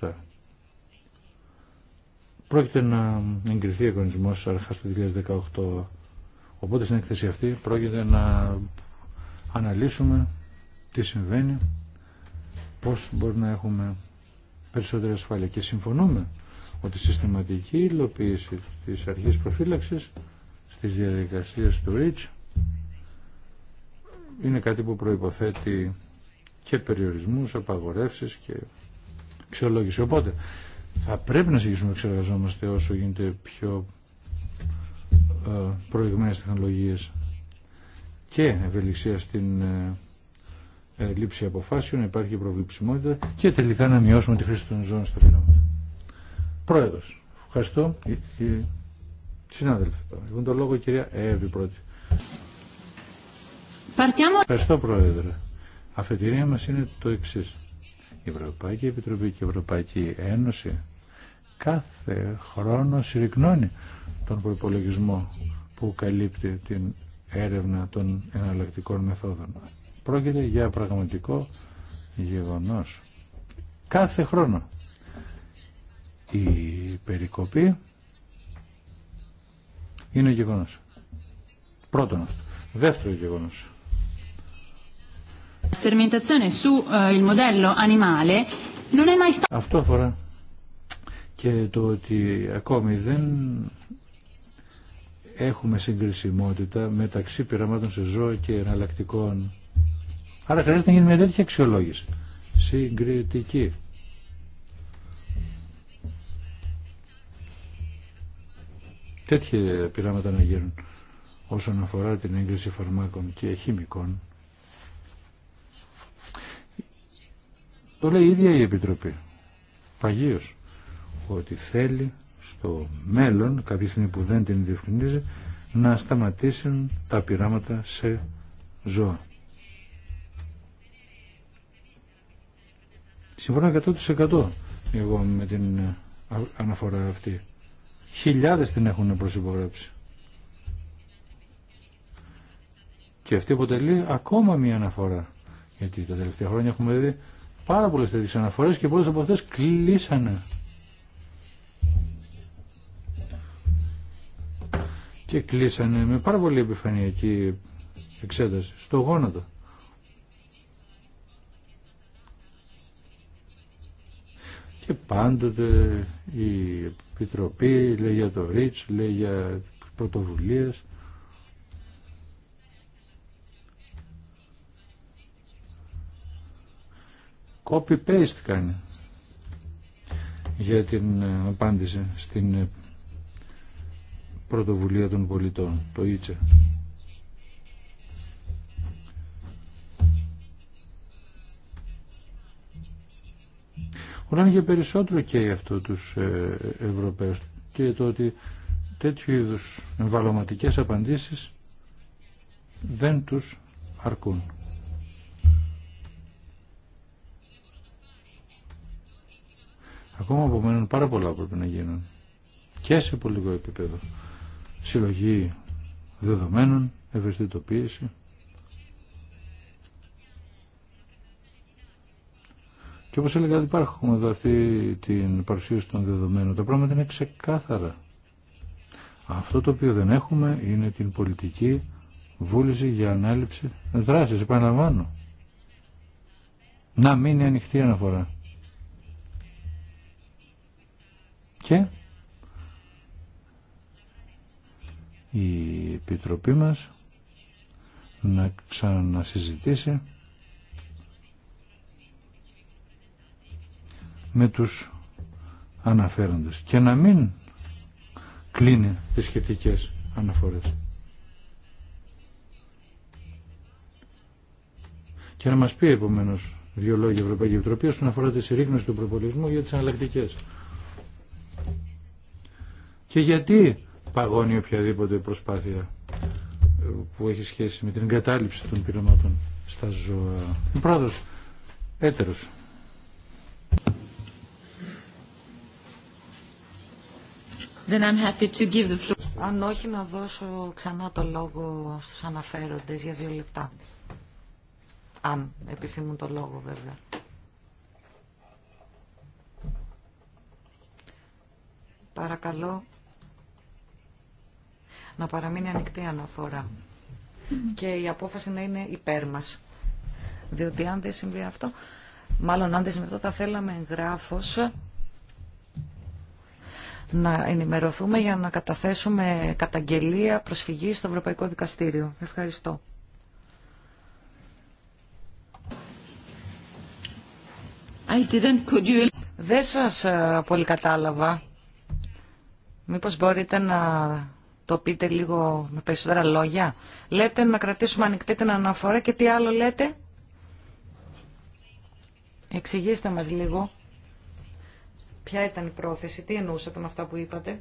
2017. Πρόκειται να εγκριθεί ο κανονισμός αρχάς του 2018, οπότε στην έκθεση αυτή πρόκειται να αναλύσουμε τι συμβαίνει, πώς μπορεί να έχουμε περισσότερη ασφάλεια και συμφωνούμε ότι η συστηματική υλοποίηση της αρχής προφύλαξης στις διαδικασίες του REACH είναι κάτι που προϋποθέτει και περιορισμούς, απαγορεύσεις και αξιολόγηση. Οπότε θα πρέπει να συνεχίσουμε να εξεργαζόμαστε όσο γίνεται πιο ε, προηγμένες τεχνολογίες και ευελιξία στην ε, ε, λήψη αποφάσεων, να υπάρχει προβληψιμότητα και τελικά να μειώσουμε τη χρήση των ζώων στα πειράματα. Πρόεδρος, ευχαριστώ. Συνάδελφοι, έχουν το λόγο η κυρία Εύη πρώτη. Ευχαριστώ, Πρόεδρε αφετηρία μας είναι το εξής. Η Ευρωπαϊκή Επιτροπή και η Ευρωπαϊκή Ένωση κάθε χρόνο συρρυκνώνει τον προπολογισμό που καλύπτει την έρευνα των εναλλακτικών μεθόδων. Πρόκειται για πραγματικό γεγονός. Κάθε χρόνο η περικοπή είναι γεγονός. Πρώτον αυτό. Δεύτερο γεγονός sperimentazione eh, Αυτό αφορά και το ότι ακόμη δεν έχουμε συγκρισιμότητα μεταξύ πειραμάτων σε ζώα και εναλλακτικών. Άρα χρειάζεται να γίνει μια τέτοια αξιολόγηση. Συγκριτική. Τέτοια πειράματα να γίνουν όσον αφορά την έγκριση φαρμάκων και χημικών. Το λέει η ίδια η Επιτροπή. Παγίως. Ότι θέλει στο μέλλον, κάποια στιγμή που δεν την διευκρινίζει, να σταματήσουν τα πειράματα σε ζώα. Συμφωνώ 100% εγώ με την ε, αναφορά αυτή. Χιλιάδες την έχουν προσυπογράψει. Και αυτή αποτελεί ακόμα μία αναφορά. Γιατί τα τελευταία χρόνια έχουμε δει πάρα πολλές τέτοιες αναφορές και πολλές από αυτές κλείσανε. Και κλείσανε με πάρα πολύ επιφανειακή εξέταση, στο γόνατο. Και πάντοτε η Επιτροπή λέει για το ΡΙΤΣ, λέει για πρωτοβουλίες copy-paste κάνει για την ε, απάντηση στην ε, πρωτοβουλία των πολιτών, το ΙΤΣΕ. Ωραία για περισσότερο και αυτό τους ε, Ευρωπαίους και το ότι τέτοιου είδους εμβαλωματικές απαντήσεις δεν τους αρκούν. Ακόμα απομένουν πάρα πολλά πρέπει να γίνουν και σε πολιτικό επίπεδο. Συλλογή δεδομένων, ευαισθητοποίηση. Και όπως έλεγα υπάρχουμε εδώ αυτή την παρουσίαση των δεδομένων. Τα πράγματα είναι ξεκάθαρα. Αυτό το οποίο δεν έχουμε είναι την πολιτική βούληση για ανάληψη δράσης. Επαναλαμβάνω. Να είναι ανοιχτή αναφορά. και η Επιτροπή μας να ξανασυζητήσει με τους αναφέροντες και να μην κλείνει τις σχετικές αναφορές. Και να μας πει επομένως δύο λόγια Ευρωπαϊκή Επιτροπή όσον αφορά τη συρρήγνωση του προπολισμού για τις αναλλακτικές και γιατί παγώνει οποιαδήποτε προσπάθεια ε, που έχει σχέση με την εγκατάλειψη των πειραματών στα ζώα. Ο πρόεδρος, έτερος. Then I'm happy to give the floor. Αν όχι να δώσω ξανά το λόγο στους αναφέροντες για δύο λεπτά. Αν επιθυμούν το λόγο βέβαια. Παρακαλώ να παραμείνει ανοιχτή αναφορά και η απόφαση να είναι υπέρ μας. Διότι αν δεν συμβεί αυτό, μάλλον αν δεν συμβεί αυτό θα θέλαμε εγγράφος να ενημερωθούμε για να καταθέσουμε καταγγελία προσφυγή στο Ευρωπαϊκό Δικαστήριο. Ευχαριστώ. I didn't, could Δεν σας ε, πολύ κατάλαβα. Μήπως μπορείτε να το πείτε λίγο με περισσότερα λόγια. Λέτε να κρατήσουμε ανοιχτή την αναφορά και τι άλλο λέτε. Εξηγήστε μας λίγο ποια ήταν η πρόθεση, τι εννοούσατε με αυτά που είπατε.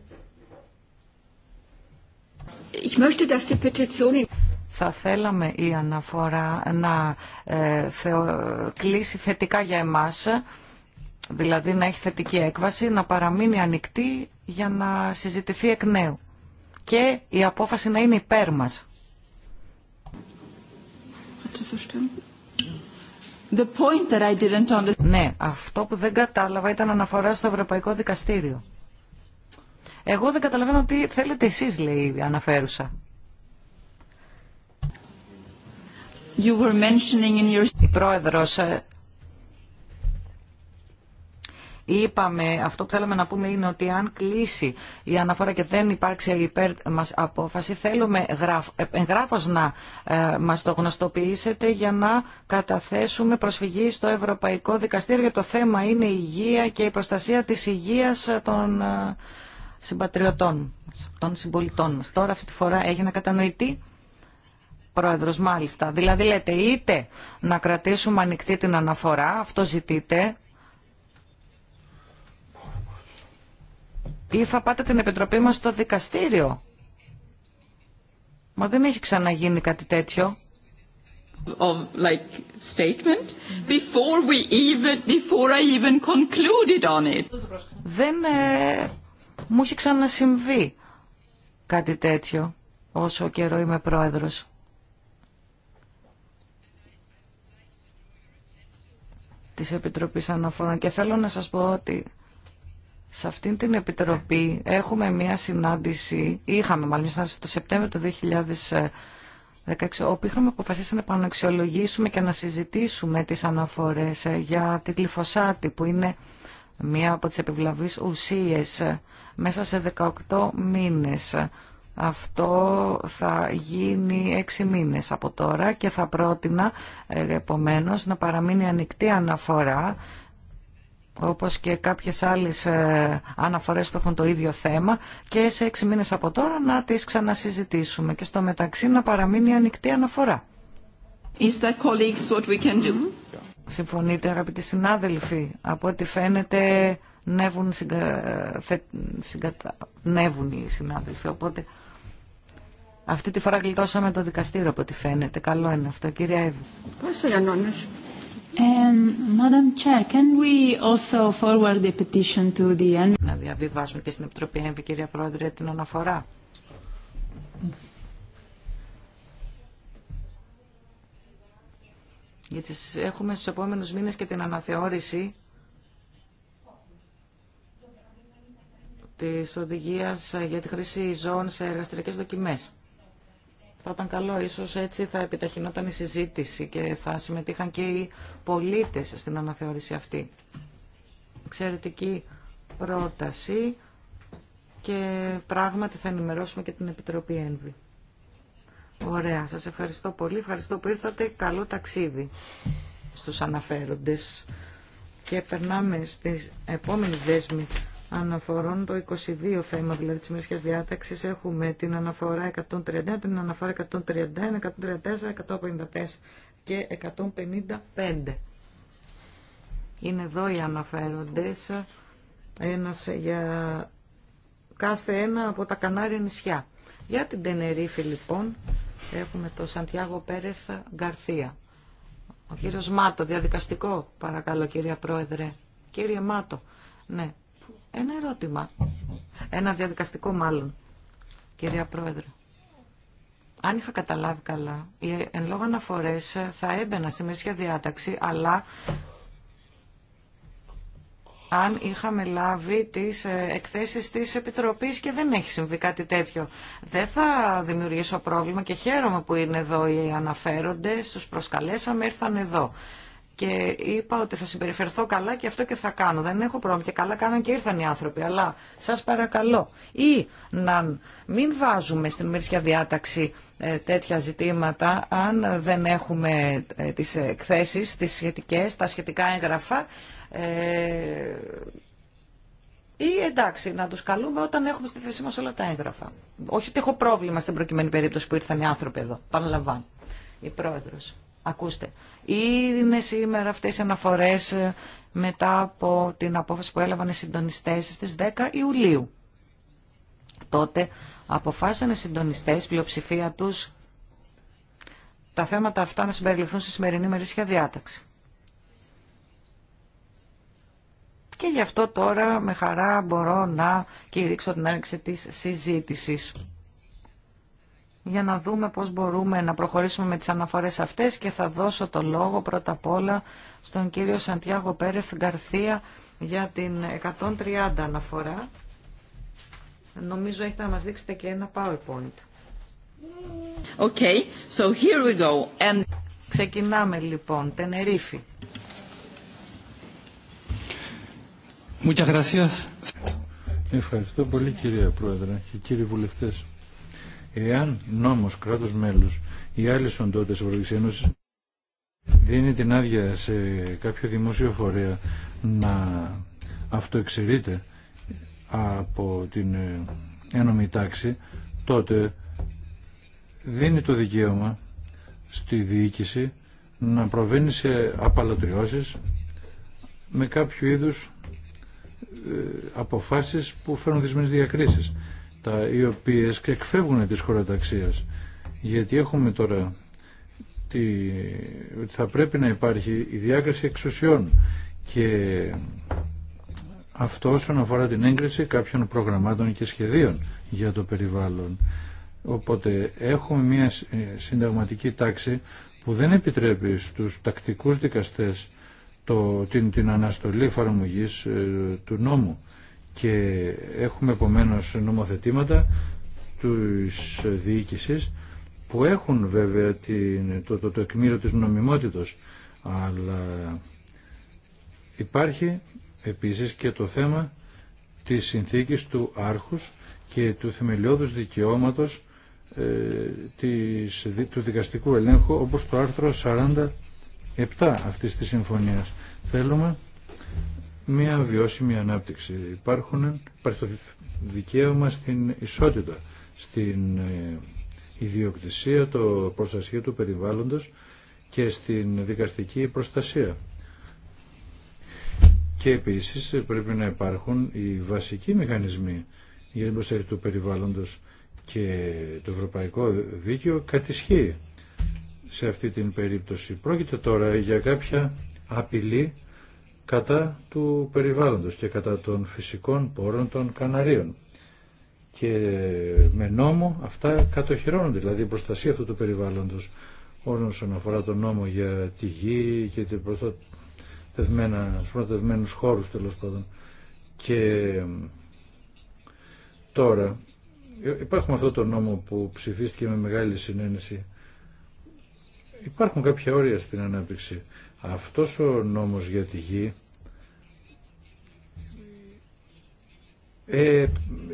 Ich möchte, dass die Petition... Θα θέλαμε η αναφορά να ε, θεω... κλείσει θετικά για εμάς, δηλαδή να έχει θετική έκβαση, να παραμείνει ανοιχτή για να συζητηθεί εκ νέου και η απόφαση να είναι υπέρ μας. The point that I didn't Ναι, αυτό που δεν κατάλαβα ήταν αναφορά στο Ευρωπαϊκό Δικαστήριο. Εγώ δεν καταλαβαίνω τι θέλετε εσείς, λέει η αναφέρουσα. You were mentioning in your... Η πρόεδρος, ε, Είπαμε, αυτό που θέλαμε να πούμε είναι ότι αν κλείσει η αναφορά και δεν υπάρξει υπέρ μας απόφαση, θέλουμε εγγράφως να ε, μας το γνωστοποιήσετε για να καταθέσουμε προσφυγή στο Ευρωπαϊκό Δικαστήριο. Το θέμα είναι η υγεία και η προστασία της υγείας των ε, συμπατριωτών, των συμπολιτών μας. Τώρα αυτή τη φορά έγινε κατανοητή πρόεδρος μάλιστα. Δηλαδή λέτε είτε να κρατήσουμε ανοιχτή την αναφορά, αυτό ζητείτε, ή θα πάτε την Επιτροπή μας στο δικαστήριο. Μα δεν έχει ξαναγίνει κάτι τέτοιο. like Δεν μου έχει ξανασυμβεί κάτι τέτοιο όσο καιρό είμαι πρόεδρος. Της Επιτροπής Αναφορών και θέλω να σας πω ότι σε αυτήν την επιτροπή έχουμε μία συνάντηση, είχαμε μάλλον μια συναντηση ειχαμε μάλιστα μια το Σεπτέμβριο του 2016, όπου είχαμε αποφασίσει να επαναξιολογήσουμε και να συζητήσουμε τις αναφορές για τη γλυφοσάτη, που είναι μία από τις επιβλαβείς ουσίες μέσα σε 18 μήνες. Αυτό θα γίνει έξι μήνες από τώρα και θα πρότεινα ε, επομένως να παραμείνει ανοιχτή αναφορά όπως και κάποιες άλλες ε, αναφορές που έχουν το ίδιο θέμα και σε έξι μήνες από τώρα να τις ξανασυζητήσουμε και στο μεταξύ να παραμείνει ανοιχτή αναφορά. Is that colleagues what we can do? Συμφωνείτε αγαπητοί συνάδελφοι, από ό,τι φαίνεται νεύουν, συγκα... Συγκατα... οι συνάδελφοι, οπότε αυτή τη φορά γλιτώσαμε το δικαστήριο από ό,τι φαίνεται. Καλό είναι αυτό, κυρία Εύη. Madam Chair, can we also forward the petition to the Να διαβιβάσουμε και στην Επιτροπή ή κυρία Πρόεδρε, την αναφορά. Γιατί έχουμε στους επόμενους μήνες και την αναθεώρηση της οδηγίας για τη χρήση ζώων σε εργαστηριακές δοκιμές. Θα ήταν καλό, ίσως έτσι θα επιταχυνόταν η συζήτηση και θα συμμετείχαν και οι πολίτες στην αναθεώρηση αυτή. Εξαιρετική πρόταση και πράγματι θα ενημερώσουμε και την Επιτροπή Ένβη. Ωραία, σας ευχαριστώ πολύ. Ευχαριστώ που ήρθατε. Καλό ταξίδι στους αναφέροντες. Και περνάμε στην επόμενη δέσμη αναφορών, το 22 θέμα δηλαδή τη μερικής διάταξη. έχουμε την αναφορά 130, την αναφορά 131, 134, 154 και 155. Είναι εδώ οι αναφέροντες, ένας για κάθε ένα από τα Κανάρια νησιά. Για την Τενερίφη λοιπόν έχουμε το Σαντιάγο Πέρεθα Γκαρθία. Ο κύριος Μάτο, διαδικαστικό, παρακαλώ κυρία Πρόεδρε. Κύριε Μάτο, ναι, ένα ερώτημα. Ένα διαδικαστικό μάλλον, κυρία Πρόεδρε. Αν είχα καταλάβει καλά, οι εν λόγω αναφορές θα έμπαινα στη μέση διάταξη, αλλά αν είχαμε λάβει τις ε, εκθέσεις της Επιτροπής και δεν έχει συμβεί κάτι τέτοιο. Δεν θα δημιουργήσω πρόβλημα και χαίρομαι που είναι εδώ οι αναφέροντες, τους προσκαλέσαμε, ήρθαν εδώ και είπα ότι θα συμπεριφερθώ καλά και αυτό και θα κάνω. Δεν έχω πρόβλημα και καλά κάναν και ήρθαν οι άνθρωποι. Αλλά σας παρακαλώ ή να μην βάζουμε στην μερσιά διάταξη ε, τέτοια ζητήματα αν δεν έχουμε ε, τις εκθέσεις, τις σχετικές, τα σχετικά έγγραφα ε, ή εντάξει, να τους καλούμε όταν έχουμε στη θέση μα όλα τα έγγραφα. Όχι ότι έχω πρόβλημα στην προκειμένη περίπτωση που ήρθαν οι άνθρωποι εδώ. Παναλαμβάνω. Η πρόεδρο. Ακούστε, είναι σήμερα αυτές οι αναφορές ε, μετά από την απόφαση που έλαβαν οι συντονιστές στις 10 Ιουλίου. Τότε αποφάσισαν οι συντονιστές, πλειοψηφία τους, τα θέματα αυτά να συμπεριληφθούν στη σημερινή μερίσια διάταξη. Και γι' αυτό τώρα με χαρά μπορώ να κηρύξω την άνοιξη της συζήτησης για να δούμε πώς μπορούμε να προχωρήσουμε με τις αναφορές αυτές και θα δώσω το λόγο πρώτα απ' όλα στον κύριο Σαντιάγο Πέρεφ, Γκαρθία για την 130 αναφορά. Νομίζω έχετε να μας δείξετε και ένα PowerPoint. Okay, so here we go. And... Ξεκινάμε λοιπόν, Τενερίφη. Ευχαριστώ πολύ κυρία Πρόεδρε και κύριοι βουλευτές. Εάν νόμος κράτος μέλους ή άλλες οντότητες Ευρωπαϊκής Ένωσης δίνει την άδεια σε κάποιο δημόσιο φορέα να αυτοεξαιρείται από την ε, ένομη τάξη, τότε δίνει το δικαίωμα στη διοίκηση να προβαίνει σε απαλατριώσεις με κάποιο είδους ε, αποφάσεις που φέρνουν δυσμένες διακρίσεις τα οι οποίες εκφεύγουν της χωροταξίας. Γιατί έχουμε τώρα ότι θα πρέπει να υπάρχει η διάκριση εξουσιών και αυτό όσον αφορά την έγκριση κάποιων προγραμμάτων και σχεδίων για το περιβάλλον. Οπότε έχουμε μια συνταγματική τάξη που δεν επιτρέπει στους τακτικούς δικαστές το, την, αναστολή εφαρμογή ε, του νόμου και έχουμε επομένως νομοθετήματα της διοίκηση που έχουν βέβαια την, το, το, το εκμύριο της νομιμότητος αλλά υπάρχει επίσης και το θέμα της συνθήκης του άρχους και του θεμελιώδους δικαιώματος ε, της, του δικαστικού ελέγχου όπως το άρθρο 47 αυτής της συμφωνίας. Θέλουμε μια βιώσιμη ανάπτυξη. Υπάρχουν, υπάρχει το δικαίωμα στην ισότητα, στην ε, ιδιοκτησία, το προστασία του περιβάλλοντος και στην δικαστική προστασία. Και επίσης πρέπει να υπάρχουν οι βασικοί μηχανισμοί για την προστασία του περιβάλλοντος και το ευρωπαϊκό δίκαιο κατησχύει σε αυτή την περίπτωση. Πρόκειται τώρα για κάποια απειλή κατά του περιβάλλοντος και κατά των φυσικών πόρων των Καναρίων. Και με νόμο αυτά κατοχυρώνονται, δηλαδή η προστασία αυτού του περιβάλλοντος όσον αφορά τον νόμο για τη γη και την προστατευμένους χώρους τέλος πάντων. Και τώρα ε, Υπάρχουν αυτό το νόμο που ψηφίστηκε με μεγάλη συνένεση. Υπάρχουν κάποια όρια στην ανάπτυξη. Αυτός ο νόμος για τη γη ε,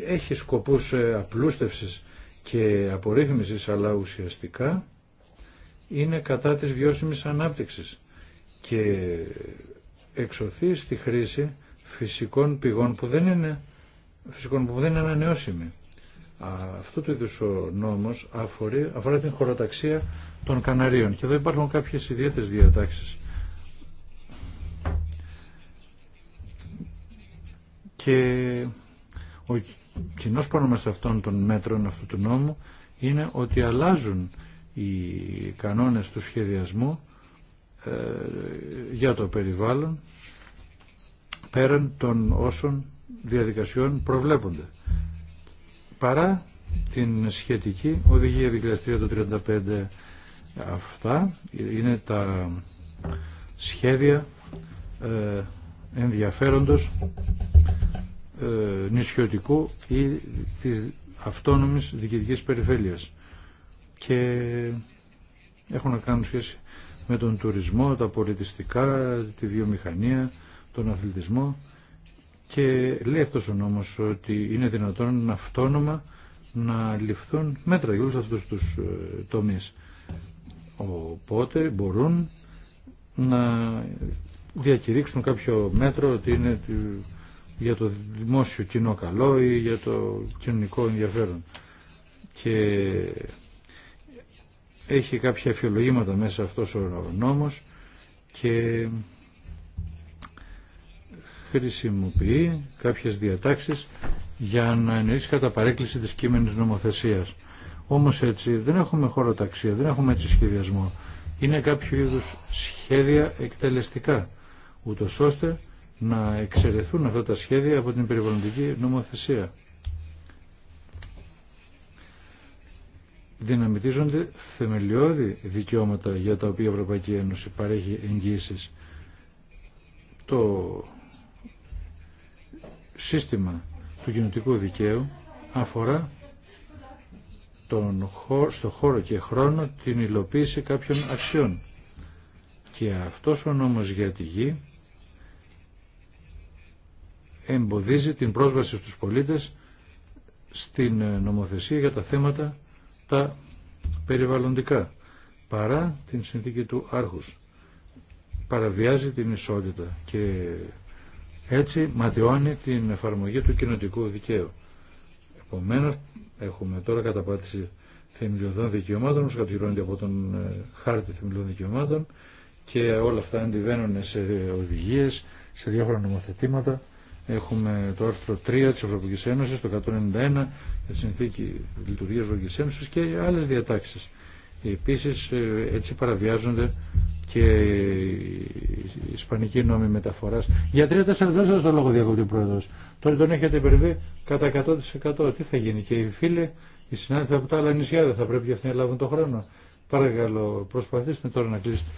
έχει σκοπούς ε, απλούστευσης και απορρίθμισης αλλά ουσιαστικά είναι κατά της βιώσιμης ανάπτυξης και εξωθεί στη χρήση φυσικών πηγών που δεν είναι, φυσικών που δεν είναι ανανεώσιμη. Αυτού του είδους ο νόμος αφορεί, αφορά την χωροταξία των Καναρίων και εδώ υπάρχουν κάποιες ιδιαίτερες διατάξεις. Και ο κοινό σε αυτών των μέτρων αυτού του νόμου είναι ότι αλλάζουν οι κανόνες του σχεδιασμού ε, για το περιβάλλον πέραν των όσων διαδικασιών προβλέπονται. Παρά την σχετική του 2003-35 αυτά είναι τα σχέδια ε, ενδιαφέροντος ε, νησιωτικού ή της αυτόνομης διοικητικής περιφέρειας. Και έχουν να κάνουν σχέση με τον τουρισμό, τα πολιτιστικά, τη βιομηχανία, τον αθλητισμό και λέει αυτός ο νόμος ότι είναι δυνατόν αυτόνομα να ληφθούν μέτρα για όλους αυτούς τους ε, τομείς. Οπότε μπορούν να διακηρύξουν κάποιο μέτρο ότι είναι ε, για το δημόσιο κοινό καλό ή για το κοινωνικό ενδιαφέρον. Και έχει κάποια αφιολογήματα μέσα αυτός ο νόμος και χρησιμοποιεί κάποιες διατάξεις για να εννοήσει κατά παρέκκληση της κείμενης νομοθεσίας. Όμως έτσι δεν έχουμε χώρο ταξία, δεν έχουμε έτσι σχεδιασμό. Είναι κάποιο είδους σχέδια εκτελεστικά, ούτως ώστε να εξαιρεθούν αυτά τα σχέδια από την περιβαλλοντική νομοθεσία. Δυναμητίζονται θεμελιώδη δικαιώματα για τα οποία η Ευρωπαϊκή Ένωση παρέχει εγγύσεις. Το σύστημα του κοινωτικού δικαίου αφορά τον, στο χώρο και χρόνο την υλοποίηση κάποιων αξιών. Και αυτός ο νόμος για τη γη εμποδίζει την πρόσβαση στους πολίτες στην ε, νομοθεσία για τα θέματα τα περιβαλλοντικά παρά την συνθήκη του άρχους. Παραβιάζει την ισότητα και έτσι ματιώνει την εφαρμογή του κοινοτικού δικαίου. Επομένως έχουμε τώρα καταπάτηση θεμελιωδών δικαιωμάτων, όπως κατηγορώνεται από τον ε, χάρτη θεμελιωδών δικαιωμάτων και όλα αυτά αντιβαίνουν σε οδηγίες, σε διάφορα νομοθετήματα Έχουμε το άρθρο 3 της Ευρωπαϊκής Ένωσης, το 191 τη Συνθήκη Λειτουργίας Ευρωπαϊκής Ένωσης και άλλες διατάξεις. Επίσης ε, έτσι παραβιάζονται και οι Ισπανικοί νόμοι μεταφοράς. Για 3-4 δεν σας το λόγο διακόπτει ο Πρόεδρος. Τώρα τον έχετε υπερβεί κατά 100%. Τι θα γίνει και οι φίλοι, οι συνάδελφοι από τα άλλα νησιά δεν θα πρέπει και αυτοί να λάβουν το χρόνο. Παρακαλώ, προσπαθήστε τώρα να κλείσετε.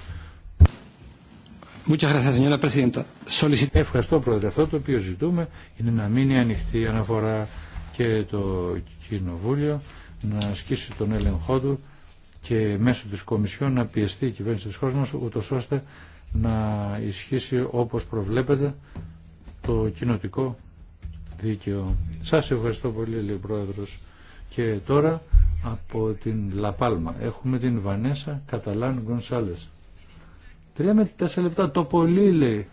Ευχαριστώ πρόεδρε. Αυτό το οποίο ζητούμε είναι να μείνει ανοιχτή η αναφορά και το Κοινοβούλιο να ασκήσει τον έλεγχό του και μέσω της Κομισιόν να πιεστεί η κυβέρνηση της χώρας μας ούτως ώστε να ισχύσει όπως προβλέπεται το κοινοτικό δίκαιο. Σας ευχαριστώ πολύ λέει ο Πρόεδρος. Και τώρα από την Λαπάλμα έχουμε την Βανέσα Καταλάν Γκονσάλες. Τρία με τέσσερα λεπτά το πολύ λέει.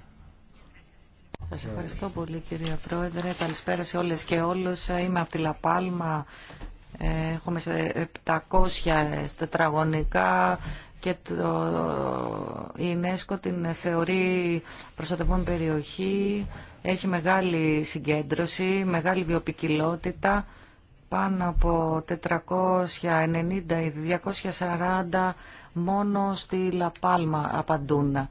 Σας ευχαριστώ πολύ κυρία Πρόεδρε. Καλησπέρα σε όλες και όλους. Είμαι από τη Λαπάλμα. Ε, έχουμε 700 τετραγωνικά και το, η UNESCO την θεωρεί προστατευόμενη περιοχή. Έχει μεγάλη συγκέντρωση, μεγάλη βιοπικιλότητα, πάνω από 490 ή 240 μόνο στη Λαπάλμα απαντούν.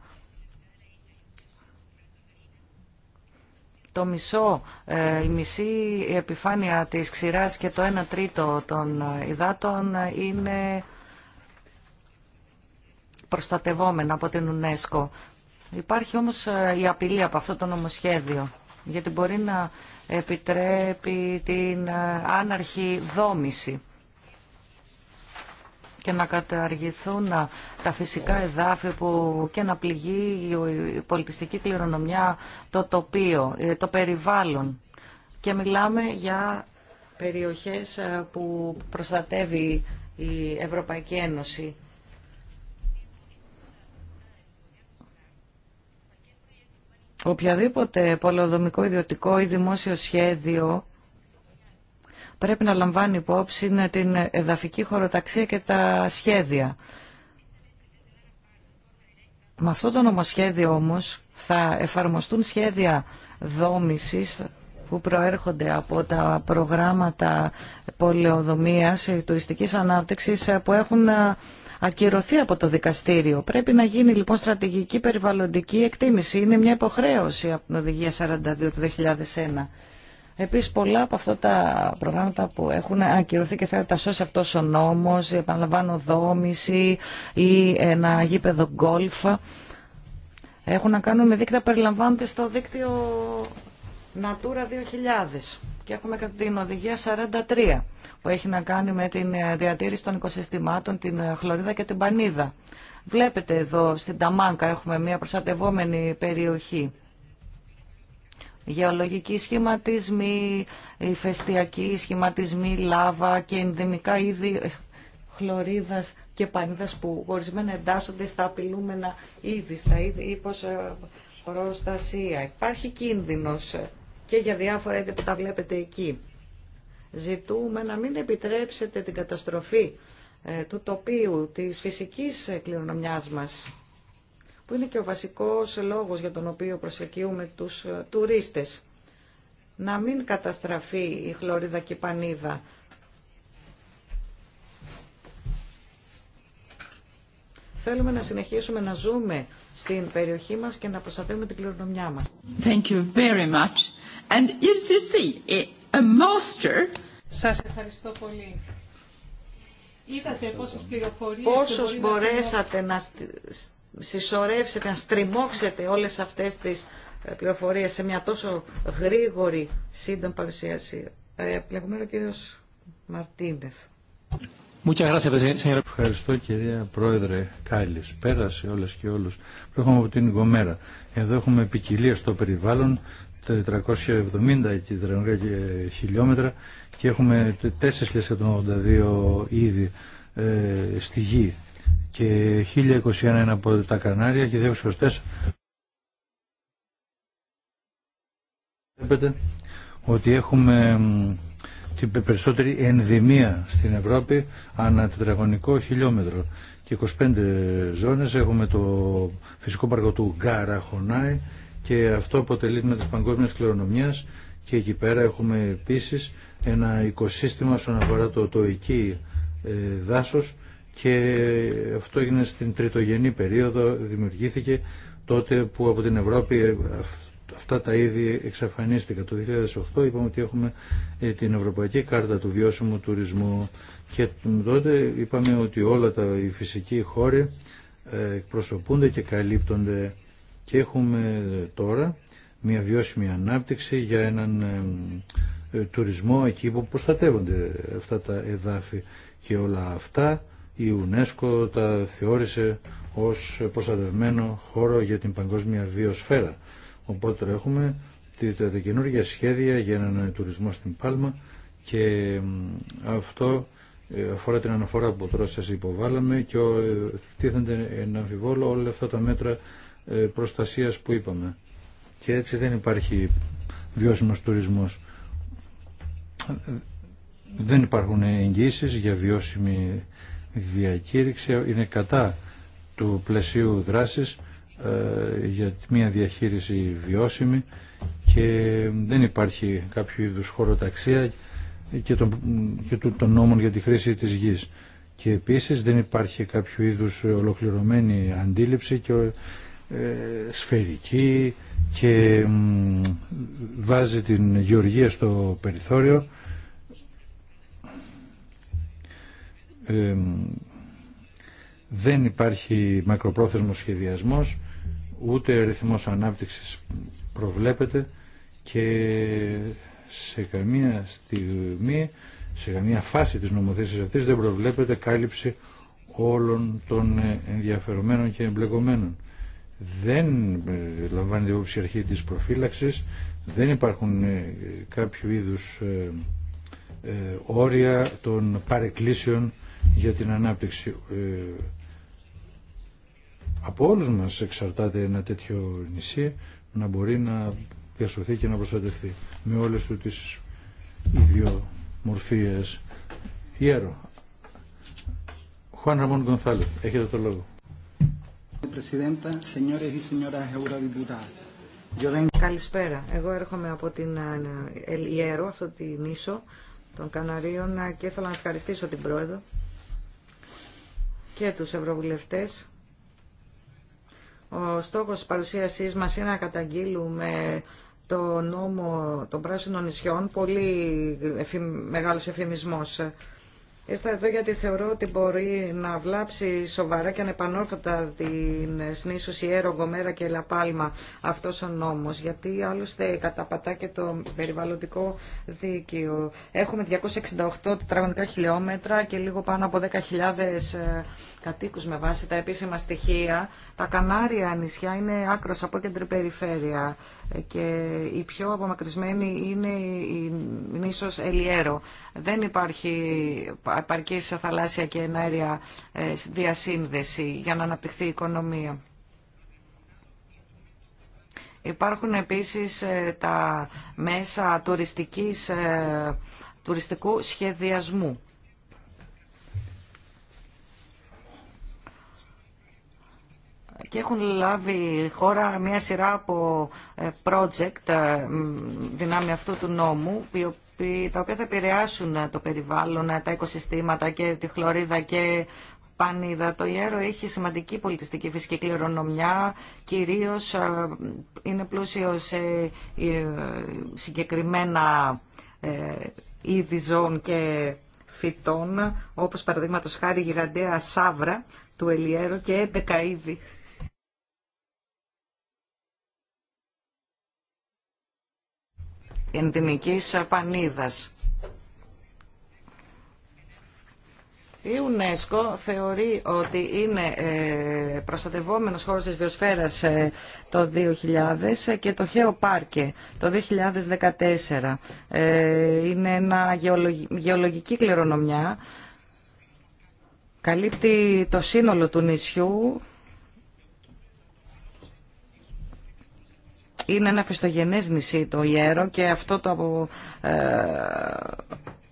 Το μισό, ε, η μισή επιφάνεια της ξηράς και το 1 τρίτο των υδάτων είναι προστατευόμενα από την UNESCO. Υπάρχει όμως ε, η απειλή από αυτό το νομοσχέδιο, γιατί μπορεί να επιτρέπει την ε, άναρχη δόμηση και να καταργηθούν τα φυσικά εδάφη που και να πληγεί η πολιτιστική κληρονομιά, το τοπίο, ε, το περιβάλλον. Και μιλάμε για περιοχές που προστατεύει η Ευρωπαϊκή Ένωση. Οποιαδήποτε πολεοδομικό ιδιωτικό ή δημόσιο σχέδιο πρέπει να λαμβάνει υπόψη την εδαφική χωροταξία και τα σχέδια. Με αυτό το νομοσχέδιο όμως θα εφαρμοστούν σχέδια δόμησης που προέρχονται από τα προγράμματα πολεοδομίας ε, τουριστικής ανάπτυξης ε, που έχουν ε, ακυρωθεί από το δικαστήριο. Πρέπει να γίνει λοιπόν στρατηγική περιβαλλοντική εκτίμηση. Είναι μια υποχρέωση από την Οδηγία 42 του 2001. Επίση, πολλά από αυτά τα προγράμματα που έχουν ακυρωθεί και θα τα σώσει αυτός ο νόμος, επαναλαμβάνω δόμηση ή ένα γήπεδο γκόλφα, έχουν να κάνουν με δίκτυα περιλαμβάνονται στο δίκτυο Natura 2000 και έχουμε κατά την οδηγία 43 που έχει να κάνει με την διατήρηση των οικοσυστημάτων, την χλωρίδα και την πανίδα. Βλέπετε εδώ στην Ταμάνκα έχουμε μια προστατευόμενη περιοχή γεωλογικοί σχηματισμοί, ηφαιστειακοί σχηματισμοί, λάβα και ενδυμικά είδη ε, χλωρίδας και πανίδας που ορισμένα εντάσσονται στα απειλούμενα είδη, στα είδη ύπος ε, προστασία. Υπάρχει κίνδυνος ε, και για διάφορα είδη που τα βλέπετε εκεί. Ζητούμε να μην επιτρέψετε την καταστροφή του τοπίου, της φυσικής κληρονομιάς μας που είναι και ο βασικός λόγος για τον οποίο προσεκύουμε τους ε, τουρίστες. Να μην καταστραφεί η χλωρίδα και η πανίδα. Θέλουμε να συνεχίσουμε να ζούμε στην περιοχή μας και να προστατεύουμε την κληρονομιά μας. Thank you very much. And a master... Σας ευχαριστώ πολύ. Είδατε πόσες πληροφορίες... μπορέσατε να συσσωρεύσετε, να στριμώξετε όλες αυτές τις ε, πληροφορίες σε μια τόσο γρήγορη σύντομη παρουσίαση. Ε, ο κύριος Μαρτίνεφ. Ευχαριστώ κυρία Πρόεδρε Κάλλης. Πέρασε όλες και όλους. Προέρχομαι από την Γομέρα. Εδώ έχουμε ποικιλία στο περιβάλλον, 470 ε, χιλιόμετρα και έχουμε 4.082 είδη στη γη και 1021 είναι από τα Κανάρια και 224. Βλέπετε ότι έχουμε την περισσότερη ενδημία στην Ευρώπη ανά τετραγωνικό χιλιόμετρο και 25 ζώνες έχουμε το φυσικό πάρκο του Χονάι και αυτό αποτελεί με τις παγκόσμιες κληρονομιάς και εκεί πέρα έχουμε επίσης ένα οικοσύστημα στον αφορά το τοϊκή ε, δάσος και αυτό έγινε στην τριτογενή περίοδο, δημιουργήθηκε τότε που από την Ευρώπη αυτά τα είδη εξαφανίστηκαν. Το 2008 είπαμε ότι έχουμε ε, την Ευρωπαϊκή Κάρτα του Βιώσιμου Τουρισμού και τότε είπαμε ότι όλα τα οι φυσικοί χώροι ε, εκπροσωπούνται και καλύπτονται και έχουμε ε, τώρα μια βιώσιμη ανάπτυξη για έναν τουρισμό εκεί που προστατεύονται αυτά τα εδάφη και όλα αυτά η UNESCO τα θεώρησε ως προστατευμένο χώρο για την παγκόσμια βιοσφαίρα. Οπότε έχουμε τα καινούργια σχέδια για έναν τουρισμό στην Πάλμα και αυτό ε, αφορά την αναφορά που τώρα σας υποβάλαμε και ε, τίθενται να αμφιβόλο όλα αυτά τα μέτρα ε, προστασίας που είπαμε. Και έτσι δεν υπάρχει βιώσιμος τουρισμός. Δεν υπάρχουν εγγύσεις για βιώσιμη διακήρυξη είναι κατά του πλαισίου δράσης ε, για μια διαχείριση βιώσιμη και δεν υπάρχει κάποιο είδους χωροταξία και των, και των νόμων για τη χρήση της γης. Και επίσης δεν υπάρχει κάποιο είδους ολοκληρωμένη αντίληψη και ε, σφαιρική και βάζει την γεωργία στο περιθώριο δεν υπάρχει μακροπρόθεσμος σχεδιασμός, ούτε ρυθμός ανάπτυξης προβλέπεται και σε καμία στιγμή, σε καμία φάση της νομοθεσίας αυτής δεν προβλέπεται κάλυψη όλων των ενδιαφερομένων και εμπλεκομένων. Δεν ε, λαμβάνεται όψη αρχή της προφύλαξης, δεν υπάρχουν ε, κάποιο είδους ε, όρια των παρεκκλήσεων για την ανάπτυξη. Ε, από όλους μας εξαρτάται ένα τέτοιο νησί να μπορεί να διασωθεί και να προστατευτεί με όλες του τις ιδιομορφίες. Ιέρο. Χουάν Ραμόν Γκονθάλεφ, έχετε το λόγο. Καλησπέρα. Εγώ έρχομαι από την ε, ε, Ιέρο, αυτό την Ίσο των Καναρίων και ήθελα να ευχαριστήσω την Πρόεδρο και τους ευρωβουλευτές. Ο στόχος της παρουσίασής μας είναι να καταγγείλουμε το νόμο των πράσινων νησιών, πολύ μεγάλος εφημισμός. Ήρθα εδώ γιατί θεωρώ ότι μπορεί να βλάψει σοβαρά και ανεπανόρθωτα την συνίσωση Ιέρο, Γκομέρα και Λαπάλμα αυτό ο νόμος, γιατί άλλωστε καταπατά και το περιβαλλοντικό δίκαιο. Έχουμε 268 τετραγωνικά χιλιόμετρα και λίγο πάνω από 10.000 ε, κατοίκους με βάση τα επίσημα στοιχεία. Τα Κανάρια νησιά είναι άκρο από κέντρο περιφέρεια και η πιο απομακρυσμένη είναι, η νήσος ελιέρο. Δεν υπάρχει επαρκή σε θαλάσσια και ενέργεια ε, διασύνδεση για να αναπτυχθεί η οικονομία. Υπάρχουν επίσης ε, τα μέσα τουριστικής, ε, τουριστικού σχεδιασμού και έχουν λάβει χώρα μια σειρά από ε, project ε, δυνάμει αυτού του νόμου τα οποία θα επηρεάσουν ε, το περιβάλλον, τα οικοσυστήματα και τη χλωρίδα και Πανίδα. Το Ιέρο έχει σημαντική πολιτιστική φυσική κληρονομιά, κυρίως είναι πλούσιο σε συγκεκριμένα είδη ζώων και φυτών, όπως παραδείγματο χάρη γιγαντέα σάβρα του Ελιέρο και 11 είδη ενδυμικής πανίδας. Η UNESCO θεωρεί ότι είναι ε, προστατευόμενος χώρος της βιοσφαίρας ε, το 2000 και το Χέο Πάρκε το 2014. Ε, είναι ένα γεωλογική κληρονομιά. Καλύπτει το σύνολο του νησιού Είναι ένα φυστογενέ νησί το Ιέρο και αυτό το ε,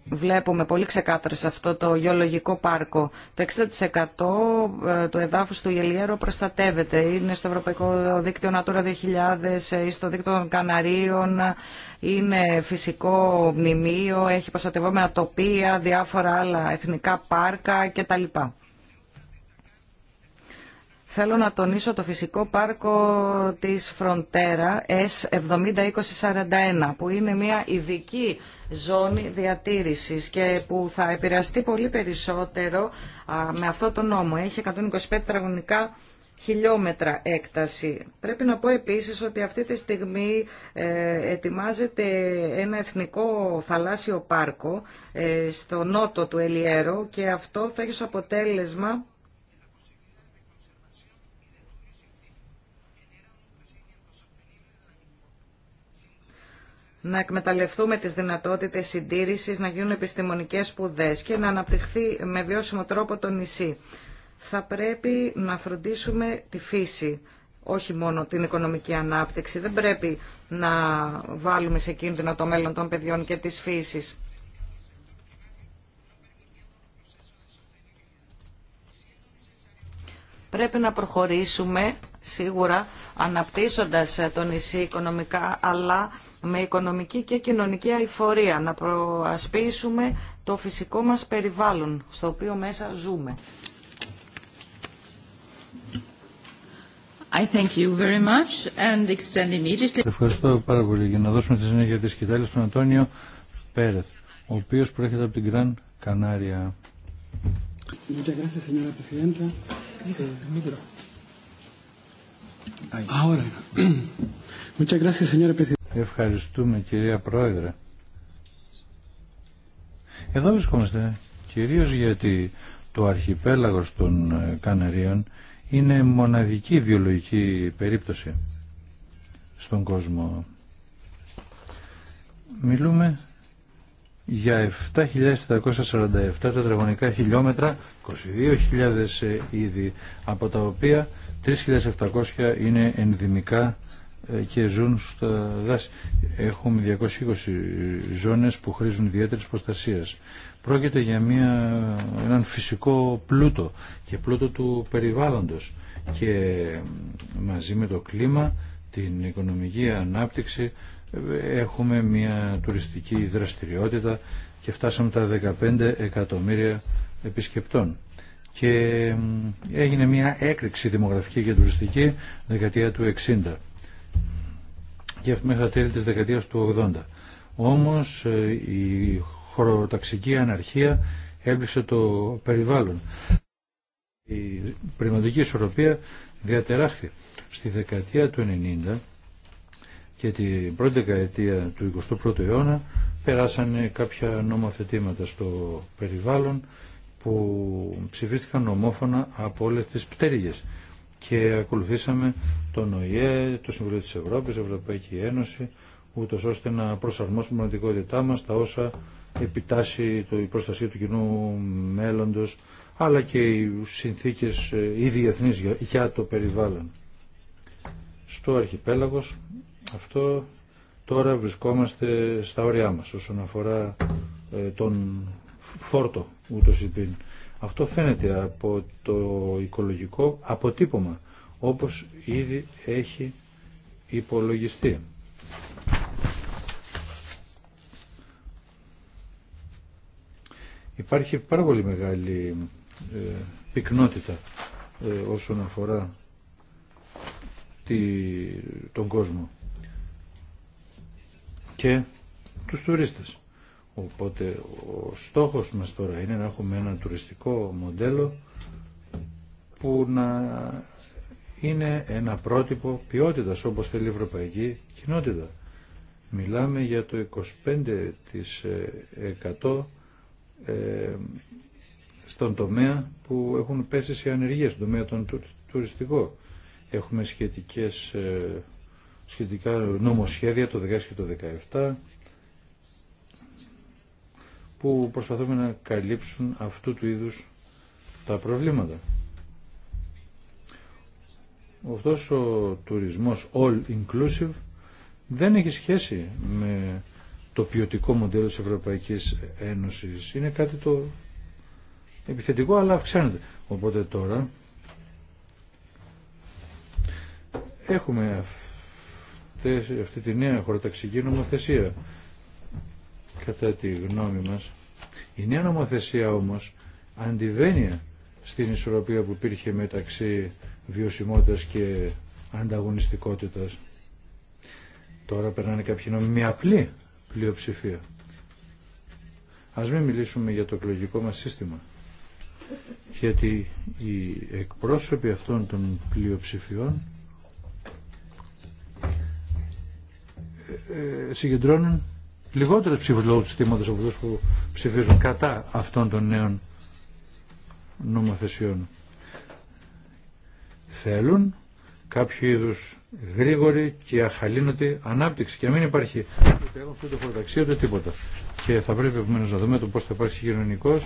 βλέπουμε πολύ ξεκάθαρα σε αυτό το γεωλογικό πάρκο. Το 60% ε, του εδάφους του Ιελιέρο προστατεύεται. Είναι στο Ευρωπαϊκό Δίκτυο Natura 2000 ε, ή στο Δίκτυο των Καναρίων. Είναι φυσικό μνημείο, έχει προστατευόμενα τοπία, διάφορα άλλα εθνικά πάρκα κτλ. Θέλω να τονίσω το φυσικό πάρκο της Φροντέρα S702041 που είναι μια ειδική ζώνη διατήρησης και που θα επηρεαστεί πολύ περισσότερο με αυτό το νόμο. Έχει 125 τετραγωνικά χιλιόμετρα έκταση. Πρέπει να πω επίσης ότι αυτή τη στιγμή ε, ετοιμάζεται ένα εθνικό θαλάσσιο πάρκο ε, στο νότο του Ελιέρο και αυτό θα έχει ως αποτέλεσμα να εκμεταλλευτούμε τις δυνατότητες συντήρησης, να γίνουν επιστημονικές σπουδέ και να αναπτυχθεί με βιώσιμο τρόπο το νησί. Θα πρέπει να φροντίσουμε τη φύση, όχι μόνο την οικονομική ανάπτυξη. Δεν πρέπει να βάλουμε σε κίνδυνο το μέλλον των παιδιών και της φύσης. Πρέπει να προχωρήσουμε σίγουρα αναπτύσσοντας ε, το νησί οικονομικά αλλά με οικονομική και κοινωνική αηφορία να προασπίσουμε το φυσικό μας περιβάλλον στο οποίο μέσα ζούμε. I thank you very much and extend immediately. Ευχαριστώ πάρα πολύ για να δώσουμε τη συνέχεια της κοιτάλης στον Αντώνιο Πέρεθ, ο οποίος προέρχεται από την Γκραν Κανάρια. <clears throat> Ευχαριστούμε κυρία Πρόεδρε. Εδώ βρισκόμαστε κυρίως γιατί το αρχιπέλαγος των ε, Καναρίων είναι μοναδική βιολογική περίπτωση στον κόσμο. Μιλούμε για 7.747 τετραγωνικά χιλιόμετρα, 22.000 ε, είδη, από τα οποία 3.700 είναι ενδυμικά ε, και ζουν στα δάση. Έχουμε 220 ζώνες που χρήζουν ιδιαίτερης προστασίας. Πρόκειται για μια, έναν φυσικό πλούτο και πλούτο του περιβάλλοντος και μαζί με το κλίμα, την οικονομική ανάπτυξη ε, έχουμε μια τουριστική δραστηριότητα και φτάσαμε τα 15 εκατομμύρια επισκεπτών και έγινε μια έκρηξη δημογραφική και τουριστική δεκαετία του 60 και μέχρι τα τέλη της δεκαετίας του 80. Όμως ε, η χωροταξική αναρχία έπληξε το περιβάλλον. Η πνευματική ισορροπία διατεράχθη. Στη δεκαετία του 90 και την πρώτη δεκαετία του 21ου αιώνα περάσανε κάποια νομοθετήματα στο περιβάλλον που ψηφίστηκαν ομόφωνα από όλε τις πτέρυγες και ακολουθήσαμε τον ΟΗΕ, το Συμβουλίο της Ευρώπης, Ευρωπαϊκή Ένωση, ούτω ώστε να προσαρμόσουμε την πραγματικότητά μα τα όσα επιτάσσει η προστασία του κοινού μέλλοντος, αλλά και οι συνθήκες ε, ή διεθνεί για το περιβάλλον. Στο αρχιπέλαγος αυτό τώρα βρισκόμαστε στα όρια μας όσον αφορά ε, τον φόρτο ούτως υπήν. Αυτό φαίνεται από το οικολογικό αποτύπωμα, όπως ήδη έχει υπολογιστεί. Υπάρχει πάρα πολύ μεγάλη ε, πυκνότητα ε, όσον αφορά τη, τον κόσμο και τους τουρίστες. Οπότε ο στόχος μας τώρα είναι να έχουμε ένα τουριστικό μοντέλο που να είναι ένα πρότυπο ποιότητας όπως θέλει η Ευρωπαϊκή Κοινότητα. Μιλάμε για το 25% ε, στον τομέα που έχουν πέσει σε ανεργία, στον τομέα των τουριστικό. Έχουμε σχετικές, ε, σχετικά νομοσχέδια το 2017 που προσπαθούμε να καλύψουν αυτού του είδους τα προβλήματα. Αυτός ο τουρισμός all inclusive δεν έχει σχέση με το ποιοτικό μοντέλο της Ευρωπαϊκής Ένωσης. Είναι κάτι το επιθετικό αλλά αυξάνεται. Οπότε τώρα έχουμε αυτή, αυτή τη νέα χωροταξική νομοθεσία κατά τη γνώμη μας. Η νέα νομοθεσία όμως αντιβαίνει στην ισορροπία που υπήρχε μεταξύ βιωσιμότητας και ανταγωνιστικότητας. Τώρα περνάνε κάποιοι νόμοι με απλή πλειοψηφία. Ας μην μιλήσουμε για το εκλογικό μας σύστημα. Γιατί οι εκπρόσωποι αυτών των πλειοψηφιών ε, ε, συγκεντρώνουν λιγότερες ψήφου λόγω του συστήματο από αυτού που ψηφίζουν κατά αυτών των νέων νομοθεσιών. Θέλουν κάποιο είδου γρήγορη και αχαλήνοτη ανάπτυξη και να μην υπάρχει ούτε έργο, ούτε χωροταξία, ούτε τίποτα. Και θα πρέπει επομένω να δούμε το πώ θα υπάρξει κοινωνικό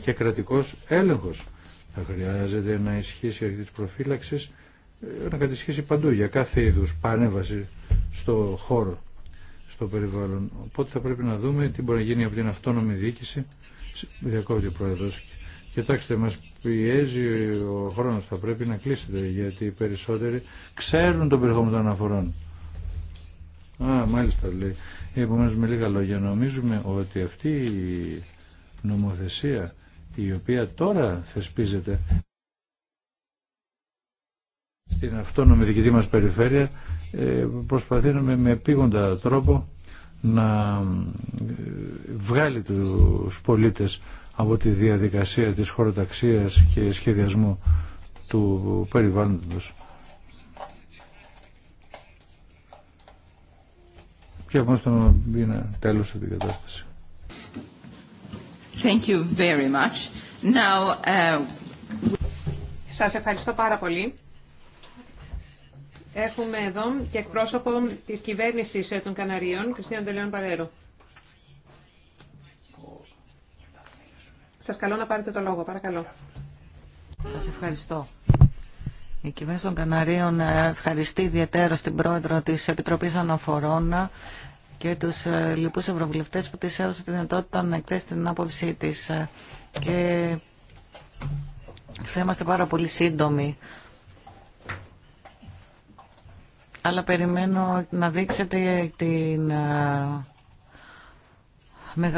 και κρατικό έλεγχο. Θα χρειάζεται να ισχύσει η αρχή τη προφύλαξη, ε, να κατησχύσει παντού για κάθε είδου πανέβαση στο χώρο στο περιβάλλον. Οπότε θα πρέπει να δούμε τι μπορεί να γίνει από την αυτόνομη διοίκηση. Διακόπτει ο προέδρο. Κοιτάξτε, μας πιέζει ο χρόνο θα πρέπει να κλείσετε, γιατί οι περισσότεροι ξέρουν τον περιεχόμενο των αναφορών. Α, μάλιστα λέει. Επομένω με λίγα λόγια νομίζουμε ότι αυτή η νομοθεσία η οποία τώρα θεσπίζεται στην αυτόνομη δική μας περιφέρεια ε, προσπαθήνουμε με επίγοντα τρόπο να ε, βγάλει τους πολίτες από τη διαδικασία της χωροταξίας και σχεδιασμού του περιβάλλοντος. Και από τον είναι τέλος την κατάσταση. Thank you very much. Uh, ευχαριστώ πάρα πολύ. Έχουμε εδώ και εκπρόσωπο της κυβέρνησης των Καναρίων, Κριστίνα Ντελεόν Παρέρο. Σας καλώ να πάρετε το λόγο, παρακαλώ. Σας ευχαριστώ. Η κυβέρνηση των Καναρίων ευχαριστεί ιδιαίτερα στην πρόεδρο της Επιτροπής Αναφορών και τους ε, λοιπούς ευρωβουλευτές που τη έδωσαν τη δυνατότητα να εκθέσει την άποψή τη. Ε, και θα είμαστε πάρα πολύ σύντομοι αλλά περιμένω να δείξετε την ε,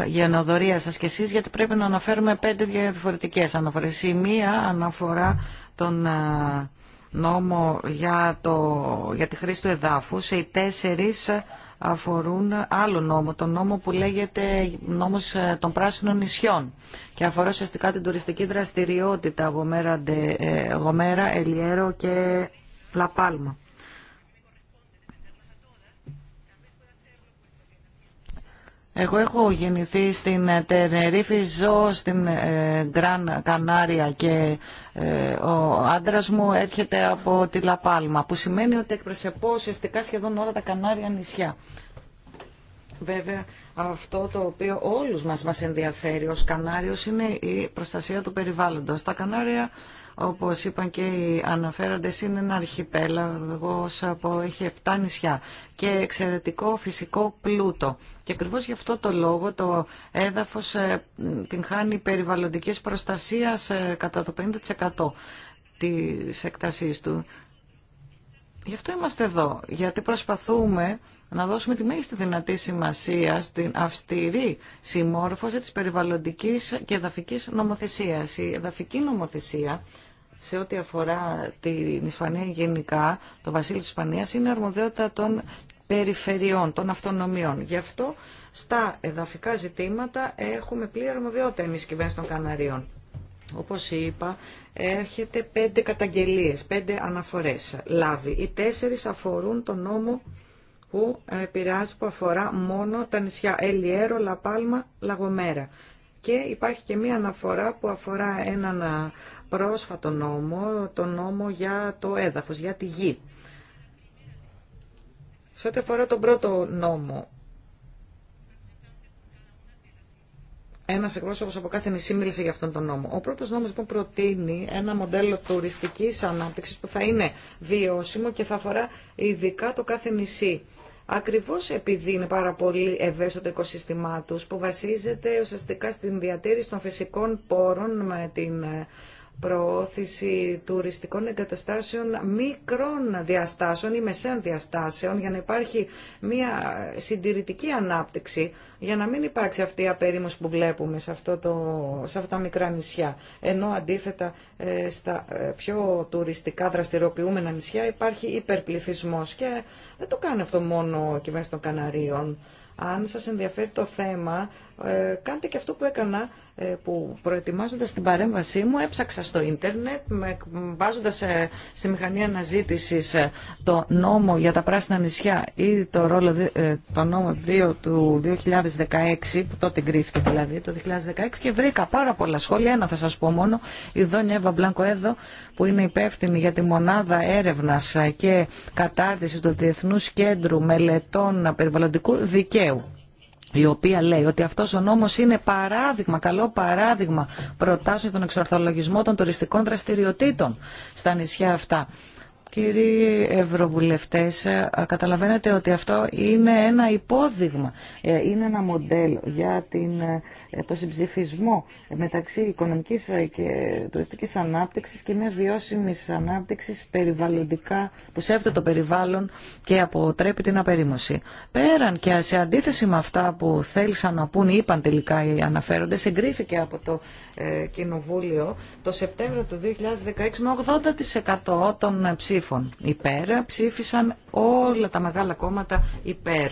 γενοδορία σας και εσείς, γιατί πρέπει να αναφέρουμε πέντε διαφορετικές αναφορές. Η μία αναφορά τον ε, νόμο για, το, για τη χρήση του εδάφους, οι τέσσερις αφορούν άλλο νόμο, τον νόμο που λέγεται νόμος ε, των πράσινων νησιών και αφορά ουσιαστικά την τουριστική δραστηριότητα Γομέρα, Ελιέρο και Λαπάλμα. Εγώ έχω γεννηθεί στην ε, Τενερίφη, ζω στην ε, Γκραν Κανάρια και ε, ο άντρας μου έρχεται από τη Λαπάλμα, που σημαίνει ότι εκπροσωπώ ουσιαστικά σχεδόν όλα τα Κανάρια νησιά. Βέβαια, αυτό το οποίο όλους μας μας ενδιαφέρει ως Κανάριος είναι η προστασία του περιβάλλοντος. Τα Κανάρια όπως είπαν και οι αναφέροντες, είναι ένα αρχιπέλαγος από έχει 7 νησιά και εξαιρετικό φυσικό πλούτο. Και ακριβώ γι' αυτό το λόγο το έδαφος ε, την χάνει περιβαλλοντικής προστασίας ε, κατά το 50% της εκτασής του. Γι' αυτό είμαστε εδώ, γιατί προσπαθούμε να δώσουμε τη μέγιστη δυνατή σημασία στην αυστηρή συμμόρφωση της περιβαλλοντικής και εδαφικής νομοθεσίας. Η εδαφική νομοθεσία σε ό,τι αφορά την Ισπανία γενικά, το βασίλειο της Ισπανίας, είναι αρμοδιότητα των περιφερειών, των αυτονομιών. Γι' αυτό στα εδαφικά ζητήματα έχουμε πλήρη αρμοδιότητα εμείς κυβέρνηση των Καναρίων. Όπως είπα, έχετε πέντε καταγγελίες, πέντε αναφορές λάβει. Οι τέσσερις αφορούν τον νόμο που ε, επηρεάζει, που αφορά μόνο τα νησιά Ελιέρο, Λαπάλμα, Λαγομέρα. Και υπάρχει και μία αναφορά που αφορά έναν πρόσφατο νόμο, τον νόμο για το έδαφος, για τη γη. Σε ό,τι αφορά τον πρώτο νόμο, Ένα εκπρόσωπο από κάθε νησί μίλησε για αυτόν τον νόμο. Ο πρώτο νόμο λοιπόν προτείνει ένα μοντέλο τουριστική ανάπτυξη που θα είναι βιώσιμο και θα αφορά ειδικά το κάθε νησί. Ακριβώ επειδή είναι πάρα πολύ ευαίσθητο το οικοσύστημά του, που βασίζεται ουσιαστικά στην διατήρηση των φυσικών πόρων με την ε, προώθηση τουριστικών εγκαταστάσεων μικρών διαστάσεων ή μεσαίων διαστάσεων για να υπάρχει μια συντηρητική ανάπτυξη για να μην υπάρξει αυτή η απερίμωση που βλέπουμε σε, αυτό το, σε αυτά τα μικρά νησιά. Ενώ αντίθετα ε, στα ε, πιο τουριστικά δραστηριοποιούμενα νησιά υπάρχει υπερπληθυσμός και δεν το κάνει αυτό μόνο ο κυβέρνηση των Καναρίων. Αν σας ενδιαφέρει το θέμα, ε, κάντε και αυτό που έκανα ε, που προετοιμάζοντας την παρέμβασή μου έψαξα στο ίντερνετ βάζοντας ε, στη μηχανή αναζήτησης το νόμο για τα πράσινα νησιά ή το, ρόλο, το νόμο 2 του 2016 που τότε γκρίφτηκε δηλαδή το 2016 και βρήκα πάρα πολλά σχόλια ένα θα σας πω μόνο η Δόνια Εύα Μπλάνκο εδώ που είναι υπεύθυνη για τη μονάδα έρευνας και κατάρτισης του Διεθνούς Κέντρου Μελετών Περιβαλλοντικού Δικαίου η οποία λέει ότι αυτός ο νόμος είναι παράδειγμα, καλό παράδειγμα προτάσεων τον εξορθολογισμών των τουριστικών δραστηριοτήτων στα νησιά αυτά. Κύριοι Ευρωβουλευτές, ε, καταλαβαίνετε ότι αυτό είναι ένα υπόδειγμα, ε, είναι ένα μοντέλο για την, ε, το συμψηφισμό μεταξύ οικονομικής και τουριστικής ανάπτυξης και μιας βιώσιμης ανάπτυξης περιβαλλοντικά που σέβεται το περιβάλλον και αποτρέπει την απερίμωση. Πέραν και σε αντίθεση με αυτά που θέλησαν να πούν ή είπαν τελικά οι αναφέροντες, συγκρίθηκε από το Κοινοβούλιο το Σεπτέμβριο του 2016 με 80% των ψήφων ψήφων ψήφισαν όλα τα μεγάλα κόμματα υπέρ.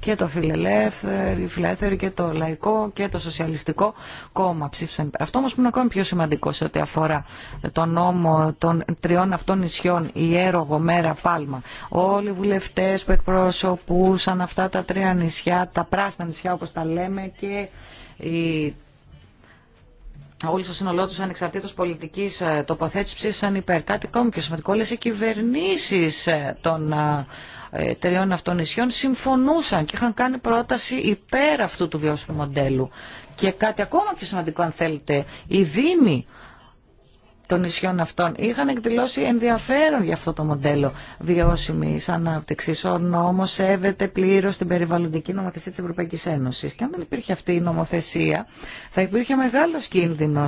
Και το φιλελεύθερη, και το λαϊκό και το σοσιαλιστικό κόμμα ψήφισαν υπέρ. Αυτό όμως που είναι ακόμη πιο σημαντικό σε ό,τι αφορά τον νόμο των τριών αυτών νησιών, Ιέρο, Μέρα, Πάλμα. Όλοι οι βουλευτές που εκπροσωπούσαν αυτά τα τρία νησιά, τα πράσινα νησιά όπω τα λέμε και όλοι στο σύνολό του ανεξαρτήτω πολιτικής ε, τοποθέτησης ψήφισαν υπέρ. Κάτι ακόμη πιο σημαντικό, όλε οι κυβερνήσει ε, των ε, εταιριών αυτών νησιών συμφωνούσαν και είχαν κάνει πρόταση υπέρ αυτού του βιώσιμου μοντέλου. Και κάτι ακόμα πιο σημαντικό αν θέλετε, οι Δήμοι των νησιών αυτών είχαν εκδηλώσει ενδιαφέρον για αυτό το μοντέλο βιώσιμη ανάπτυξη. Ο νόμο σέβεται πλήρω την περιβαλλοντική νομοθεσία τη Ευρωπαϊκή Ένωση. Και αν δεν υπήρχε αυτή η νομοθεσία, θα υπήρχε μεγάλο κίνδυνο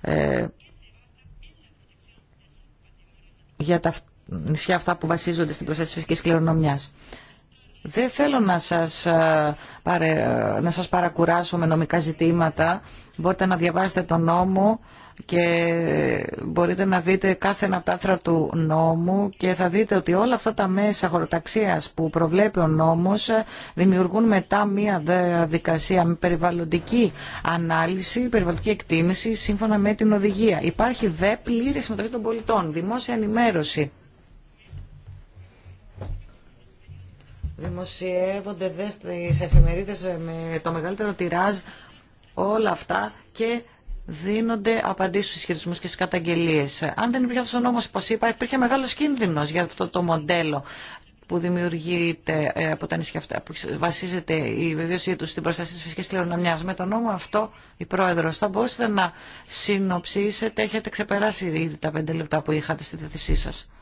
ε, για τα νησιά αυτά που βασίζονται στην προσέγγιση φυσική κληρονομιά. Δεν θέλω να σας, ε, να σας παρακουράσω με νομικά ζητήματα. Μπορείτε να διαβάσετε τον νόμο και μπορείτε να δείτε κάθε ένα από του νόμου και θα δείτε ότι όλα αυτά τα μέσα χωροταξίας που προβλέπει ο νόμος δημιουργούν μετά μια διαδικασία με περιβαλλοντική ανάλυση, περιβαλλοντική εκτίμηση σύμφωνα με την οδηγία. Υπάρχει δε πλήρη συμμετοχή των πολιτών, δημόσια ενημέρωση. Δημοσιεύονται δε στις εφημερίδες με το μεγαλύτερο τυράζ όλα αυτά και δίνονται απαντήσει στου ισχυρισμού και στι καταγγελίε. Αν δεν υπήρχε αυτό ο νόμο, όπω είπα, υπήρχε μεγάλο κίνδυνο για αυτό το μοντέλο που δημιουργείται ε, από τα νησιά αυτά, που βασίζεται η βεβαίωσή του στην προστασία τη φυσική κληρονομιά. Με τον νόμο αυτό, η πρόεδρο, θα μπορούσατε να συνοψίσετε, έχετε ξεπεράσει ήδη τα πέντε λεπτά που είχατε στη θέση σα.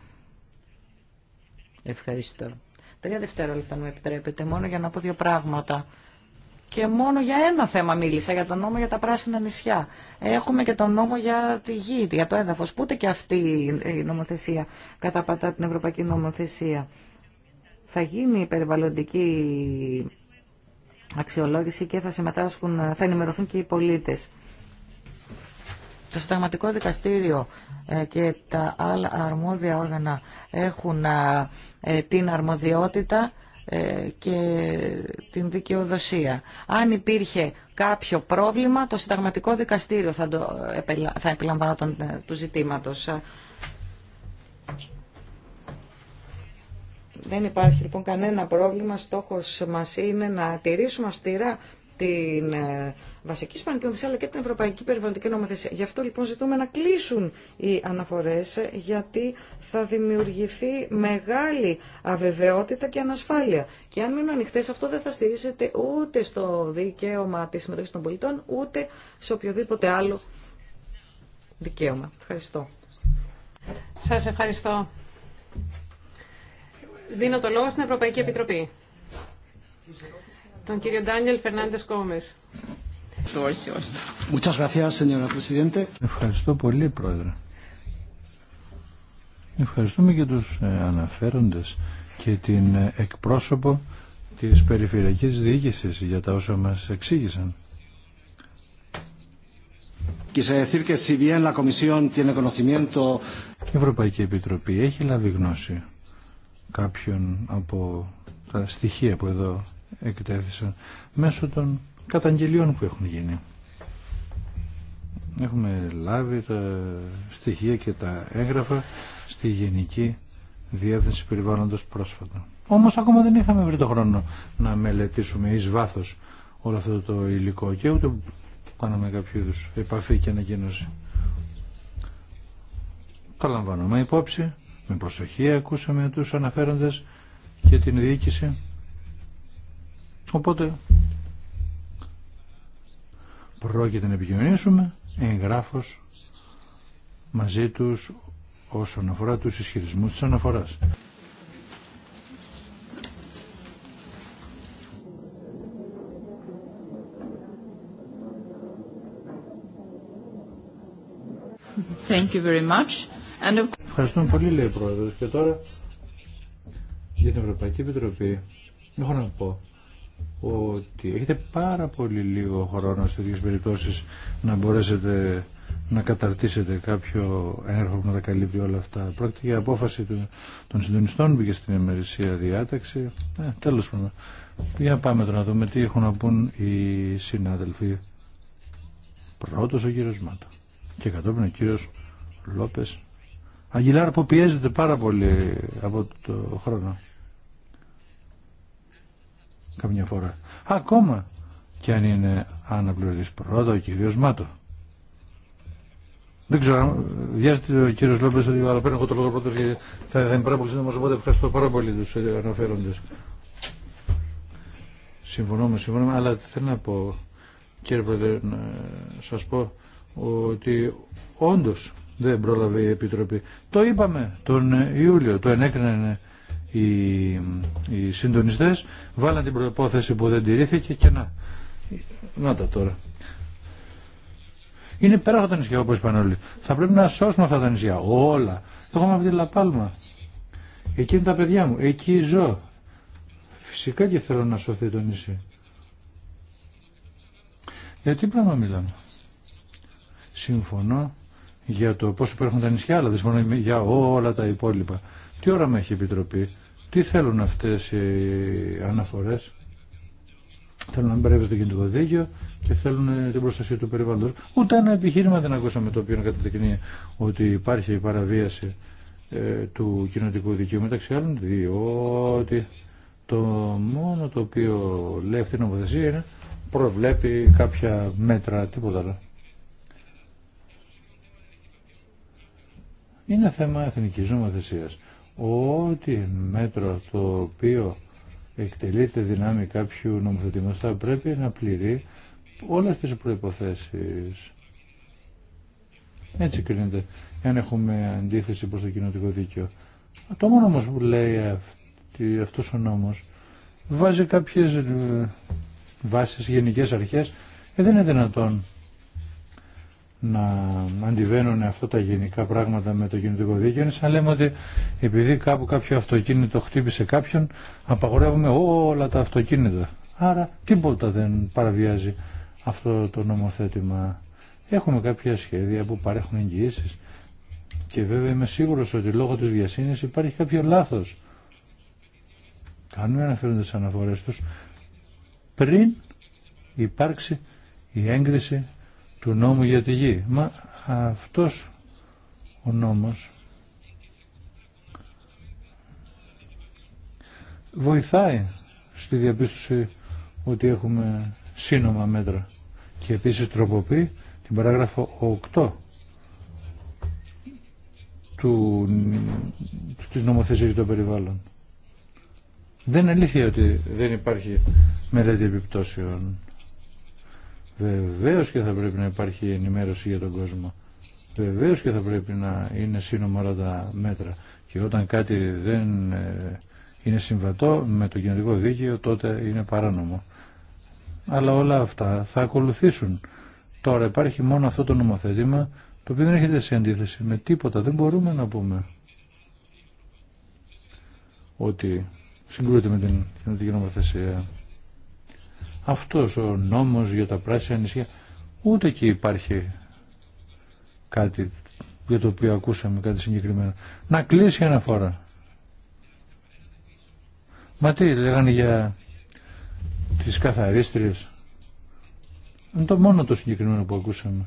Ευχαριστώ. Τρία δευτερόλεπτα αν μου επιτρέπετε, μόνο για να πω δύο πράγματα. Και μόνο για ένα θέμα μίλησα, για τον νόμο για τα πράσινα νησιά. Έχουμε και τον νόμο για τη γη, για το έδαφος. Πούτε και αυτή η νομοθεσία καταπατά την ευρωπαϊκή νομοθεσία. Θα γίνει η περιβαλλοντική αξιολόγηση και θα συμμετάσχουν, θα ενημερωθούν και οι πολίτες. Το Συνταγματικό Δικαστήριο ε, και τα άλλα αρμόδια όργανα έχουν ε, την αρμοδιότητα ε, και την δικαιοδοσία. Αν υπήρχε κάποιο πρόβλημα, το συνταγματικό δικαστήριο θα, το, θα ε, του ζητήματος. Δεν υπάρχει λοιπόν κανένα πρόβλημα. Στόχος μας είναι να τηρήσουμε αυστηρά την ε, βασική σπανική νομοθεσία αλλά και την ευρωπαϊκή περιβαλλοντική νομοθεσία. Γι' αυτό λοιπόν ζητούμε να κλείσουν οι αναφορές γιατί θα δημιουργηθεί μεγάλη αβεβαιότητα και ανασφάλεια. Και αν μείνουν ανοιχτέ αυτό δεν θα στηρίζεται ούτε στο δικαίωμα της συμμετοχής των πολιτών ούτε σε οποιοδήποτε άλλο δικαίωμα. Ευχαριστώ. Σας ευχαριστώ. Δίνω το λόγο στην Ευρωπαϊκή Επιτροπή τον κύριο Ντάνιελ Φερνάντες Κόμες. Ευχαριστώ πολύ, Πρόεδρε. Ευχαριστούμε και τους ε, αναφέροντες και την ε, εκπρόσωπο της Περιφερειακής Διοίκησης για τα όσα μας εξήγησαν. Η Ευρωπαϊκή Επιτροπή έχει λάβει γνώση κάποιων από τα στοιχεία που εδώ εκτέθησαν μέσω των καταγγελιών που έχουν γίνει. Έχουμε λάβει τα στοιχεία και τα έγγραφα στη Γενική Διεύθυνση Περιβάλλοντος πρόσφατα. Όμως ακόμα δεν είχαμε βρει το χρόνο να μελετήσουμε εις βάθος όλο αυτό το υλικό και ούτε κάναμε κάποιο είδου επαφή και ανακοίνωση. Τα λαμβάνουμε υπόψη, με προσοχή ακούσαμε τους αναφέροντες και την διοίκηση Οπότε πρόκειται να επικοινωνήσουμε εγγράφος μαζί τους όσον αφορά τους ισχυρισμούς της αναφοράς. Thank you very much. And... Ευχαριστούμε πολύ, λέει ο Πρόεδρος. Και τώρα για την Ευρωπαϊκή Επιτροπή έχω να πω ότι έχετε πάρα πολύ λίγο χρόνο σε τέτοιες περιπτώσεις να μπορέσετε να καταρτήσετε κάποιο έργο που να τα καλύπτει όλα αυτά. Πρόκειται για απόφαση των συντονιστών, που στην ημερησία διάταξη. Ε, τέλος πάντων. Για να πάμε τώρα να δούμε τι έχουν να πούν οι συνάδελφοι. Πρώτος ο κύριος Μάτο και κατόπιν ο κύριος Λόπες Αγγιλάρ που πιέζεται πάρα πολύ από το χρόνο καμιά φορά. Ακόμα και αν είναι αναπληρωτής πρώτα ο κύριος Μάτο. Δεν ξέρω, ε, αν ο κύριο ότι αλλά παίρνω εγώ το λόγο πρώτο γιατί θα, θα είναι πάρα πολύ σύντομο. Οπότε ευχαριστώ πάρα πολύ του αναφέροντε. συμφωνω με, αλλά θέλω να πω, κύριε Πρόεδρε, να σας πω ότι όντως δεν πρόλαβε η Επιτροπή. Το είπαμε τον Ιούλιο, το ενέκρινε οι, οι συντονιστές βάλαν την προπόθεση που δεν τηρήθηκε και να, να τα τώρα. Είναι πέρα από τα νησιά όπως είπαν όλοι. Θα πρέπει να σώσουμε αυτά τα νησιά. Όλα. το είμαι από τη Λαπάλμα. Εκεί είναι τα παιδιά μου. Εκεί ζω. Φυσικά και θέλω να σωθεί το νησί. Για τι πράγμα μιλάμε. Συμφωνώ για το πώς υπάρχουν τα νησιά, αλλά δεν συμφωνώ για όλα τα υπόλοιπα. Τι όραμα έχει η Επιτροπή, τι θέλουν αυτές οι αναφορές. Θέλουν να μην παρέμβει στο κινητικό δίκαιο και θέλουν την προστασία του περιβάλλοντος. Ούτε ένα επιχείρημα δεν ακούσαμε το οποίο καταδεικνύει ότι υπάρχει παραβίαση ε, του κοινωτικού δικαίου μεταξύ άλλων διότι το μόνο το οποίο λέει αυτή η νομοθεσία είναι προβλέπει κάποια μέτρα, τίποτα άλλο. Είναι θέμα εθνικής νομοθεσίας. Ό,τι μέτρο το οποίο εκτελείται δυνάμει κάποιου νομοθετήματος θα πρέπει να πληρεί όλες τις προϋποθέσεις. Έτσι κρίνεται, αν έχουμε αντίθεση προς το κοινωτικό δίκαιο. Το μόνο όμως που λέει αυτή, αυτός ο νόμος βάζει κάποιες ε, βάσεις, γενικές αρχές, και ε, δεν είναι δυνατόν να αντιβαίνουν αυτά τα γενικά πράγματα με το κινητικό δίκαιο είναι σαν λέμε ότι επειδή κάπου κάποιο αυτοκίνητο χτύπησε κάποιον απαγορεύουμε όλα τα αυτοκίνητα άρα τίποτα δεν παραβιάζει αυτό το νομοθέτημα έχουμε κάποια σχέδια που παρέχουν εγγυήσεις και βέβαια είμαι σίγουρος ότι λόγω της βιασύνη υπάρχει κάποιο λάθος κάνουμε αναφέροντας αναφορές τους πριν υπάρξει η έγκριση του νόμου για τη γη. Μα αυτός ο νόμος βοηθάει στη διαπίστωση ότι έχουμε σύνομα μέτρα και επίσης τροποποιεί την παράγραφο 8 του, της νομοθεσίας το περιβάλλον. Δεν είναι αλήθεια ότι δεν υπάρχει μελέτη επιπτώσεων. Βεβαίω και θα πρέπει να υπάρχει ενημέρωση για τον κόσμο. Βεβαίω και θα πρέπει να είναι σύνομα όλα τα μέτρα. Και όταν κάτι δεν ε, είναι συμβατό με το κοινωνικό δίκαιο, τότε είναι παράνομο. Αλλά όλα αυτά θα ακολουθήσουν. Τώρα υπάρχει μόνο αυτό το νομοθέτημα, το οποίο δεν έχετε σε αντίθεση με τίποτα. Δεν μπορούμε να πούμε ότι συγκρούεται με την κοινωνική νομοθεσία αυτός ο νόμος για τα πράσινα νησιά ούτε και υπάρχει κάτι για το οποίο ακούσαμε κάτι συγκεκριμένο. Να κλείσει ένα αναφορά. Μα τι λέγανε για τις καθαρίστριες. Είναι το μόνο το συγκεκριμένο που ακούσαμε.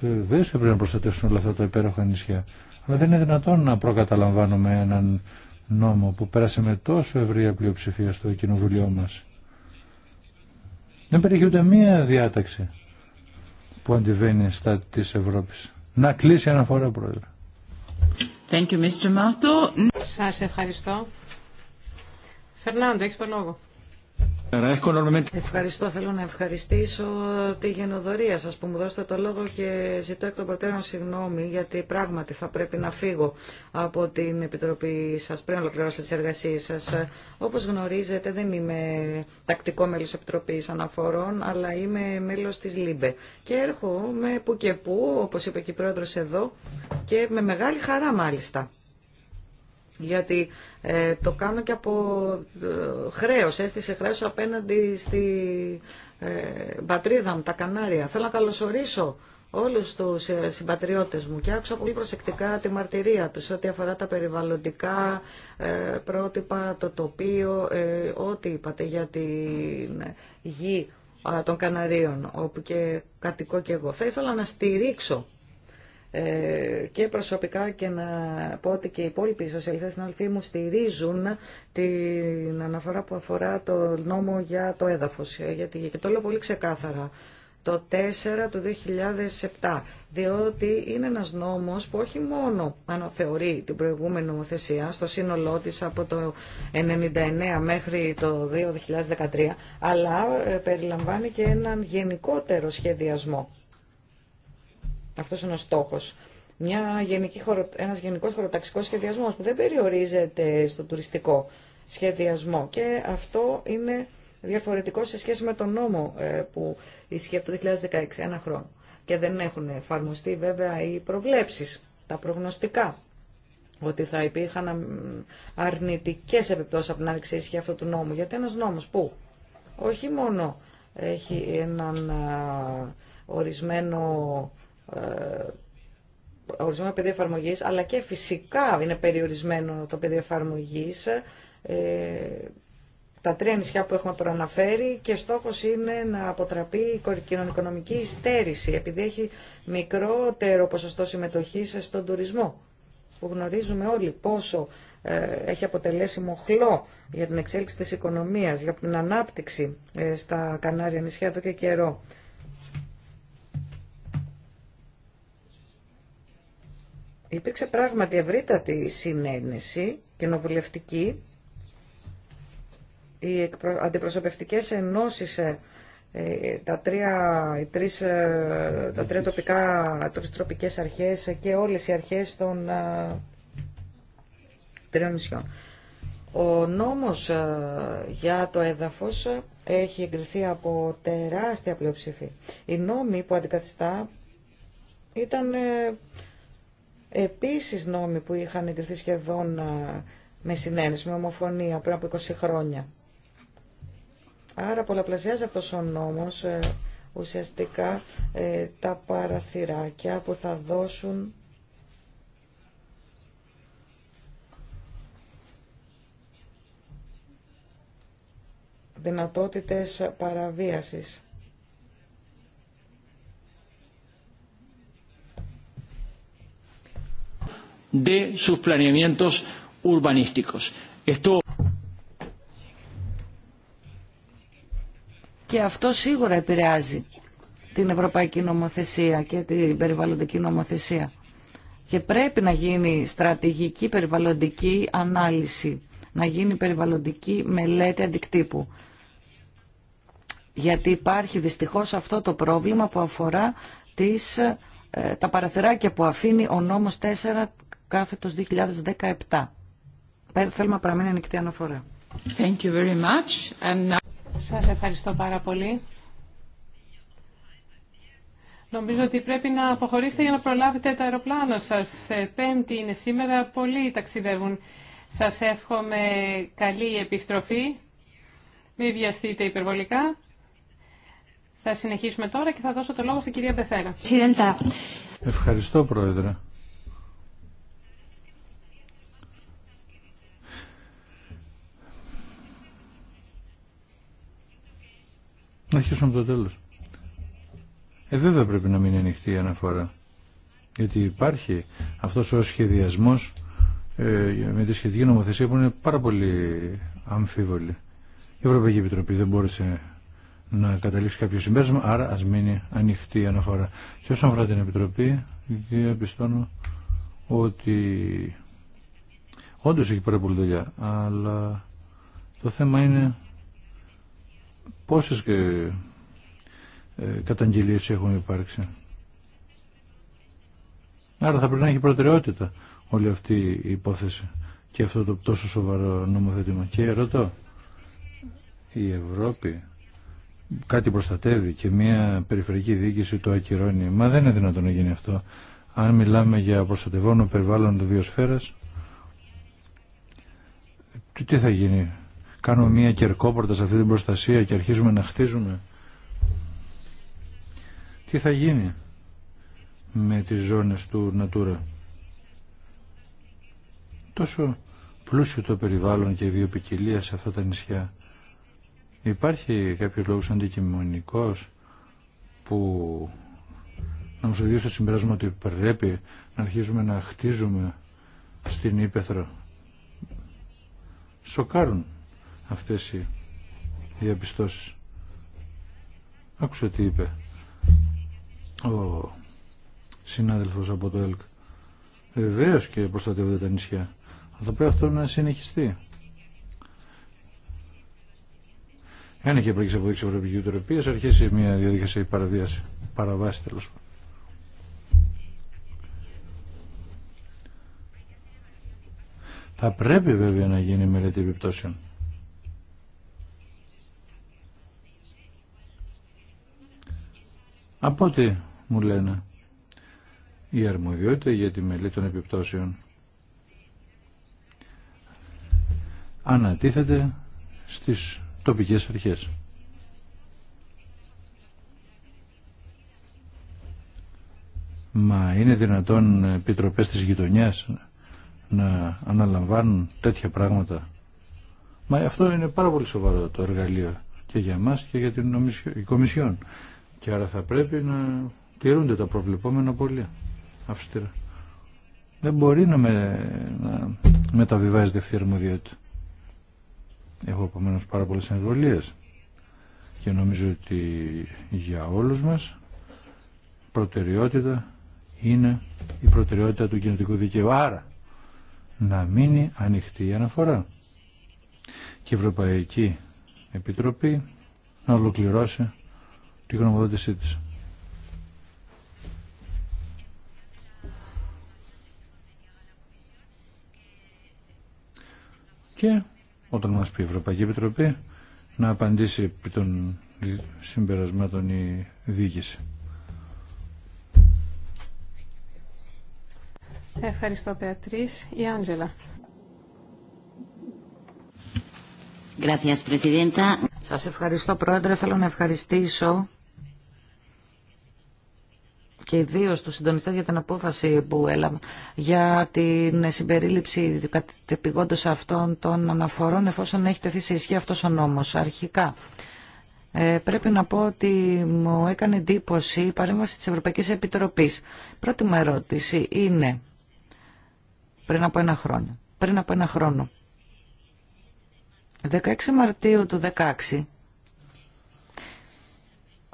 Βεβαίω πρέπει να προστατεύσουν όλα αυτά τα υπέροχα νησιά. Αλλά δεν είναι δυνατόν να προκαταλαμβάνουμε έναν νόμο που πέρασε με τόσο ευρία πλειοψηφία στο κοινοβουλίο μας. Δεν περιέχει ούτε μία διάταξη που αντιβαίνει στα της Ευρώπης. Να κλείσει αναφορά, Πρόεδρε. Thank Σας ευχαριστώ. Φερνάντο, έχεις το λόγο. Ευχαριστώ. Θέλω να ευχαριστήσω τη γενοδορία σας που μου δώσετε το λόγο και ζητώ εκ των προτέρων συγγνώμη γιατί πράγματι θα πρέπει να φύγω από την Επιτροπή σας πριν ολοκληρώσω τις εργασίες σας. Όπως γνωρίζετε δεν είμαι τακτικό μέλος Επιτροπής Αναφορών αλλά είμαι μέλος της ΛΥΜΠΕ και έρχομαι που και που όπως είπε και η Πρόεδρος εδώ και με μεγάλη χαρά μάλιστα γιατί ε, το κάνω και από ε, χρέος, αίσθηση χρέος απέναντι στη ε, πατρίδα μου, τα Κανάρια. Θέλω να καλωσορίσω όλους τους ε, συμπατριώτες μου και άκουσα πολύ προσεκτικά τη μαρτυρία τους ό,τι αφορά τα περιβαλλοντικά πρότυπα, το τοπίο, ό,τι είπατε για την γη των Καναρίων, όπου και κατοικώ και εγώ. Θα ήθελα να στηρίξω ε, και προσωπικά και να πω ότι και οι υπόλοιποι σοσιαλιστές συνάδελφοί μου στηρίζουν την αναφορά που αφορά το νόμο για το έδαφος. Ε, γιατί, και το λέω πολύ ξεκάθαρα το 4 του 2007, διότι είναι ένας νόμος που όχι μόνο αναθεωρεί την προηγούμενη νομοθεσία στο σύνολό της από το 1999 μέχρι το 2013, αλλά ε, περιλαμβάνει και έναν γενικότερο σχεδιασμό αυτός είναι ο στόχος. Μια γενική χωρο, ένας γενικός χωροταξικός σχεδιασμός που δεν περιορίζεται στο τουριστικό σχεδιασμό και αυτό είναι διαφορετικό σε σχέση με τον νόμο ε, που ισχύει από το 2016, ένα χρόνο. Και δεν έχουν εφαρμοστεί βέβαια οι προβλέψεις, τα προγνωστικά ότι θα υπήρχαν αρνητικές επιπτώσεις από την άρξη ισχύει αυτού του νόμου. Γιατί ένας νόμος που όχι μόνο έχει έναν ορισμένο ε, ορισμένο πεδίο εφαρμογή, αλλά και φυσικά είναι περιορισμένο το πεδίο εφαρμογή. Ε, τα τρία νησιά που έχουμε προαναφέρει και στόχος είναι να αποτραπεί η κοινωνικονομική στέρηση επειδή έχει μικρότερο ποσοστό συμμετοχής στον τουρισμό που γνωρίζουμε όλοι πόσο ε, έχει αποτελέσει μοχλό για την εξέλιξη της οικονομίας, για την ανάπτυξη στα Κανάρια νησιά εδώ και καιρό. Υπήρξε πράγματι ευρύτατη συνένεση κοινοβουλευτική. Οι αντιπροσωπευτικές ενώσεις, ε, τα τρία, οι ε, τα τρία τοπικά, τροπικές αρχές και όλες οι αρχές των ε, τριών νησιών. Ο νόμος για το έδαφος έχει εγκριθεί από τεράστια πλειοψηφία. Η νόμοι που αντικαθιστά ήταν επίσης νόμοι που είχαν εγκριθεί σχεδόν με συνένεση, με ομοφωνία πριν από 20 χρόνια. Άρα πολλαπλασιάζει αυτός ο νόμος ε, ουσιαστικά ε, τα παραθυράκια που θα δώσουν δυνατότητες παραβίασης. de sus planeamientos urbanísticos. Esto και αυτό σίγουρα επηρεάζει την ευρωπαϊκή νομοθεσία και την περιβαλλοντική νομοθεσία. Και πρέπει να γίνει στρατηγική περιβαλλοντική ανάλυση, να γίνει περιβαλλοντική μελέτη αντικτύπου. Γιατί υπάρχει δυστυχώς αυτό το πρόβλημα που αφορά τις, ε, τα παραθυράκια που αφήνει ο νόμος 4 κάθετος 2017. Πέρα θέλουμε να παραμείνει ανοιχτή αναφορά. Thank Σας ευχαριστώ πάρα πολύ. Νομίζω ότι πρέπει να αποχωρήσετε για να προλάβετε το αεροπλάνο σας. Ε, Πέμπτη είναι σήμερα, πολλοί ταξιδεύουν. Σας εύχομαι καλή επιστροφή. Μην βιαστείτε υπερβολικά. Θα συνεχίσουμε τώρα και θα δώσω το λόγο στην κυρία Μπεθέρα. Ευχαριστώ, Πρόεδρε. Να αρχίσουμε από το τέλος. Ε, βέβαια πρέπει να μείνει ανοιχτή η αναφορά. Γιατί υπάρχει αυτός ο σχεδιασμός ε, με τη σχετική νομοθεσία που είναι πάρα πολύ αμφίβολη. Η Ευρωπαϊκή Επιτροπή δεν μπόρεσε να καταλήξει κάποιο συμπέρασμα, άρα ας μείνει ανοιχτή η αναφορά. Και όσον αφορά την Επιτροπή, διαπιστώνω ότι όντως έχει πάρα πολύ δουλειά, αλλά το θέμα είναι Πόσες και ε, καταγγελίες έχουν υπάρξει. Άρα θα πρέπει να έχει προτεραιότητα όλη αυτή η υπόθεση και αυτό το τόσο σοβαρό νομοθέτημα. Και ρωτώ, η Ευρώπη κάτι προστατεύει και μια περιφερειακή διοίκηση το ακυρώνει. Μα δεν είναι δυνατόν να γίνει αυτό. Αν μιλάμε για προστατευόμενο περιβάλλον του βιοσφαίρας, τι θα γίνει κάνουμε μια κερκόπορτα σε αυτή την προστασία και αρχίζουμε να χτίζουμε τι θα γίνει με τις ζώνες του Νατούρα Τόσο πλούσιο το περιβάλλον και η βιοπικιλία σε αυτά τα νησιά. Υπάρχει κάποιος λόγος αντικειμονικός που να μας οδηγήσει στο συμπεράσμα ότι πρέπει να αρχίζουμε να χτίζουμε στην Ήπεθρο. Σοκάρουν αυτές οι διαπιστώσεις. Άκουσε τι είπε ο συνάδελφος από το ΕΛΚ. Βεβαίω και προστατεύονται τα νησιά. Αλλά πρέπει αυτό να συνεχιστεί. Ένα και πρέπει να αποδείξει η Ευρωπαϊκή Ουτροπία, αρχίσει μια διαδικασία παραβίαση, παραβάση τέλο πάντων. Θα πρέπει βέβαια να γίνει μελέτη επιπτώσεων. Από ό,τι μου λένε η αρμοδιότητα για τη μελή των επιπτώσεων ανατίθεται στις τοπικές αρχές. Μα είναι δυνατόν επιτροπές της γειτονιάς να αναλαμβάνουν τέτοια πράγματα. Μα αυτό είναι πάρα πολύ σοβαρό το εργαλείο και για μας και για την Κομισιόν. Και άρα θα πρέπει να τηρούνται τα προβλεπόμενα πολύ αυστηρά. Δεν μπορεί να, με, να μεταβιβάζεται αυτή η αρμοδιότητα. Έχω επομένω πάρα πολλέ εμβολίε. και νομίζω ότι για όλους μας προτεραιότητα είναι η προτεραιότητα του κοινωτικού δικαίου. Άρα να μείνει ανοιχτή η αναφορά και η Ευρωπαϊκή Επιτροπή να ολοκληρώσει τη γνωμοδότησή της. Και όταν μας πει η Ευρωπαϊκή Επιτροπή να απαντήσει επί των συμπερασμάτων η διοίκηση. Ευχαριστώ, Πεατρίς. Η Άντζελα. Gracias, Presidenta. Σας ευχαριστώ Πρόεδρε. Θέλω να ευχαριστήσω και ιδίω του συντονιστέ για την απόφαση που έλαβαν για την συμπερίληψη κατεπηγόντω αυτών των αναφορών εφόσον έχει τεθεί σε ισχύ αυτό ο νόμο. Αρχικά, ε, πρέπει να πω ότι μου έκανε εντύπωση η παρέμβαση τη Ευρωπαϊκή Επιτροπή. Πρώτη μου ερώτηση είναι πριν από ένα χρόνο. Πριν από ένα χρόνο 16 Μαρτίου του 2016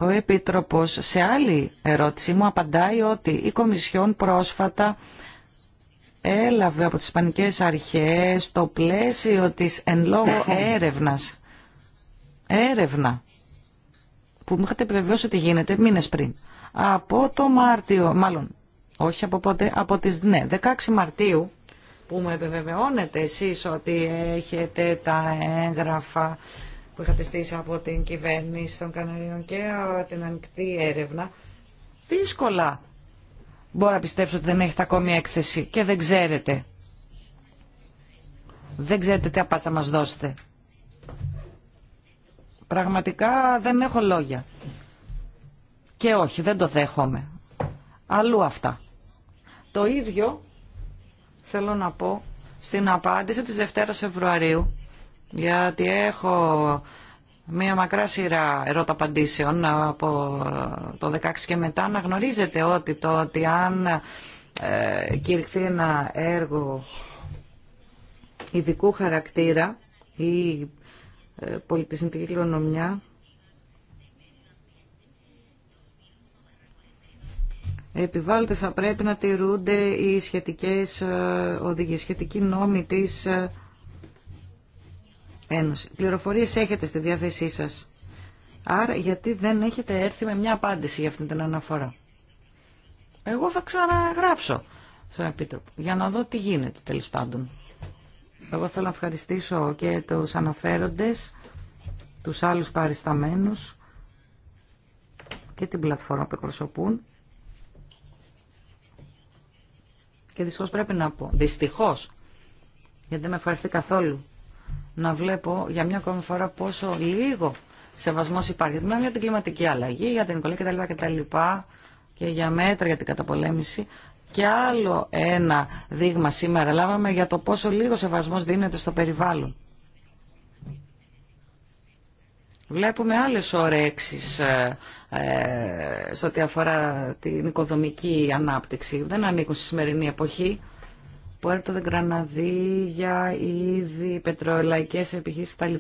ο Επίτροπος σε άλλη ερώτηση μου απαντάει ότι η Κομισιόν πρόσφατα έλαβε από τις Ισπανικές Αρχές το πλαίσιο της εν λόγω έρευνας. Έρευνα που μου είχατε επιβεβαιώσει ότι γίνεται μήνες πριν. Από το Μάρτιο, μάλλον όχι από πότε, από τις 16 ναι, Μαρτίου που με επιβεβαιώνετε εσείς ότι έχετε τα έγγραφα που είχατε στήσει από την κυβέρνηση των Καναρίων και την ανοιχτή έρευνα, δύσκολα μπορώ να πιστέψω ότι δεν έχετε ακόμη έκθεση και δεν ξέρετε. Δεν ξέρετε τι απάτσα μας δώσετε. Πραγματικά δεν έχω λόγια. Και όχι, δεν το δέχομαι. Αλλού αυτά. Το ίδιο θέλω να πω στην απάντηση της Δευτέρας Φεβρουαρίου, γιατί έχω μία μακρά σειρά ερώτα-απαντήσεων από το 16 και μετά, να γνωρίζετε ότι το ότι αν ε, κηρυχθεί ένα έργο ειδικού χαρακτήρα ή ε, πολιτισμική κληρονομιά επιβάλλονται θα πρέπει να τηρούνται οι σχετικές ε, οδηγίες, σχετική νόμοι της ε, Ένωσης. Πληροφορίες έχετε στη διάθεσή σας. Άρα γιατί δεν έχετε έρθει με μια απάντηση για αυτή την αναφορά. Εγώ θα ξαναγράψω στον Επίτροπο για να δω τι γίνεται τέλο πάντων. Εγώ θέλω να ευχαριστήσω και τους αναφέροντες, τους άλλους παρισταμένους και την πλατφόρμα που εκπροσωπούν. Και δυστυχώς πρέπει να πω, Δυστυχώ, γιατί δεν με ευχαριστεί καθόλου, να βλέπω για μια ακόμη φορά πόσο λίγο σεβασμό υπάρχει. Μιλάμε για την κλιματική αλλαγή, για την οικολογία κτλ. και για μέτρα για την καταπολέμηση. Και άλλο ένα δείγμα σήμερα λάβαμε για το πόσο λίγο σεβασμός δίνεται στο περιβάλλον. Βλέπουμε άλλες ωρέξεις. Ε, ε, σε ό,τι αφορά την οικοδομική ανάπτυξη. Δεν ανήκουν στη σημερινή εποχή. Πουέρτο για είδη, πετρολαϊκές επιχείρησεις κτλ.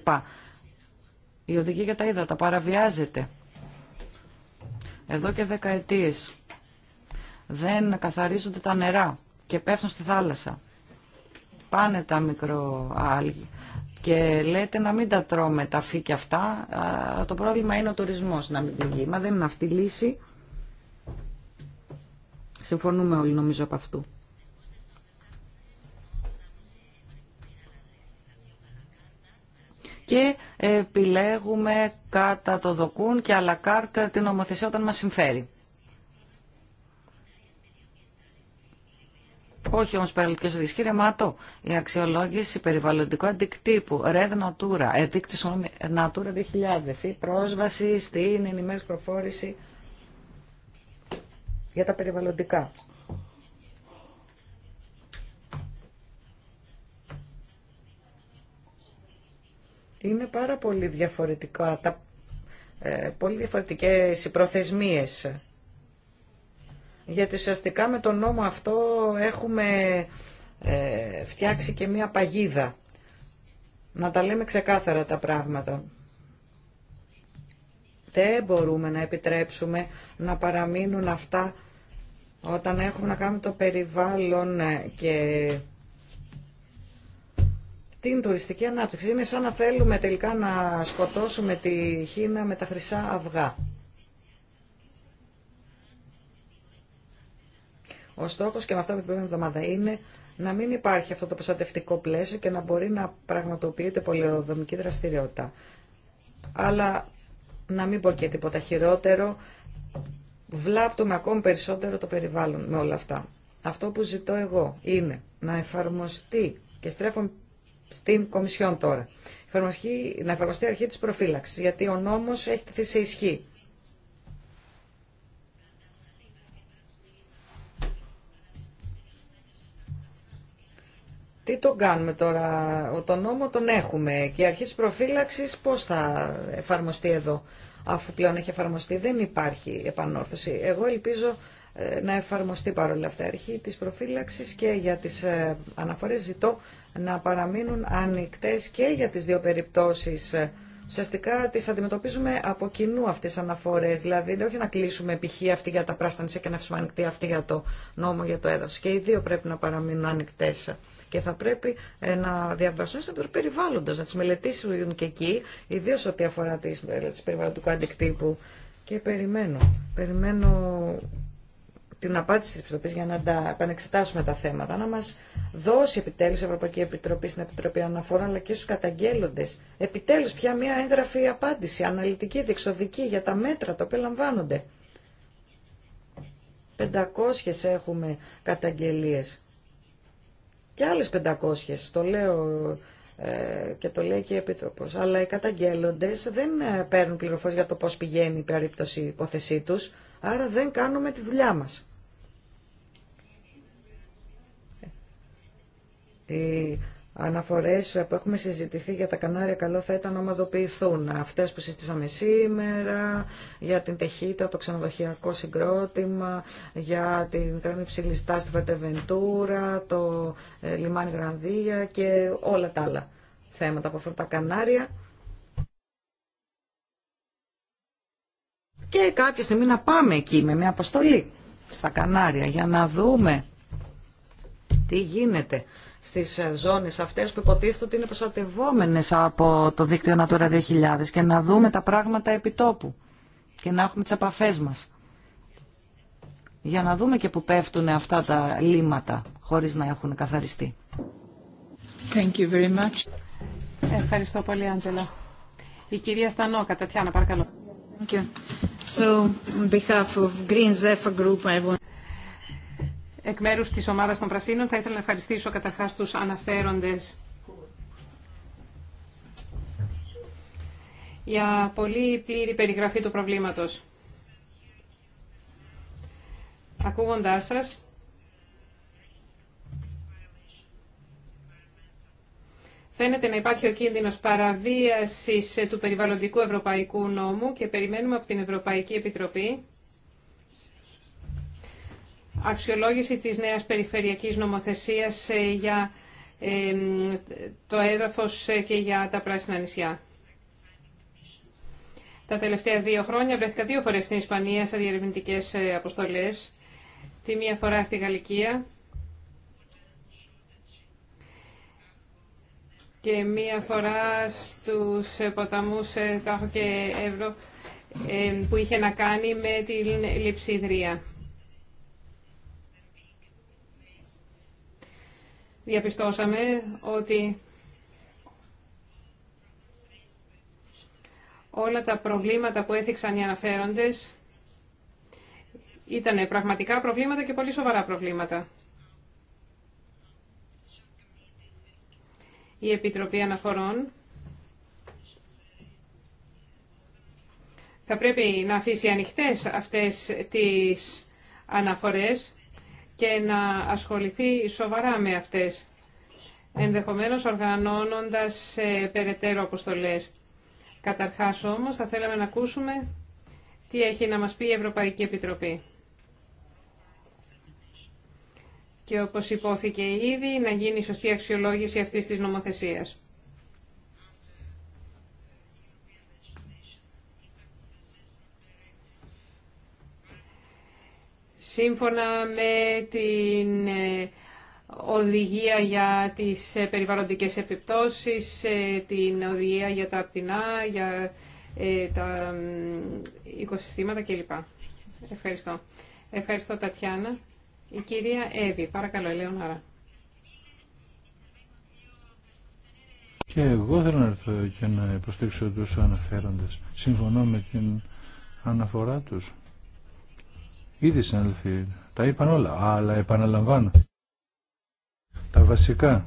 Η οδηγία για τα ύδατα παραβιάζεται. Εδώ και δεκαετίες δεν καθαρίζονται τα νερά και πέφτουν στη θάλασσα. Πάνε τα μικροάλγη και λέτε να μην τα τρώμε τα φύκια αυτά, το πρόβλημα είναι ο τουρισμός να μην πηγεί. Μα δεν είναι αυτή η λύση. Συμφωνούμε όλοι νομίζω από αυτού. και επιλέγουμε κατά το δοκούν και αλακάρτα την ομοθεσία όταν μας συμφέρει. Όχι όμω παραλυτικέ οδηγίε. Κύριε Μάτο, η αξιολόγηση περιβαλλοντικού αντικτύπου, RED Natura, ε, αντίκτυπο Natura 2000, η πρόσβαση στην ενημέρωση προφόρηση για τα περιβαλλοντικά. Είναι πάρα πολύ διαφορετικά, τα, ε, πολύ διαφορετικές οι προθεσμίες γιατί ουσιαστικά με τον νόμο αυτό έχουμε ε, φτιάξει και μία παγίδα. Να τα λέμε ξεκάθαρα τα πράγματα. Δεν μπορούμε να επιτρέψουμε να παραμείνουν αυτά όταν έχουμε να κάνουμε το περιβάλλον ε, και την τουριστική ανάπτυξη. Είναι σαν να θέλουμε τελικά να σκοτώσουμε τη Χίνα με τα χρυσά αυγά. Ο στόχο και με αυτά με την προηγούμενη εβδομάδα είναι να μην υπάρχει αυτό το προστατευτικό πλαίσιο και να μπορεί να πραγματοποιείται πολεοδομική δραστηριότητα. Αλλά να μην πω και τίποτα χειρότερο, βλάπτουμε ακόμη περισσότερο το περιβάλλον με όλα αυτά. Αυτό που ζητώ εγώ είναι να εφαρμοστεί και στρέφω στην Κομισιόν τώρα. να εφαρμοστεί αρχή της προφύλαξης, γιατί ο νόμος έχει τεθεί σε ισχύ. Τι τον κάνουμε τώρα, τον νόμο τον έχουμε και η αρχή της προφύλαξης πώς θα εφαρμοστεί εδώ, αφού πλέον έχει εφαρμοστεί, δεν υπάρχει επανόρθωση. Εγώ ελπίζω ε, να εφαρμοστεί παρόλα αυτά η αρχή της προφύλαξης και για τις ε, αναφορές ζητώ να παραμείνουν ανοιχτές και για τις δύο περιπτώσεις. Ε, ουσιαστικά τις αντιμετωπίζουμε από κοινού αυτές τις αναφορές, δηλαδή όχι να κλείσουμε π.χ. αυτή για τα πράσινα και να αφήσουμε ανοιχτή αυτή για το νόμο για το έδαφος. Και οι δύο πρέπει να παραμείνουν ανοιχτές και θα πρέπει ε, να διαβαστούν στην Επιτροπή Περιβάλλοντο, να τι μελετήσουν και εκεί, ιδίω ό,τι αφορά τι ε, περιβαλλοντικού αντικτύπου. Και περιμένω, περιμένω την απάντηση τη Επιτροπή για να τα επανεξετάσουμε τα θέματα, να μα δώσει επιτέλου η Ευρωπαϊκή Επιτροπή στην Επιτροπή Αναφορών αλλά και στου καταγγέλλοντε επιτέλου πια μια έγγραφη απάντηση, αναλυτική, διεξοδική για τα μέτρα τα οποία λαμβάνονται. 500 έχουμε καταγγελίες και άλλες 500, το λέω ε, και το λέει και η Επίτροπος. Αλλά οι καταγγέλλοντες δεν ε, παίρνουν πληροφορίες για το πώς πηγαίνει η περίπτωση υπόθεσή τους, άρα δεν κάνουμε τη δουλειά μας αναφορές που έχουμε συζητηθεί για τα Κανάρια καλό θα ήταν να ομαδοποιηθούν. Αυτές που συζητήσαμε σήμερα, για την τεχύτητα, το ξενοδοχειακό συγκρότημα, για την κρέμη ψηλιστά στη Βερτεβεντούρα, το ε, λιμάνι Γρανδία και όλα τα άλλα θέματα που αυτά τα Κανάρια. Και κάποια στιγμή να πάμε εκεί με μια αποστολή στα Κανάρια για να δούμε τι γίνεται στις ε, ζώνε αυτές που υποτίθεται ότι είναι προστατευόμενε από το δίκτυο Natura 2000 και να δούμε τα πράγματα επιτόπου και να έχουμε τι επαφέ μα. για να δούμε και που πέφτουν αυτά τα λύματα χωρίς να έχουν καθαριστεί. Thank you very much. Ευχαριστώ πολύ, Άντζελα. Η κυρία Στανόκα, Τατιάνα, παρακαλώ. Thank you. So, on behalf of Green Zephyr Group, I want... Εκ μέρους της ομάδας των Πρασίνων θα ήθελα να ευχαριστήσω καταρχά του αναφέροντες για πολύ πλήρη περιγραφή του προβλήματος. Ακούγοντάς σα, Φαίνεται να υπάρχει ο κίνδυνος παραβίασης του περιβαλλοντικού ευρωπαϊκού νόμου και περιμένουμε από την Ευρωπαϊκή Επιτροπή αξιολόγηση της νέας περιφερειακής νομοθεσίας ε, για ε, το έδαφος ε, και για τα πράσινα νησιά. Τα τελευταία δύο χρόνια βρέθηκα δύο φορές στην Ισπανία σε διερευνητικές αποστολές. Τη μία φορά στη Γαλλικία και μία φορά στους ποταμούς Τάχο και Εύρο που είχε να κάνει με την λειψίδρια. διαπιστώσαμε ότι όλα τα προβλήματα που έθιξαν οι αναφέροντες ήταν πραγματικά προβλήματα και πολύ σοβαρά προβλήματα. Η Επιτροπή Αναφορών θα πρέπει να αφήσει ανοιχτές αυτές τις αναφορές και να ασχοληθεί σοβαρά με αυτές, ενδεχομένως οργανώνοντας ε, περαιτέρω αποστολές. Καταρχάς όμως θα θέλαμε να ακούσουμε τι έχει να μας πει η Ευρωπαϊκή Επιτροπή. Και όπως υπόθηκε ήδη, να γίνει σωστή αξιολόγηση αυτής της νομοθεσίας. Σύμφωνα με την ε, οδηγία για τις ε, περιβαλλοντικές επιπτώσεις, ε, την οδηγία για τα πτηνά, για τα οικοσυστήματα κλπ. Ευχαριστώ. Ευχαριστώ Τατιάνα. Η κυρία Εύη, παρακαλώ, Ελεονάρα. Και εγώ θέλω να έρθω και να υποστήξω τους αναφέροντες. Συμφωνώ με την αναφορά τους. Ήδη συνάδελφοι τα είπαν όλα, αλλά επαναλαμβάνω. Τα βασικά.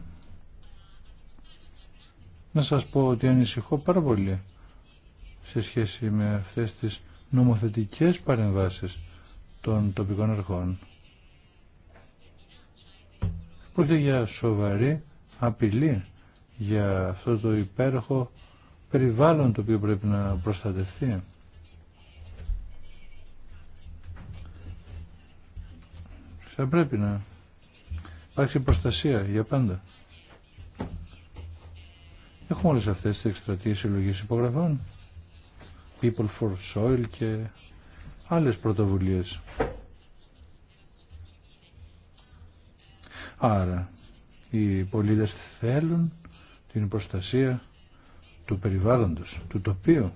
Να σας πω ότι ανησυχώ πάρα πολύ σε σχέση με αυτές τις νομοθετικές παρεμβάσεις των τοπικών αρχών. Πρόκειται για σοβαρή απειλή για αυτό το υπέροχο περιβάλλον το οποίο πρέπει να προστατευτεί. Θα πρέπει να υπάρξει προστασία για πάντα. Έχουμε όλες αυτές τις εκστρατείες συλλογής υπογραφών. People for Soil και άλλες πρωτοβουλίες. Άρα, οι πολίτες θέλουν την προστασία του περιβάλλοντος, του τοπίου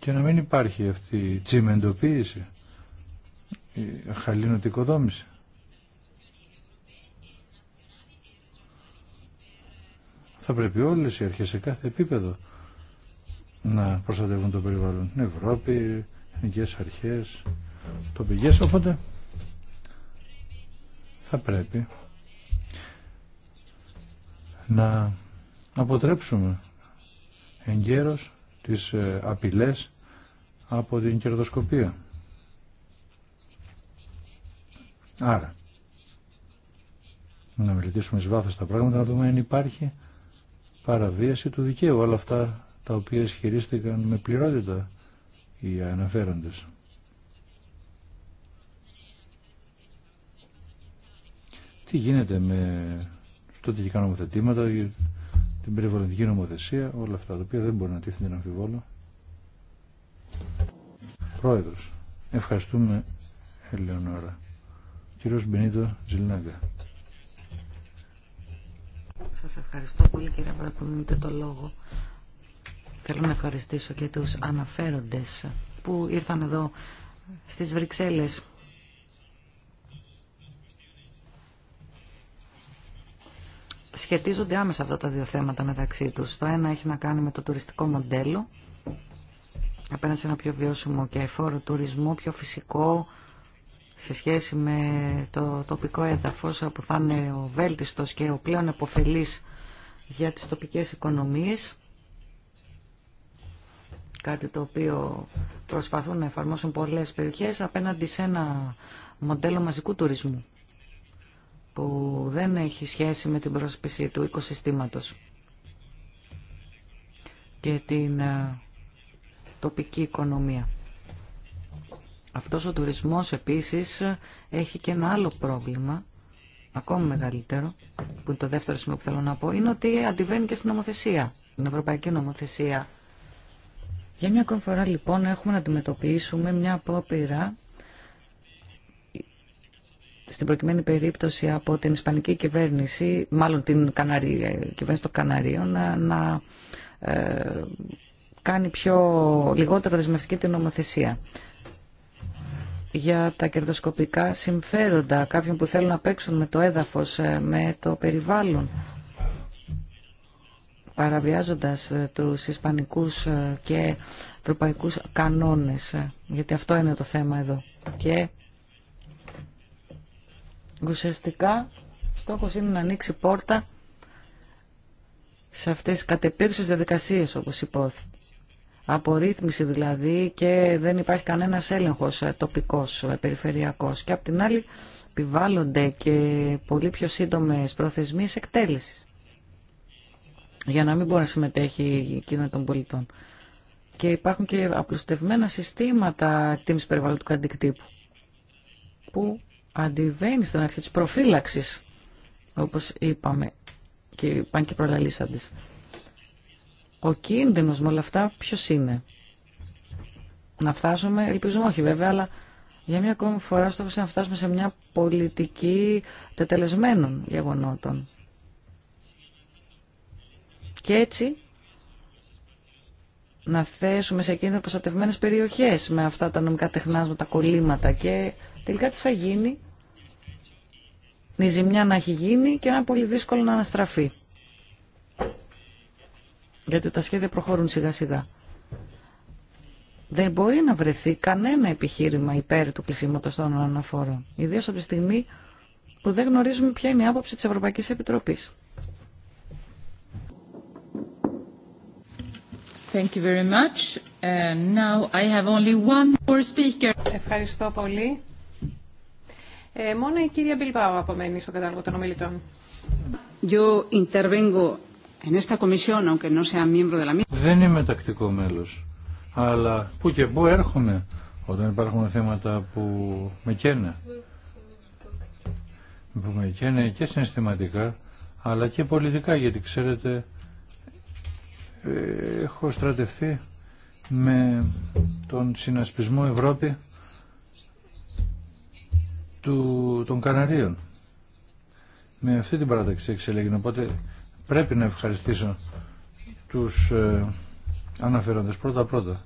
και να μην υπάρχει αυτή η τσιμεντοποίηση χαλήνωτη οικοδόμηση. Θα πρέπει όλες οι αρχές σε κάθε επίπεδο να προστατεύουν το περιβάλλον. Ευρώπη, εθνικές αρχές, τοπικές, οπότε θα πρέπει να αποτρέψουμε εγκαίρως τις ε, απειλές από την κερδοσκοπία. Άρα, να μελετήσουμε εις τα πράγματα, να δούμε αν υπάρχει παραβίαση του δικαίου, όλα αυτά τα οποία ισχυρίστηκαν με πληρότητα οι αναφέροντες. Τι γίνεται με το στρατηγικά νομοθετήματα, την περιβαλλοντική νομοθεσία, όλα αυτά τα οποία δεν μπορεί να τίθενται να αμφιβόλω. Πρόεδρος, ευχαριστούμε Ελεονόρα κύριος Μπενίτο Ζιλνάγκα. Σας ευχαριστώ πολύ κύριε Πρόεδρε που δίνετε το λόγο. Θέλω να ευχαριστήσω και τους αναφέροντες που ήρθαν εδώ στις Βρυξέλλες. Σχετίζονται άμεσα αυτά τα δύο θέματα μεταξύ τους. Το ένα έχει να κάνει με το τουριστικό μοντέλο, απέναντι σε ένα πιο βιώσιμο και εφόρο τουρισμό, πιο φυσικό, σε σχέση με το τοπικό έδαφος που θα είναι ο βέλτιστος και ο πλέον αποφελής για τις τοπικές οικονομίες κάτι το οποίο προσπαθούν να εφαρμόσουν πολλές περιοχές απέναντι σε ένα μοντέλο μαζικού τουρισμού που δεν έχει σχέση με την πρόσπιση του οικοσυστήματος και την ε, τοπική οικονομία. Αυτός ο τουρισμός επίσης έχει και ένα άλλο πρόβλημα, ακόμη μεγαλύτερο, που είναι το δεύτερο σημείο που θέλω να πω, είναι ότι αντιβαίνει και στην νομοθεσία, την ευρωπαϊκή νομοθεσία. Για μια ακόμη φορά λοιπόν έχουμε να αντιμετωπίσουμε μια απόπειρα στην προκειμένη περίπτωση από την Ισπανική κυβέρνηση, μάλλον την κυβέρνηση των Καναρίων, να, να ε, κάνει πιο λιγότερο δεσμευτική την νομοθεσία για τα κερδοσκοπικά συμφέροντα κάποιων που θέλουν να παίξουν με το έδαφος, ε, με το περιβάλλον παραβιάζοντας ε, τους ισπανικούς ε, και ευρωπαϊκούς κανόνες, γιατί αυτό είναι το θέμα εδώ. Και ουσιαστικά στόχος είναι να ανοίξει πόρτα σε αυτές τις κατεπίρουσες διαδικασίες όπως υπόθηκε απορρίθμιση δηλαδή και δεν υπάρχει κανένας έλεγχος ε, τοπικός, ε, περιφερειακός. Και απ' την άλλη επιβάλλονται και πολύ πιο σύντομες προθεσμίες εκτέλεσης για να μην μπορεί να συμμετέχει η κοινωνία των πολιτών. Και υπάρχουν και απλουστευμένα συστήματα εκτίμηση περιβαλλοντικού αντικτύπου που αντιβαίνει στην αρχή της προφύλαξης όπως είπαμε και πάνε και προλαλήσαντες. Ο κίνδυνο με όλα αυτά ποιο είναι. Να φτάσουμε, ελπίζουμε όχι βέβαια, αλλά για μια ακόμη φορά στο να φτάσουμε σε μια πολιτική τετελεσμένων γεγονότων. Και έτσι να θέσουμε σε κίνδυνο προστατευμένε περιοχές με αυτά τα νομικά τεχνάσματα, τα κολλήματα και τελικά τι θα γίνει. Η ζημιά να έχει γίνει και να είναι πολύ δύσκολο να αναστραφεί γιατί τα σχέδια προχωρούν σιγά σιγά. Δεν μπορεί να βρεθεί κανένα επιχείρημα υπέρ του κλεισίματος των αναφόρων, ιδίως από τη στιγμή που δεν γνωρίζουμε ποια είναι η άποψη της Ευρωπαϊκής Επιτροπής. Thank you very much. now I have only one more speaker. Ευχαριστώ πολύ. Ε, μόνο η κυρία Μπιλπάου απομένει στο κατάλογο των ομιλητών. Yo intervengo δεν είμαι τακτικό μέλο. αλλά που και που έρχομαι όταν υπάρχουν θέματα που με καίνε. Που με καίνε και συναισθηματικά, αλλά και πολιτικά, γιατί ξέρετε, ε, έχω στρατευθεί με τον συνασπισμό Ευρώπη του, των Καναρίων. Με αυτή την παράταξη εξελέγει. Οπότε πρέπει να ευχαριστήσω τους ε, αναφέροντες πρώτα-πρώτα.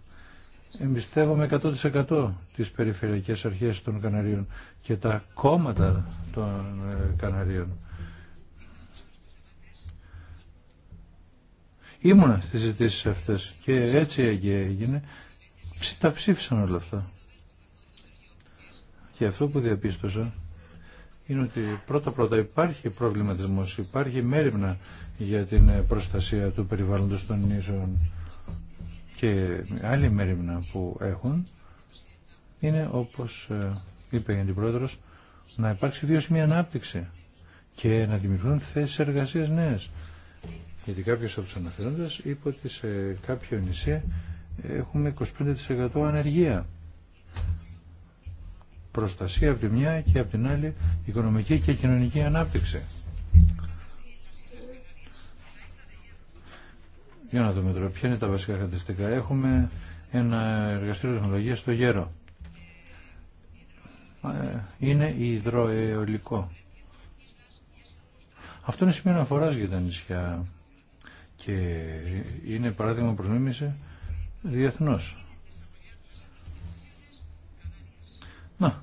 Εμπιστεύομαι 100% τις περιφερειακές αρχές των Καναρίων και τα κόμματα των ε, Καναρίων. Ήμουνα στις ζητήσεις αυτές και έτσι έγινε. Τα ψήφισαν όλα αυτά. Και αυτό που διαπίστωσα είναι ότι πρώτα-πρώτα υπάρχει προβληματισμό, υπάρχει μέρημνα για την προστασία του περιβάλλοντος των νήσων και άλλη μέρημνα που έχουν είναι όπως ε, είπε η Αντιπρόεδρος να υπάρξει βιώσιμη ανάπτυξη και να δημιουργούν θέσεις εργασίας νέες. Γιατί κάποιος από τους αναφερόντες είπε ότι σε κάποιο νησί έχουμε 25% ανεργία προστασία από τη μια και από την άλλη οικονομική και κοινωνική ανάπτυξη. Για να δούμε τώρα ποια είναι τα βασικά χαρακτηριστικά. Έχουμε ένα εργαστήριο τεχνολογία στο Γέρο. Είναι υδροαιολικό. Αυτό είναι σημείο αναφορά για τα νησιά και είναι παράδειγμα προς μίμηση διεθνώς. Να,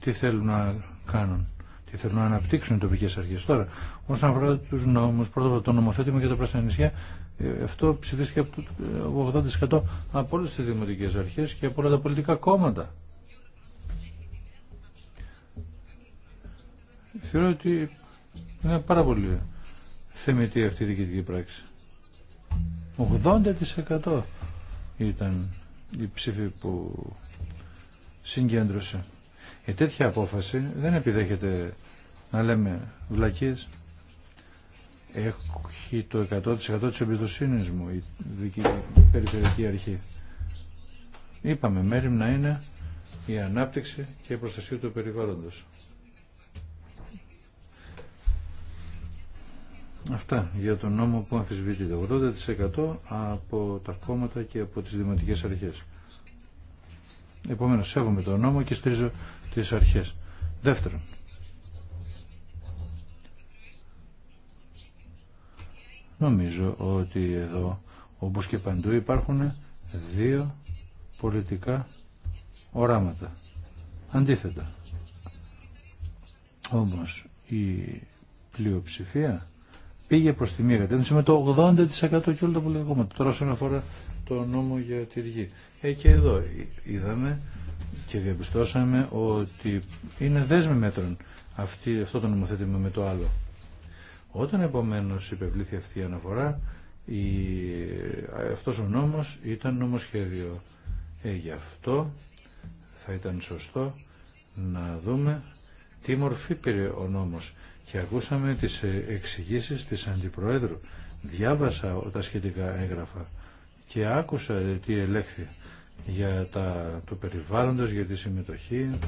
τι θέλουν να κάνουν, τι θέλουν να αναπτύξουν οι τοπικέ αρχέ. Τώρα, όσον αφορά τους νόμου πρώτα το νομοθέτημα για τα πράσινα νησιά, ε, αυτό ψηφίστηκε από 80% από όλες τις δημοτικές αρχές και από όλα τα πολιτικά κόμματα. Θεωρώ ότι είναι πάρα πολύ θεμητή αυτή η διοικητική πράξη. 80% ήταν η ψήφη που συγκέντρωσε η τέτοια απόφαση δεν επιδέχεται να λέμε βλακίες. Έχει το 100% της εμπιστοσύνη μου η δική περιφερειακή αρχή. Είπαμε μέρη να είναι η ανάπτυξη και η προστασία του περιβάλλοντος. Αυτά για τον νόμο που το 80% από τα κόμματα και από τις δημοτικές αρχές. Επομένως, σέβομαι τον νόμο και στρίζω τις αρχές. Δεύτερον, νομίζω ότι εδώ όπως και παντού υπάρχουν δύο πολιτικά οράματα. Αντίθετα. Όμως η πλειοψηφία πήγε προς τη μία κατεύθυνση με το 80% και τα πολιτικά κόμματα Τώρα όσον αφορά το νόμο για τη γη. Ε, και εδώ είδαμε και διαπιστώσαμε ότι είναι δέσμε μέτρων αυτή, αυτό το νομοθέτημα με το άλλο. Όταν επομένως υπευλήθη αυτή η αναφορά, η, αυτός ο νόμος ήταν νομοσχέδιο. Ε, γι' αυτό θα ήταν σωστό να δούμε τι μορφή πήρε ο νόμος. Και ακούσαμε τις εξηγήσεις της Αντιπροέδρου. Διάβασα τα σχετικά έγγραφα και άκουσα τι ελέγχθη για τα, το περιβάλλοντος, για τη συμμετοχή.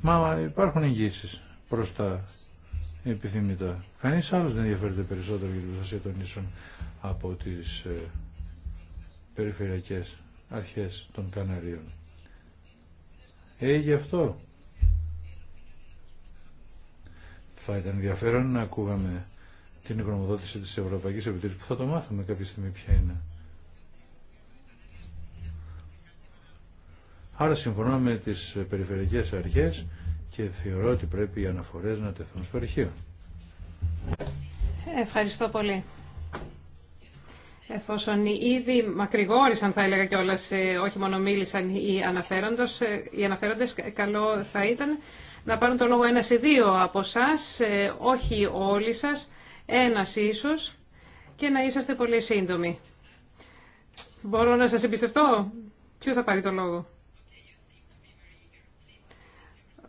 Μα υπάρχουν εγγύσει προς τα επιθυμητά. Κανείς άλλος δεν ενδιαφέρεται περισσότερο για την προστασία των νήσων από τις ε, περιφερειακές αρχές των Καναρίων. Ε, γι' αυτό θα ήταν ενδιαφέρον να ακούγαμε την γνωμοδότηση της Ευρωπαϊκής Επιτροπής που θα το μάθουμε κάποια στιγμή ποια είναι. Άρα συμφωνώ με τις περιφερειακές αρχές και θεωρώ ότι πρέπει οι αναφορές να τεθούν στο αρχείο. Ευχαριστώ πολύ. Εφόσον ήδη μακρηγόρησαν, θα έλεγα κιόλα, ε, όχι μόνο μίλησαν οι, αναφέροντες, ε, οι αναφέροντες, καλό θα ήταν να πάρουν το λόγο ένας ή δύο από εσά, όχι όλοι σας, ένας ίσως, και να είσαστε πολύ σύντομοι. Μπορώ να σας εμπιστευτώ. Ποιος θα πάρει το λόγο.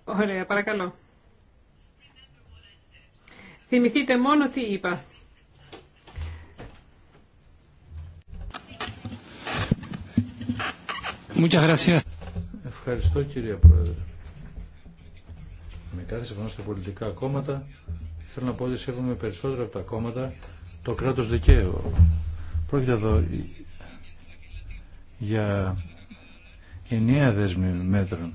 Ωραία, παρακαλώ. Θυμηθείτε μόνο τι είπα. Ευχαριστώ κυρία Πρόεδρε. Με κάθε συμφωνώ στα πολιτικά κόμματα θέλω να πω ότι σέβομαι περισσότερο από τα κόμματα το κράτος δικαίου. Πρόκειται εδώ για ενιαία δέσμη μέτρων.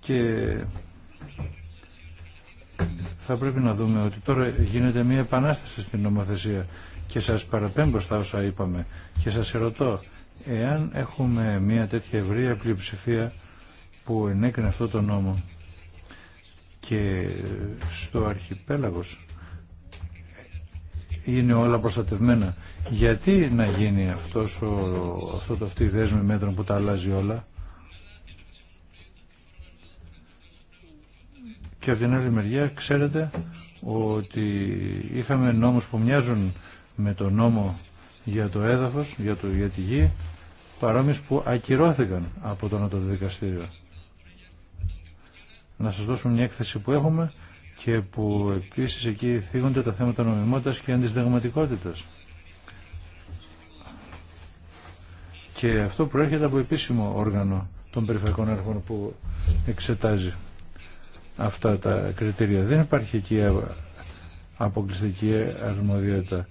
Και θα πρέπει να δούμε ότι τώρα γίνεται μια επανάσταση στην νομοθεσία και σας παραπέμπω στα όσα είπαμε και σας ερωτώ εάν έχουμε μια τέτοια ευρεία πλειοψηφία που ενέκρινε αυτό το νόμο και στο αρχιπέλαγος είναι όλα προστατευμένα. Γιατί να γίνει αυτός ο, αυτό το αυτή δέσμη μέτρων που τα αλλάζει όλα. Και από την άλλη μεριά ξέρετε ότι είχαμε νόμους που μοιάζουν με τον νόμο για το έδαφος, για, το, για τη γη, παρόμοιες που ακυρώθηκαν από το νοτοδικαστήριο να σας δώσουμε μια έκθεση που έχουμε και που επίσης εκεί φύγονται τα θέματα νομιμότητας και αντισυνταγματικότητας. Και αυτό προέρχεται από επίσημο όργανο των περιφερειακών έργων που εξετάζει αυτά τα κριτήρια. Δεν υπάρχει εκεί αποκλειστική αρμοδιότητα.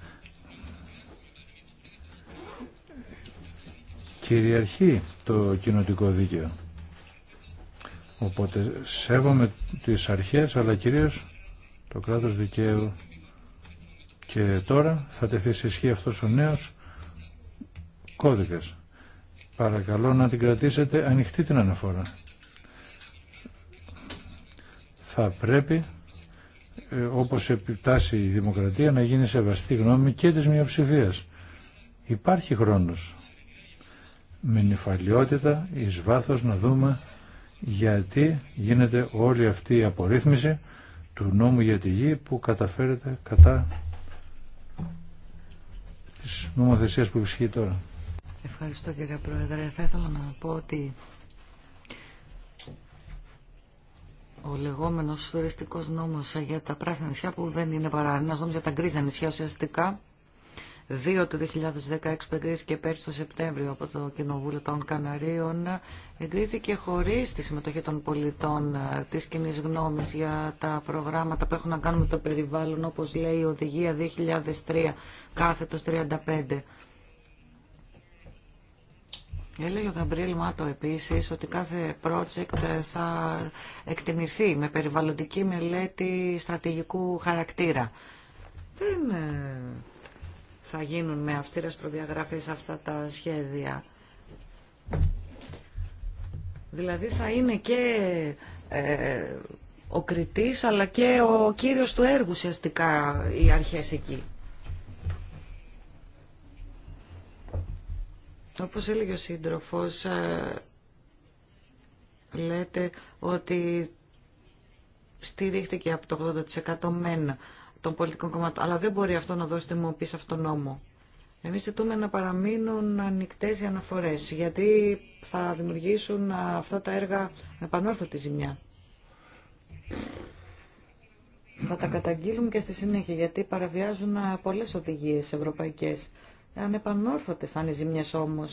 Κυριαρχεί το κοινοτικό δίκαιο. Οπότε σέβομαι τις αρχές αλλά κυρίως το κράτος δικαίου και τώρα θα τεθεί σε ισχύ αυτός ο νέος κώδικας. Παρακαλώ να την κρατήσετε ανοιχτή την αναφορά. Θα πρέπει ε, όπως επιτάσσει η δημοκρατία να γίνει σεβαστή γνώμη και της μειοψηφίας. Υπάρχει χρόνος με νυφαλιότητα εις βάθος να δούμε γιατί γίνεται όλη αυτή η απορρίθμιση του νόμου για τη γη που καταφέρεται κατά της νομοθεσίας που ισχύει τώρα. Ευχαριστώ κύριε Πρόεδρε. Θα ήθελα να πω ότι ο λεγόμενος τουριστικός νόμος για τα πράσινα νησιά που δεν είναι παρά ένας νόμος για τα γκρίζα νησιά ουσιαστικά 2 του 2016 που εγκρίθηκε πέρσι το Σεπτέμβριο από το Κοινοβούλιο των Καναρίων εγκρίθηκε χωρίς τη συμμετοχή των πολιτών ε, της κοινή γνώμης για τα προγράμματα που έχουν να κάνουν με το περιβάλλον όπως λέει η Οδηγία 2003 κάθετος 35. Έλεγε ο Γαμπριέλ Μάτο επίσης ότι κάθε project ε, θα εκτιμηθεί με περιβαλλοντική μελέτη στρατηγικού χαρακτήρα. Δεν ε, θα γίνουν με αυστήρες προδιαγραφές αυτά τα σχέδια. Δηλαδή θα είναι και ε, ο κριτής αλλά και ο κύριος του έργου ουσιαστικά οι αρχές εκεί. Όπως έλεγε ο σύντροφος, ε, λέτε ότι στηρίχτηκε από το 80% μένα των πολιτικών κομμάτων. Αλλά δεν μπορεί αυτό να δώσει τιμοποίηση σε αυτόν τον νόμο. Εμεί ζητούμε να παραμείνουν ανοιχτέ οι αναφορές, γιατί θα δημιουργήσουν αυτά τα έργα επανόρθωτη ζημιά. Θα τα καταγγείλουμε και στη συνέχεια, γιατί παραβιάζουν πολλές οδηγίες ευρωπαϊκές. Ανεπανόρθωτε αν οι ζημιέ όμω.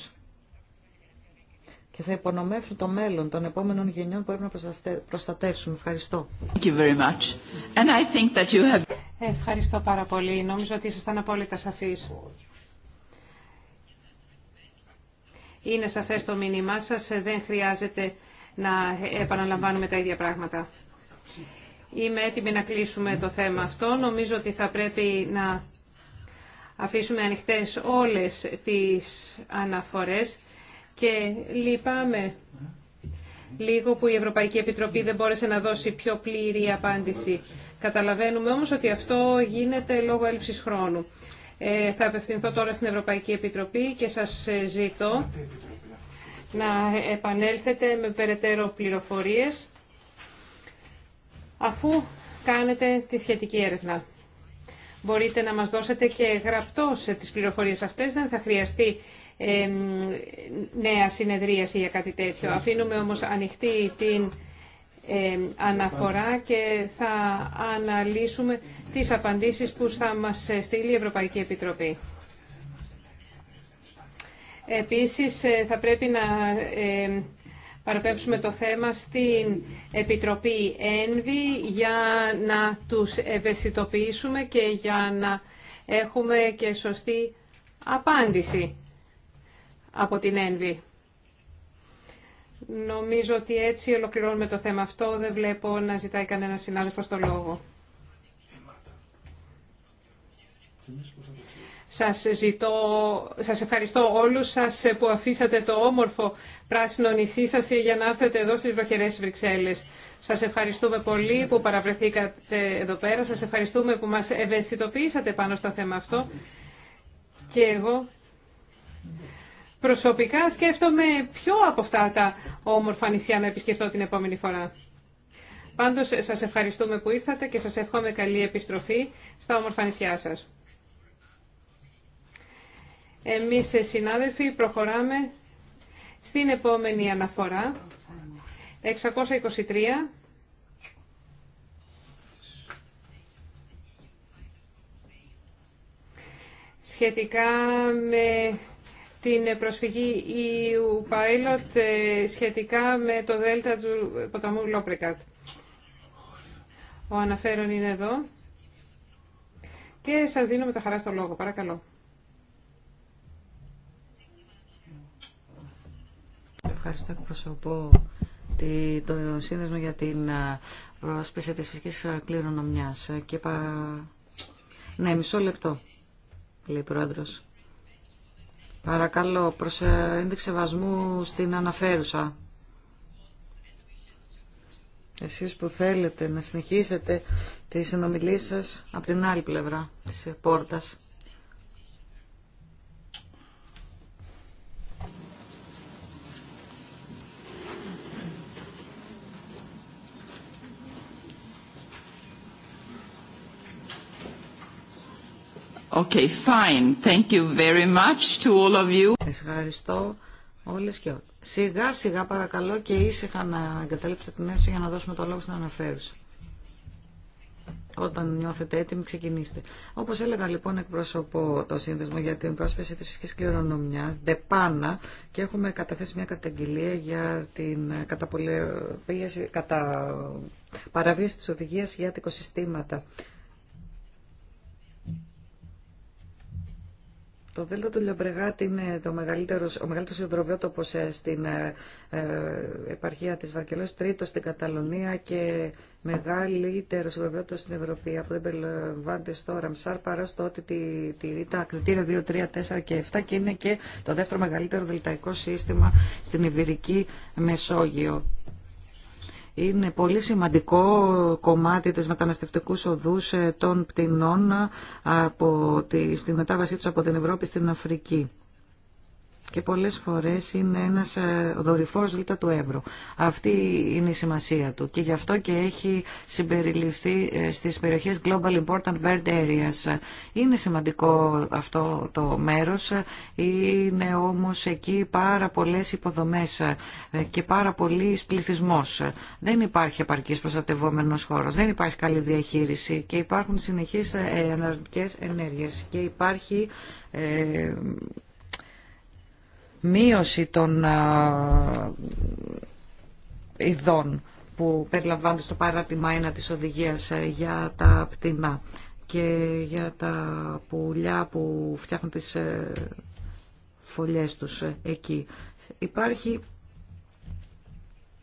Και θα υπονομεύσουν το μέλλον των επόμενων γενιών που πρέπει να προστατεύσουμε. Ευχαριστώ. Thank you very much. And I Ευχαριστώ πάρα πολύ. Νομίζω ότι ήσασταν απόλυτα σαφείς. Είναι σαφές το μήνυμά σας. Δεν χρειάζεται να επαναλαμβάνουμε τα ίδια πράγματα. Είμαι έτοιμη να κλείσουμε το θέμα αυτό. Νομίζω ότι θα πρέπει να αφήσουμε ανοιχτές όλες τις αναφορές και λυπάμαι λίγο που η Ευρωπαϊκή Επιτροπή δεν μπόρεσε να δώσει πιο πλήρη απάντηση. Καταλαβαίνουμε όμως ότι αυτό γίνεται λόγω έλλειψης χρόνου. Ε, θα απευθυνθώ τώρα στην Ευρωπαϊκή Επιτροπή και σας ε, ζητώ να επανέλθετε με περαιτέρω πληροφορίες αφού κάνετε τη σχετική έρευνα. Μπορείτε να μας δώσετε και σε τις πληροφορίες αυτές, δεν θα χρειαστεί ε, νέα συνεδρίαση για κάτι τέτοιο. Αφήνουμε όμως ανοιχτή την ε, αναφορά και θα αναλύσουμε τις απαντήσεις που θα μας στείλει η Ευρωπαϊκή Επιτροπή. Επίσης, ε, θα πρέπει να ε, παραπέμψουμε το θέμα στην Επιτροπή ΕΝΒΗ για να τους ευαισθητοποιήσουμε και για να έχουμε και σωστή απάντηση από την ΕΝΒΗ. Νομίζω ότι έτσι ολοκληρώνουμε το θέμα αυτό. Δεν βλέπω να ζητάει κανένα συνάδελφο το λόγο. Σας, ζητώ, σας ευχαριστώ όλους σας που αφήσατε το όμορφο πράσινο νησί σας για να έρθετε εδώ στις βροχερές Βρυξέλλες. Σας ευχαριστούμε πολύ που παραβρεθήκατε εδώ πέρα. Σας ευχαριστούμε που μας ευαισθητοποιήσατε πάνω στο θέμα αυτό. Και εγώ Προσωπικά σκέφτομαι ποιο από αυτά τα όμορφα νησιά να επισκεφτώ την επόμενη φορά. Πάντως σας ευχαριστούμε που ήρθατε και σας εύχομαι καλή επιστροφή στα όμορφα νησιά σας. Εμείς συνάδελφοι προχωράμε στην επόμενη αναφορά 623 σχετικά με την προσφυγή EU Pilot ε, σχετικά με το δέλτα του ποταμού Λόπρεκατ. Ο αναφέρον είναι εδώ και σας δίνω με τα χαρά στο λόγο. Παρακαλώ. Ευχαριστώ προσωπώ το Σύνδεσμο για την ε, πρόσπιση της φυσικής κληρονομιάς. Ε, και πα... Ναι, μισό λεπτό, λέει ο Πρόεδρος. Παρακαλώ, προς ε, ένδειξη βασμού στην αναφέρουσα. Εσείς που θέλετε να συνεχίσετε τη συνομιλή σας από την άλλη πλευρά της πόρτας. Okay, fine. Thank Ευχαριστώ όλες και όλους. Σιγά σιγά παρακαλώ και ήσυχα να εγκαταλείψετε την αίθουσα για να δώσουμε το λόγο στην αναφέρουσα. Όταν νιώθετε έτοιμοι, ξεκινήστε. Όπως έλεγα λοιπόν, εκπροσωπώ το σύνδεσμο για την πρόσφαση της φυσικής κληρονομιάς, ΔΕΠΑΝΑ, και έχουμε καταθέσει μια καταγγελία για την καταπολεμία κατά παραβίαση της για τα οικοσυστήματα Το Δέλτα του Λιομπρεγάτη είναι το μεγαλύτερος, ο μεγαλύτερος υδροβιότοπος ε, στην ε, ε, επαρχία της Βαρκελός, τρίτος στην Καταλωνία και μεγαλύτερος υδροβιότοπος στην Ευρωπή, από δεν περιλαμβάνεται στο Ραμσάρ παρά στο ότι τη τα κριτήρια 2, 3, 4 και 7 και είναι και το δεύτερο μεγαλύτερο δελταϊκό σύστημα στην Ιβηρική Μεσόγειο είναι πολύ σημαντικό κομμάτι της μεταναστευτικού οδού ε, των πτηνών ε, από τη, στη μετάβασή τους από την Ευρώπη στην Αφρική και πολλές φορές είναι ένας ε, δορυφός του εύρω. Αυτή είναι η σημασία του και γι' αυτό και έχει συμπεριληφθεί ε, στις περιοχές Global Important Bird Areas. Είναι σημαντικό αυτό το μέρος, είναι όμως εκεί πάρα πολλές υποδομές ε, και πάρα πολύ πληθυσμό. Δεν υπάρχει επαρκής προστατευόμενος χώρος, δεν υπάρχει καλή διαχείριση και υπάρχουν συνεχείς αναρνητικές ενέργειες και υπάρχει μείωση των ειδών που περιλαμβάνονται στο παράτημα ένα της οδηγίας ε, για τα πτηνά και για τα πουλιά που φτιάχνουν τις ε, φωλιές τους ε, εκεί. Υπάρχει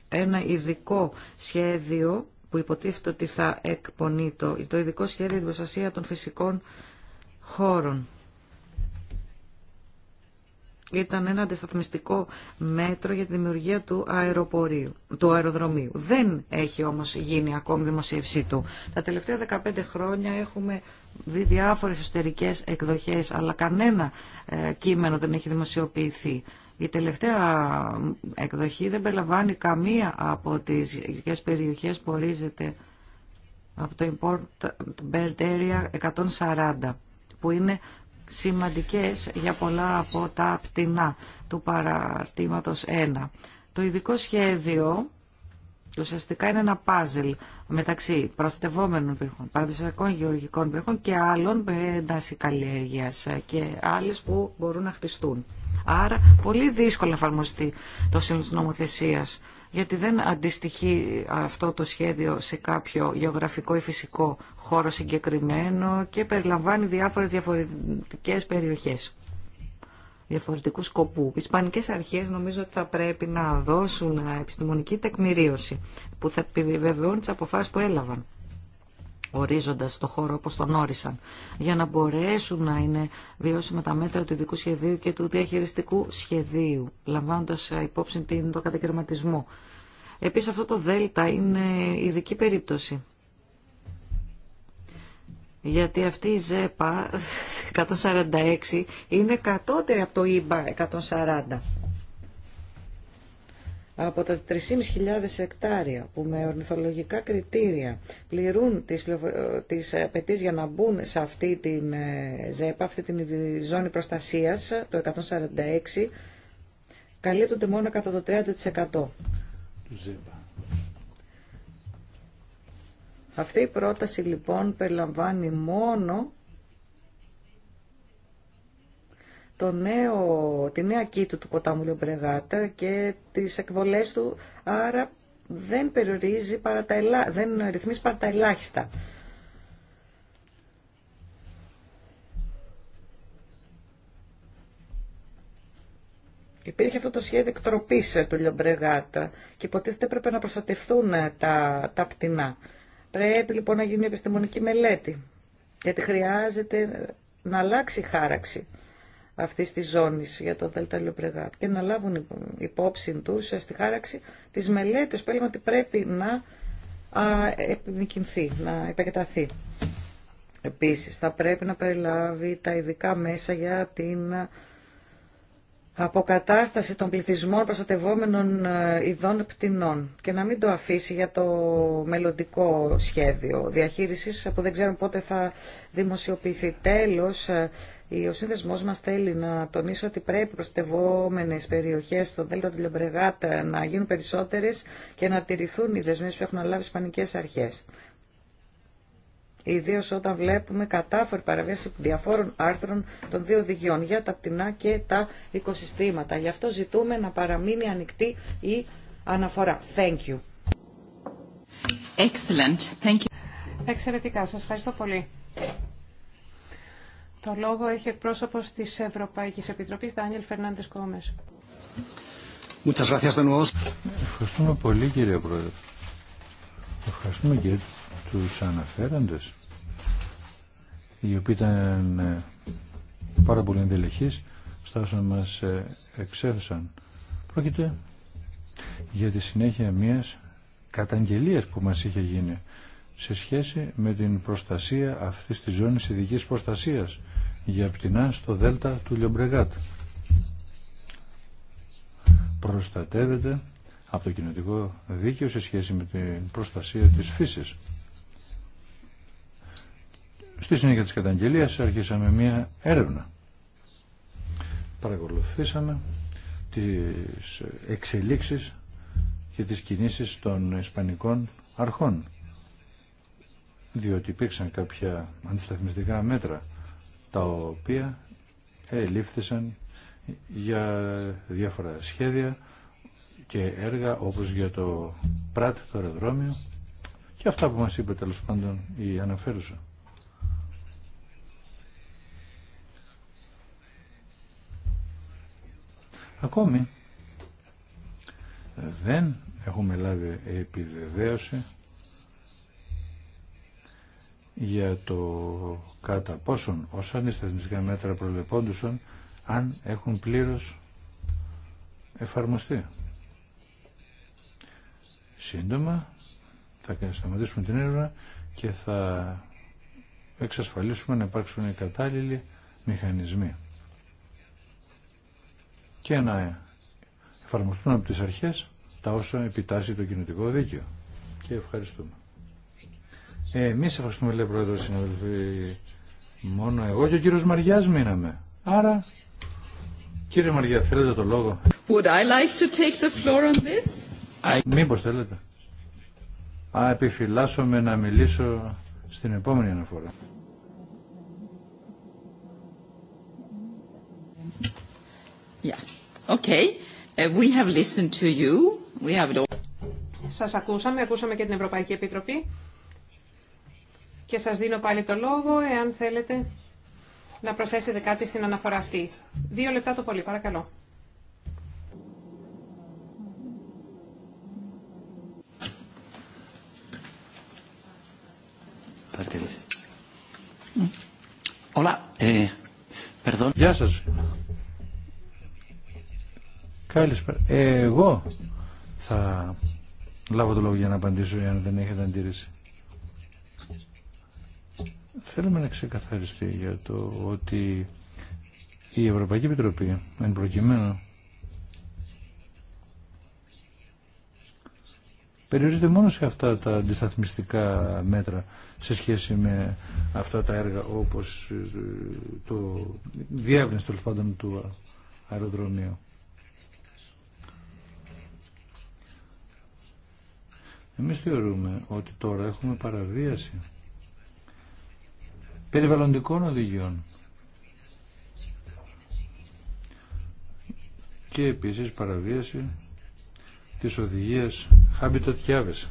ένα ειδικό σχέδιο που υποτίθεται ότι θα εκπονεί το, το ειδικό σχέδιο για την προστασία των φυσικών χώρων ήταν ένα αντισταθμιστικό μέτρο για τη δημιουργία του αεροπορίου, του αεροδρομίου. Δεν έχει όμως γίνει ακόμη δημοσίευσή του. Τα τελευταία 15 χρόνια έχουμε δει διάφορες εσωτερικές εκδοχές, αλλά κανένα ε, κείμενο δεν έχει δημοσιοποιηθεί. Η τελευταία εκδοχή δεν περιλαμβάνει καμία από τις ελληνικές περιοχές που ορίζεται από το Import Bird Area 140 που είναι σημαντικές για πολλά από τα πτηνά του παραρτήματος 1. Το ειδικό σχέδιο ουσιαστικά είναι ένα πάζελ μεταξύ προστατευόμενων πυρχών, παραδοσιακών γεωργικών πυρχών και άλλων ένταση καλλιέργεια και άλλε που μπορούν να χτιστούν. Άρα πολύ δύσκολα εφαρμοστεί το σύνολο τη νομοθεσία γιατί δεν αντιστοιχεί αυτό το σχέδιο σε κάποιο γεωγραφικό ή φυσικό χώρο συγκεκριμένο και περιλαμβάνει διάφορες διαφορετικές περιοχές διαφορετικού σκοπού. Οι Ισπανικές αρχές νομίζω ότι θα πρέπει να δώσουν επιστημονική τεκμηρίωση που θα επιβεβαιώνει τις αποφάσεις που έλαβαν ορίζοντας το χώρο όπως τον όρισαν, για να μπορέσουν να είναι βιώσιμα τα μέτρα του ειδικού σχεδίου και του διαχειριστικού σχεδίου, λαμβάνοντας ε, υπόψη την, το κατακαιρματισμό. Επίσης αυτό το δέλτα είναι ειδική περίπτωση. Γιατί αυτή η ΖΕΠΑ 146 <laughs> είναι κατώτερη από το ΙΜΠΑ 140 από τα 3.500 εκτάρια που με ορνηθολογικά κριτήρια πληρούν τις, τις απαιτήσει για να μπουν σε αυτή την ε, ΖΕΠΑ, αυτή την ζώνη προστασίας, το 146, καλύπτονται μόνο κατά το 30%. Του ΖΕΠΑ. Αυτή η πρόταση λοιπόν περιλαμβάνει μόνο το νέο, τη νέα κήτου του ποτάμου Λεμπρεγάτα και τις εκβολές του, άρα δεν περιορίζει παρά τα δεν ρυθμίζει παρά τα ελάχιστα. Υπήρχε αυτό το σχέδιο εκτροπής του Λιομπρεγάτα και υποτίθεται πρέπει να προστατευτούν τα, τα πτηνά. Πρέπει λοιπόν να γίνει μια επιστημονική μελέτη, γιατί χρειάζεται να αλλάξει η χάραξη αυτή τη ζώνη για το ΔΕΛΤΑ και να λάβουν υπόψη του στη χάραξη τις μελέτες που έλεγαν ότι πρέπει να επιμηκυνθεί, να επεκταθεί. Επίσης, θα πρέπει να περιλάβει τα ειδικά μέσα για την αποκατάσταση των πληθυσμών προστατευόμενων ε, ειδών πτηνών και να μην το αφήσει για το μελλοντικό σχέδιο διαχείρισης που δεν ξέρουμε πότε θα δημοσιοποιηθεί. Τέλος, ε, ο σύνδεσμό μα θέλει να τονίσω ότι πρέπει προστευόμενε περιοχέ στο Δέλτα του να γίνουν περισσότερε και να τηρηθούν οι δεσμεύσει που έχουν λάβει οι Ισπανικέ αρχέ. Ιδίω όταν βλέπουμε κατάφορη παραβίαση διαφόρων άρθρων των δύο οδηγιών για τα πτηνά και τα οικοσυστήματα. Γι' αυτό ζητούμε να παραμείνει ανοιχτή η αναφορά. Thank you. Excellent. Thank you. Εξαιρετικά. Σας ευχαριστώ πολύ. Το λόγο έχει εκπρόσωπος της Ευρωπαϊκής Επιτροπής, Δάνιελ Φερνάντες Κόμες. Ευχαριστούμε πολύ κύριε Πρόεδρε. Ευχαριστούμε και τους αναφέροντες οι οποίοι ήταν ε, πάρα πολύ ενδελεχείς στα όσα μας ε, εξέφερσαν. Πρόκειται για τη συνέχεια μιας καταγγελίας που μας είχε γίνει σε σχέση με την προστασία αυτής της ζώνης ειδικής προστασίας για πτηνά στο δέλτα του Λιομπρεγάτ. Προστατεύεται από το κοινωτικό δίκαιο σε σχέση με την προστασία της φύσης. Στη συνέχεια της καταγγελίας αρχίσαμε μία έρευνα. Παρακολουθήσαμε τις εξελίξεις και τις κινήσεις των Ισπανικών αρχών διότι υπήρξαν κάποια αντισταθμιστικά μέτρα τα οποία ελήφθησαν για διάφορα σχέδια και έργα όπως για το ΠΡΑΤ, το αεροδρόμιο και αυτά που μας είπε τέλο πάντων η αναφέρουσα. Ακόμη δεν έχουμε λάβει επιβεβαίωση για το κατά πόσον όσα ανισταθμιστικά μέτρα προβλεπόντουσαν αν έχουν πλήρως εφαρμοστεί. Σύντομα θα σταματήσουμε την έρευνα και θα εξασφαλίσουμε να υπάρξουν οι κατάλληλοι μηχανισμοί και να εφαρμοστούν από τις αρχές τα όσα επιτάσσει το κοινωτικό δίκαιο. Και ευχαριστούμε. Εμείς ευχαριστούμε, λέει πρόεδρο συναδελφοί, μόνο εγώ και ο κύριος Μαριάς μείναμε. Άρα, κύριε Μαριά, θέλετε το λόγο. Would I like to take the floor on this? I... Μήπως θέλετε. Α, επιφυλάσσομαι να μιλήσω στην επόμενη αναφορά. Yeah. Okay. Uh, we have listened to you. We have... Σας ακούσαμε, ακούσαμε και την Ευρωπαϊκή Επιτροπή και σας δίνω πάλι το λόγο εάν θέλετε να προσθέσετε κάτι στην αναφορά αυτή. Δύο λεπτά το πολύ, παρακαλώ. Hola, eh, perdón. Γεια σας. Καλησπέρα. Ε, εγώ θα λάβω το λόγο για να απαντήσω, εάν δεν έχετε αντίρρηση. Θέλουμε να ξεκαθαριστεί για το ότι η Ευρωπαϊκή Επιτροπή, εν προκειμένου, περιορίζεται μόνο σε αυτά τα αντισταθμιστικά μέτρα σε σχέση με αυτά τα έργα όπως ε, το διεύνηση τέλο πάντων του αεροδρομίου. Εμείς θεωρούμε ότι τώρα έχουμε παραβίαση περιβαλλοντικών οδηγιών. Και επίσης παραβίαση της οδηγίας Habitat Chiaves.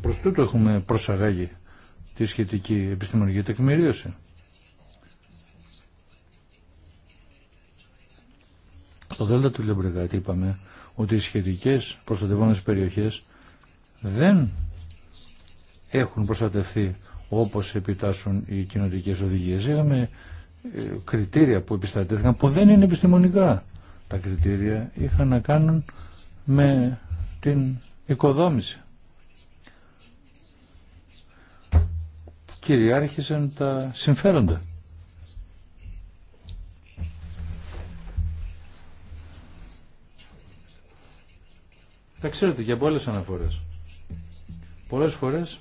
Προς τούτο έχουμε προσαγάγει τη σχετική επιστημονική τεκμηρίωση. Στο Δέλτα του Λεμπρεγάτη είπαμε ότι οι σχετικές προστατευόμενες περιοχές δεν έχουν προστατευτεί όπως επιτάσσουν οι κοινωτικές οδηγίες. Είχαμε ε, κριτήρια που επιστατεύτηκαν που δεν είναι επιστημονικά. Τα κριτήρια είχαν να κάνουν με την οικοδόμηση. Κυριάρχησαν τα συμφέροντα. Τα ξέρετε και από άλλες αναφορές. Πολλές φορές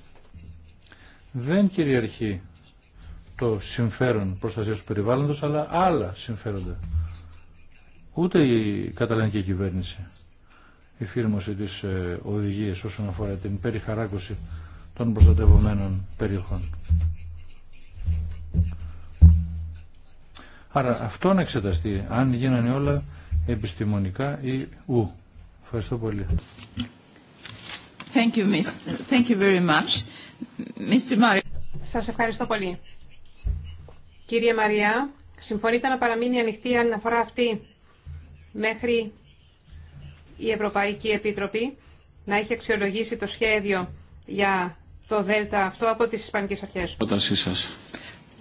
δεν κυριαρχεί το συμφέρον προστασίας του περιβάλλοντος, αλλά άλλα συμφέροντα. Ούτε η καταλλανική κυβέρνηση φύρμωση τις ε, οδηγίες όσον αφορά την περιχαράκωση των προστατευομένων περιοχών. Άρα αυτό να εξεταστεί, αν γίνανε όλα επιστημονικά ή ου. Ευχαριστώ πολύ. Mr. Σας ευχαριστώ πολύ. Κύριε Μαριά, συμφωνείτε να παραμείνει ανοιχτή η αναφορά αυτή μέχρι η Ευρωπαϊκή Επίτροπη να έχει αξιολογήσει το σχέδιο για το ΔΕΛΤΑ αυτό από τις Ισπανικές Αρχές.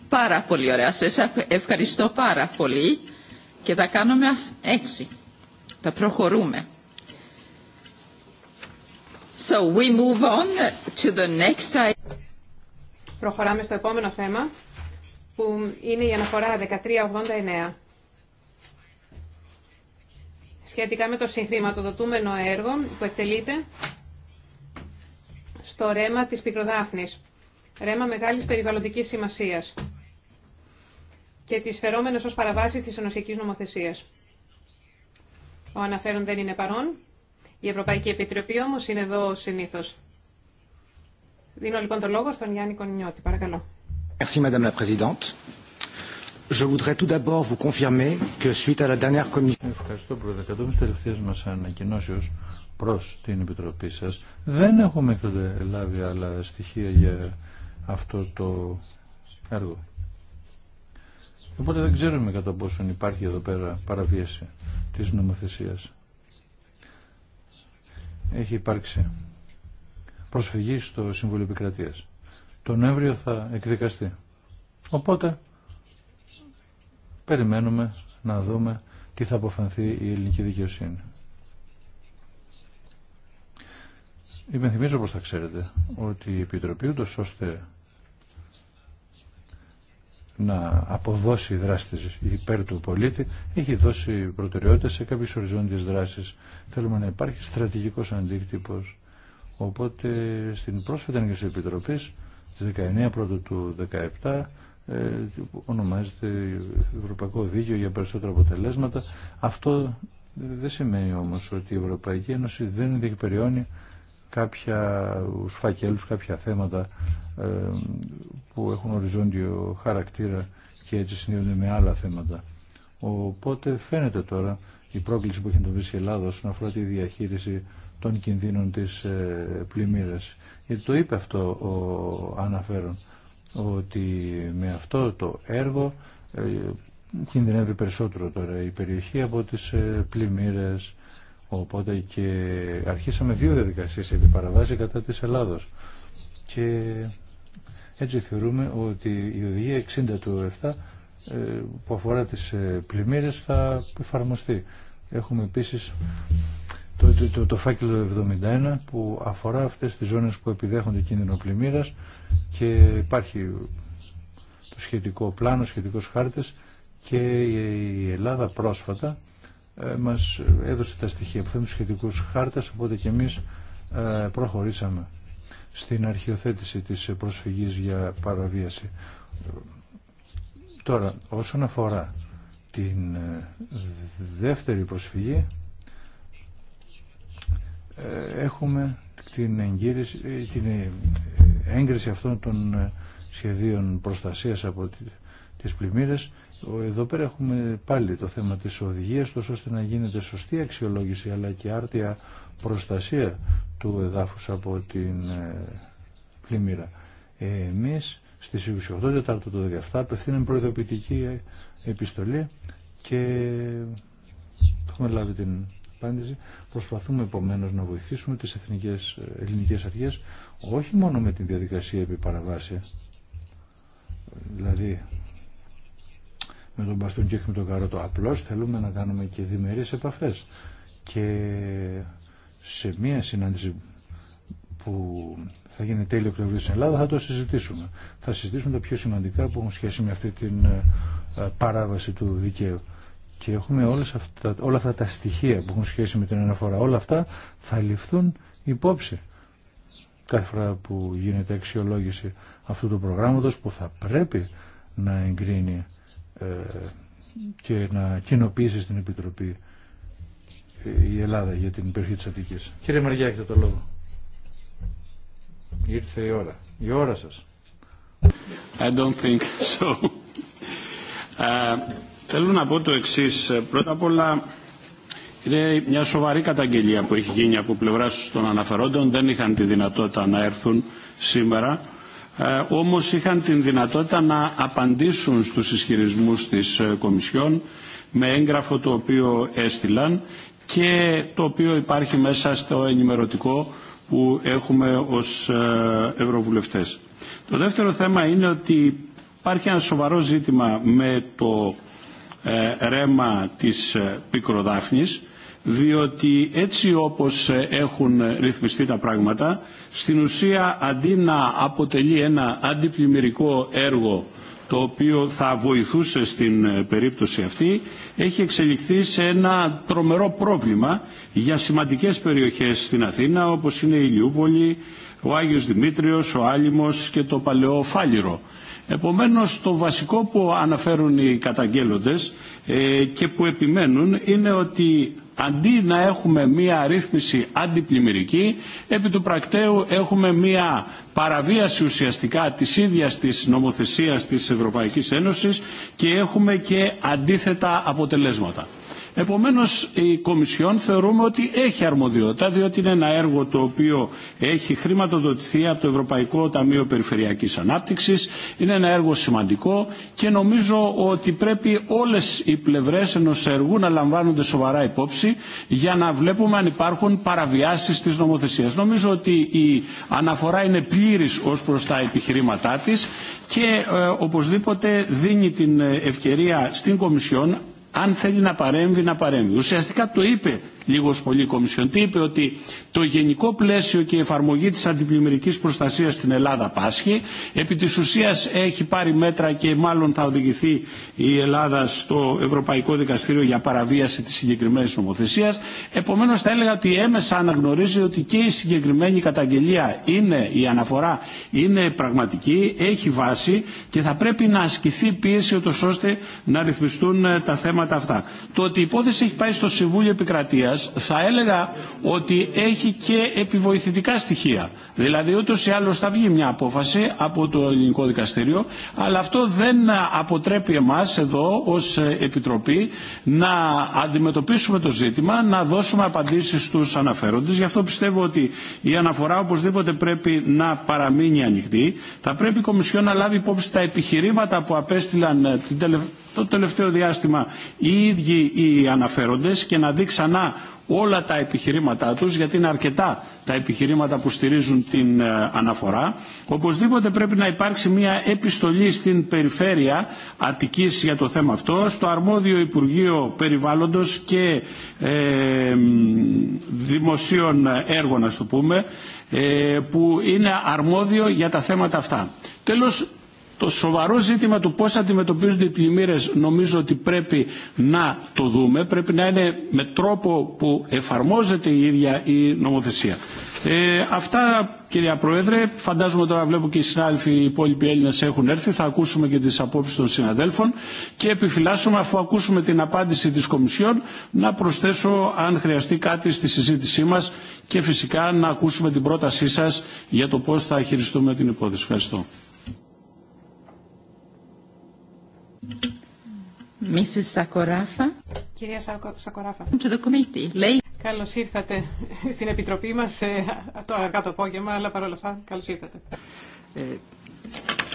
Πάρα πολύ ωραία. Σας ευχαριστώ πάρα πολύ και θα κάνουμε έτσι. Θα προχωρούμε. Προχωράμε στο επόμενο θέμα, που είναι η αναφορά 1389. Σχετικά με το συγχρηματοδοτούμενο έργο που εκτελείται στο ρέμα της πικροδάφνης, ρέμα μεγάλης περιβαλλοντικής σημασίας και τις φερόμενες ως παραβάσεις της ενωσιακής νομοθεσίας. Ο αναφέρον δεν είναι παρόν. Η Ευρωπαϊκή Επιτροπή όμω είναι εδώ συνήθω. Δίνω λοιπόν το λόγο στον Γιάννη Κονινιώτη. Παρακαλώ. Merci, Madame la Présidente. Je voudrais tout d'abord vous confirmer que suite à la dernière commission... Ευχαριστώ, Πρόεδρε. Κατόπιν τη τελευταία μα ανακοινώσεως προ την Επιτροπή σα. δεν έχουμε λάβει άλλα στοιχεία για αυτό το έργο. Οπότε δεν ξέρουμε κατά πόσον υπάρχει εδώ πέρα παραβίαση της νομοθεσίας έχει υπάρξει προσφυγή στο Συμβούλιο Επικρατείας. Το Νοέμβριο θα εκδικαστεί. Οπότε περιμένουμε να δούμε τι θα αποφανθεί η ελληνική δικαιοσύνη. Υπενθυμίζω όπως θα ξέρετε ότι η Επιτροπή ούτως ώστε να αποδώσει δράσεις υπέρ του πολίτη, έχει δώσει προτεραιότητα σε κάποιες οριζόντιες δράσεις. Θέλουμε να υπάρχει στρατηγικός αντίκτυπος. Οπότε στην πρόσφατη Ανέγκριση Επιτροπής, τη 19 πρώτου του 2017, ε, ονομάζεται Ευρωπαϊκό Δίκαιο για περισσότερα αποτελέσματα. Αυτό δεν σημαίνει όμως ότι η Ευρωπαϊκή Ένωση δεν διεκπεριώνει κάποια φακέλους, κάποια θέματα ε, που έχουν οριζόντιο χαρακτήρα και έτσι συνδέονται με άλλα θέματα. Οπότε φαίνεται τώρα η πρόκληση που έχει εντοπίσει η Ελλάδα όσον αφορά τη διαχείριση των κινδύνων της ε, πλημμύρας. Γιατί ε, το είπε αυτό ο αναφέρον, ότι με αυτό το έργο κινδυνεύει περισσότερο τώρα η περιοχή από τις πλημμύρες Οπότε και αρχίσαμε δύο διαδικασίες επί παραβάση κατά της Ελλάδος. Και έτσι θεωρούμε ότι η οδηγία 60 του 7 ε, που αφορά τις ε, πλημμύρες θα εφαρμοστεί. Έχουμε επίσης το, το, το, το φάκελο 71 που αφορά αυτές τις ζώνες που επιδέχονται κίνδυνο πλημμύρας και υπάρχει το σχετικό πλάνο, σχετικός χάρτης και η Ελλάδα πρόσφατα ε, μας έδωσε τα στοιχεία που θέλουν σχετικούς χάρτες, οπότε και εμείς ε, προχωρήσαμε στην αρχιοθέτηση της προσφυγής για παραβίαση. Τώρα, όσον αφορά την ε, δεύτερη προσφυγή, έχουμε την, την έγκριση αυτών των σχεδίων προστασίας από τη τις πλημμύρες. Εδώ πέρα έχουμε πάλι το θέμα της οδηγίας, τόσο ώστε να γίνεται σωστή αξιολόγηση αλλά και άρτια προστασία του εδάφους από την ε, πλημμύρα. Ε, εμείς στις 28 Τετάρτου του 2017 απευθύνουμε προειδοποιητική ε, επιστολή και έχουμε λάβει την απάντηση. Προσπαθούμε επομένω να βοηθήσουμε τις εθνικές, ελληνικές αρχές όχι μόνο με την διαδικασία επί δηλαδή με τον μπαστούν και με τον καρότο. Απλώ θέλουμε να κάνουμε και διμερεί επαφέ. Και σε μία συνάντηση που θα γίνει τέλειο Οκτωβρίου στην Ελλάδα θα το συζητήσουμε. Θα συζητήσουμε τα πιο σημαντικά που έχουν σχέση με αυτή την ε, παράβαση του δικαίου. Και έχουμε όλες αυτά, όλα αυτά τα στοιχεία που έχουν σχέση με την αναφορά. Όλα αυτά θα ληφθούν υπόψη κάθε φορά που γίνεται αξιολόγηση αυτού του προγράμματος που θα πρέπει να εγκρίνει ε, και να κοινοποιήσει στην Επιτροπή ε, η Ελλάδα για την περιοχή της Αττικής. Κύριε Μαριά, έχετε το λόγο. Ήρθε η ώρα. Η ώρα σας. I don't think so. Uh, θέλω να πω το εξή. Πρώτα απ' όλα είναι μια σοβαρή καταγγελία που έχει γίνει από πλευρά των αναφερόντων. Δεν είχαν τη δυνατότητα να έρθουν σήμερα. Ε, όμως είχαν την δυνατότητα να απαντήσουν στους ισχυρισμούς της ε, Κομισιόν με έγγραφο το οποίο έστειλαν και το οποίο υπάρχει μέσα στο ενημερωτικό που έχουμε ως ε, Ευρωβουλευτές. Το δεύτερο θέμα είναι ότι υπάρχει ένα σοβαρό ζήτημα με το ρέμα της πικροδάφνης διότι έτσι όπως ε, έχουν ε, ρυθμιστεί τα πράγματα, στην ουσία αντί να αποτελεί ένα αντιπλημμυρικό έργο το οποίο θα βοηθούσε στην ε, περίπτωση αυτή, έχει εξελιχθεί σε ένα τρομερό πρόβλημα για σημαντικές περιοχές στην Αθήνα, όπως είναι η Λιούπολη, ο Άγιος Δημήτριος, ο Άλυμος και το Παλαιό Φάλιρο. Επομένως το βασικό που αναφέρουν οι καταγγέλλοντες ε, και που επιμένουν είναι ότι αντί να έχουμε μία ρύθμιση αντιπλημμυρική, επί του πρακτέου έχουμε μία παραβίαση ουσιαστικά της ίδιας της νομοθεσίας της Ευρωπαϊκής Ένωσης και έχουμε και αντίθετα αποτελέσματα. Επομένως η Κομισιόν θεωρούμε ότι έχει αρμοδιότητα διότι είναι ένα έργο το οποίο έχει χρηματοδοτηθεί από το Ευρωπαϊκό Ταμείο Περιφερειακής Ανάπτυξης, είναι ένα έργο σημαντικό και νομίζω ότι πρέπει όλες οι πλευρές ενός έργου να λαμβάνονται σοβαρά υπόψη για να βλέπουμε αν υπάρχουν παραβιάσεις της νομοθεσίας. Νομίζω ότι η αναφορά είναι πλήρης ως προς τα επιχειρήματά της και ε, οπωσδήποτε δίνει την ευκαιρία στην Κομισιόν αν θέλει να παρέμβει, να παρέμβει. Ουσιαστικά το είπε λίγος πολύ η Κομισιόν. Τι είπε ότι το γενικό πλαίσιο και η εφαρμογή της αντιπλημμυρικής προστασίας στην Ελλάδα πάσχει. Επί της ουσίας έχει πάρει μέτρα και μάλλον θα οδηγηθεί η Ελλάδα στο Ευρωπαϊκό Δικαστήριο για παραβίαση της συγκεκριμένης νομοθεσίας. Επομένως θα έλεγα ότι έμεσα αναγνωρίζει ότι και η συγκεκριμένη καταγγελία είναι, η αναφορά είναι πραγματική, έχει βάση και θα πρέπει να ασκηθεί πίεση ώστε να ρυθμιστούν ε, τα θέματα αυτά. Το ότι η υπόθεση έχει πάει στο Συμβούλιο Επικρατεία θα έλεγα ότι έχει και επιβοηθητικά στοιχεία. Δηλαδή ούτω ή άλλω θα βγει μια απόφαση από το ελληνικό δικαστήριο αλλά αυτό δεν αποτρέπει εμά εδώ ω Επιτροπή να αντιμετωπίσουμε το ζήτημα, να δώσουμε απαντήσει στου αναφέροντες. Γι' αυτό πιστεύω ότι η αναφορά οπωσδήποτε πρέπει να παραμείνει ανοιχτή. Θα πρέπει η Κομισιόν να λάβει υπόψη τα επιχειρήματα που απέστειλαν ε, το τελευταίο διάστημα οι ίδιοι οι αναφέροντες και να δει ξανά όλα τα επιχειρήματά τους, γιατί είναι αρκετά τα επιχειρήματα που στηρίζουν την ε, αναφορά. Οπωσδήποτε πρέπει να υπάρξει μια επιστολή στην περιφέρεια Αττικής για το θέμα αυτό, στο αρμόδιο Υπουργείο Περιβάλλοντος και ε, Δημοσίων Έργων, ας το πούμε, ε, που είναι αρμόδιο για τα θέματα αυτά. Τέλος, το σοβαρό ζήτημα του πώς αντιμετωπίζονται οι πλημμύρες νομίζω ότι πρέπει να το δούμε. Πρέπει να είναι με τρόπο που εφαρμόζεται η ίδια η νομοθεσία. Ε, αυτά κυρία Πρόεδρε. Φαντάζομαι τώρα βλέπω και οι συνάδελφοι οι υπόλοιποι Έλληνες έχουν έρθει. Θα ακούσουμε και τις απόψεις των συναδέλφων και επιφυλάσσουμε αφού ακούσουμε την απάντηση της Κομισιόν να προσθέσω αν χρειαστεί κάτι στη συζήτησή μας και φυσικά να ακούσουμε την πρότασή σας για το πώς θα χειριστούμε την υπόθεση. Ευχαριστώ. Mrs. Κυρία Σακοράφα. Καλώ ήρθατε στην Επιτροπή μα ε, το αργά το απόγευμα, αλλά παρόλα αυτά καλώ ήρθατε. Ε,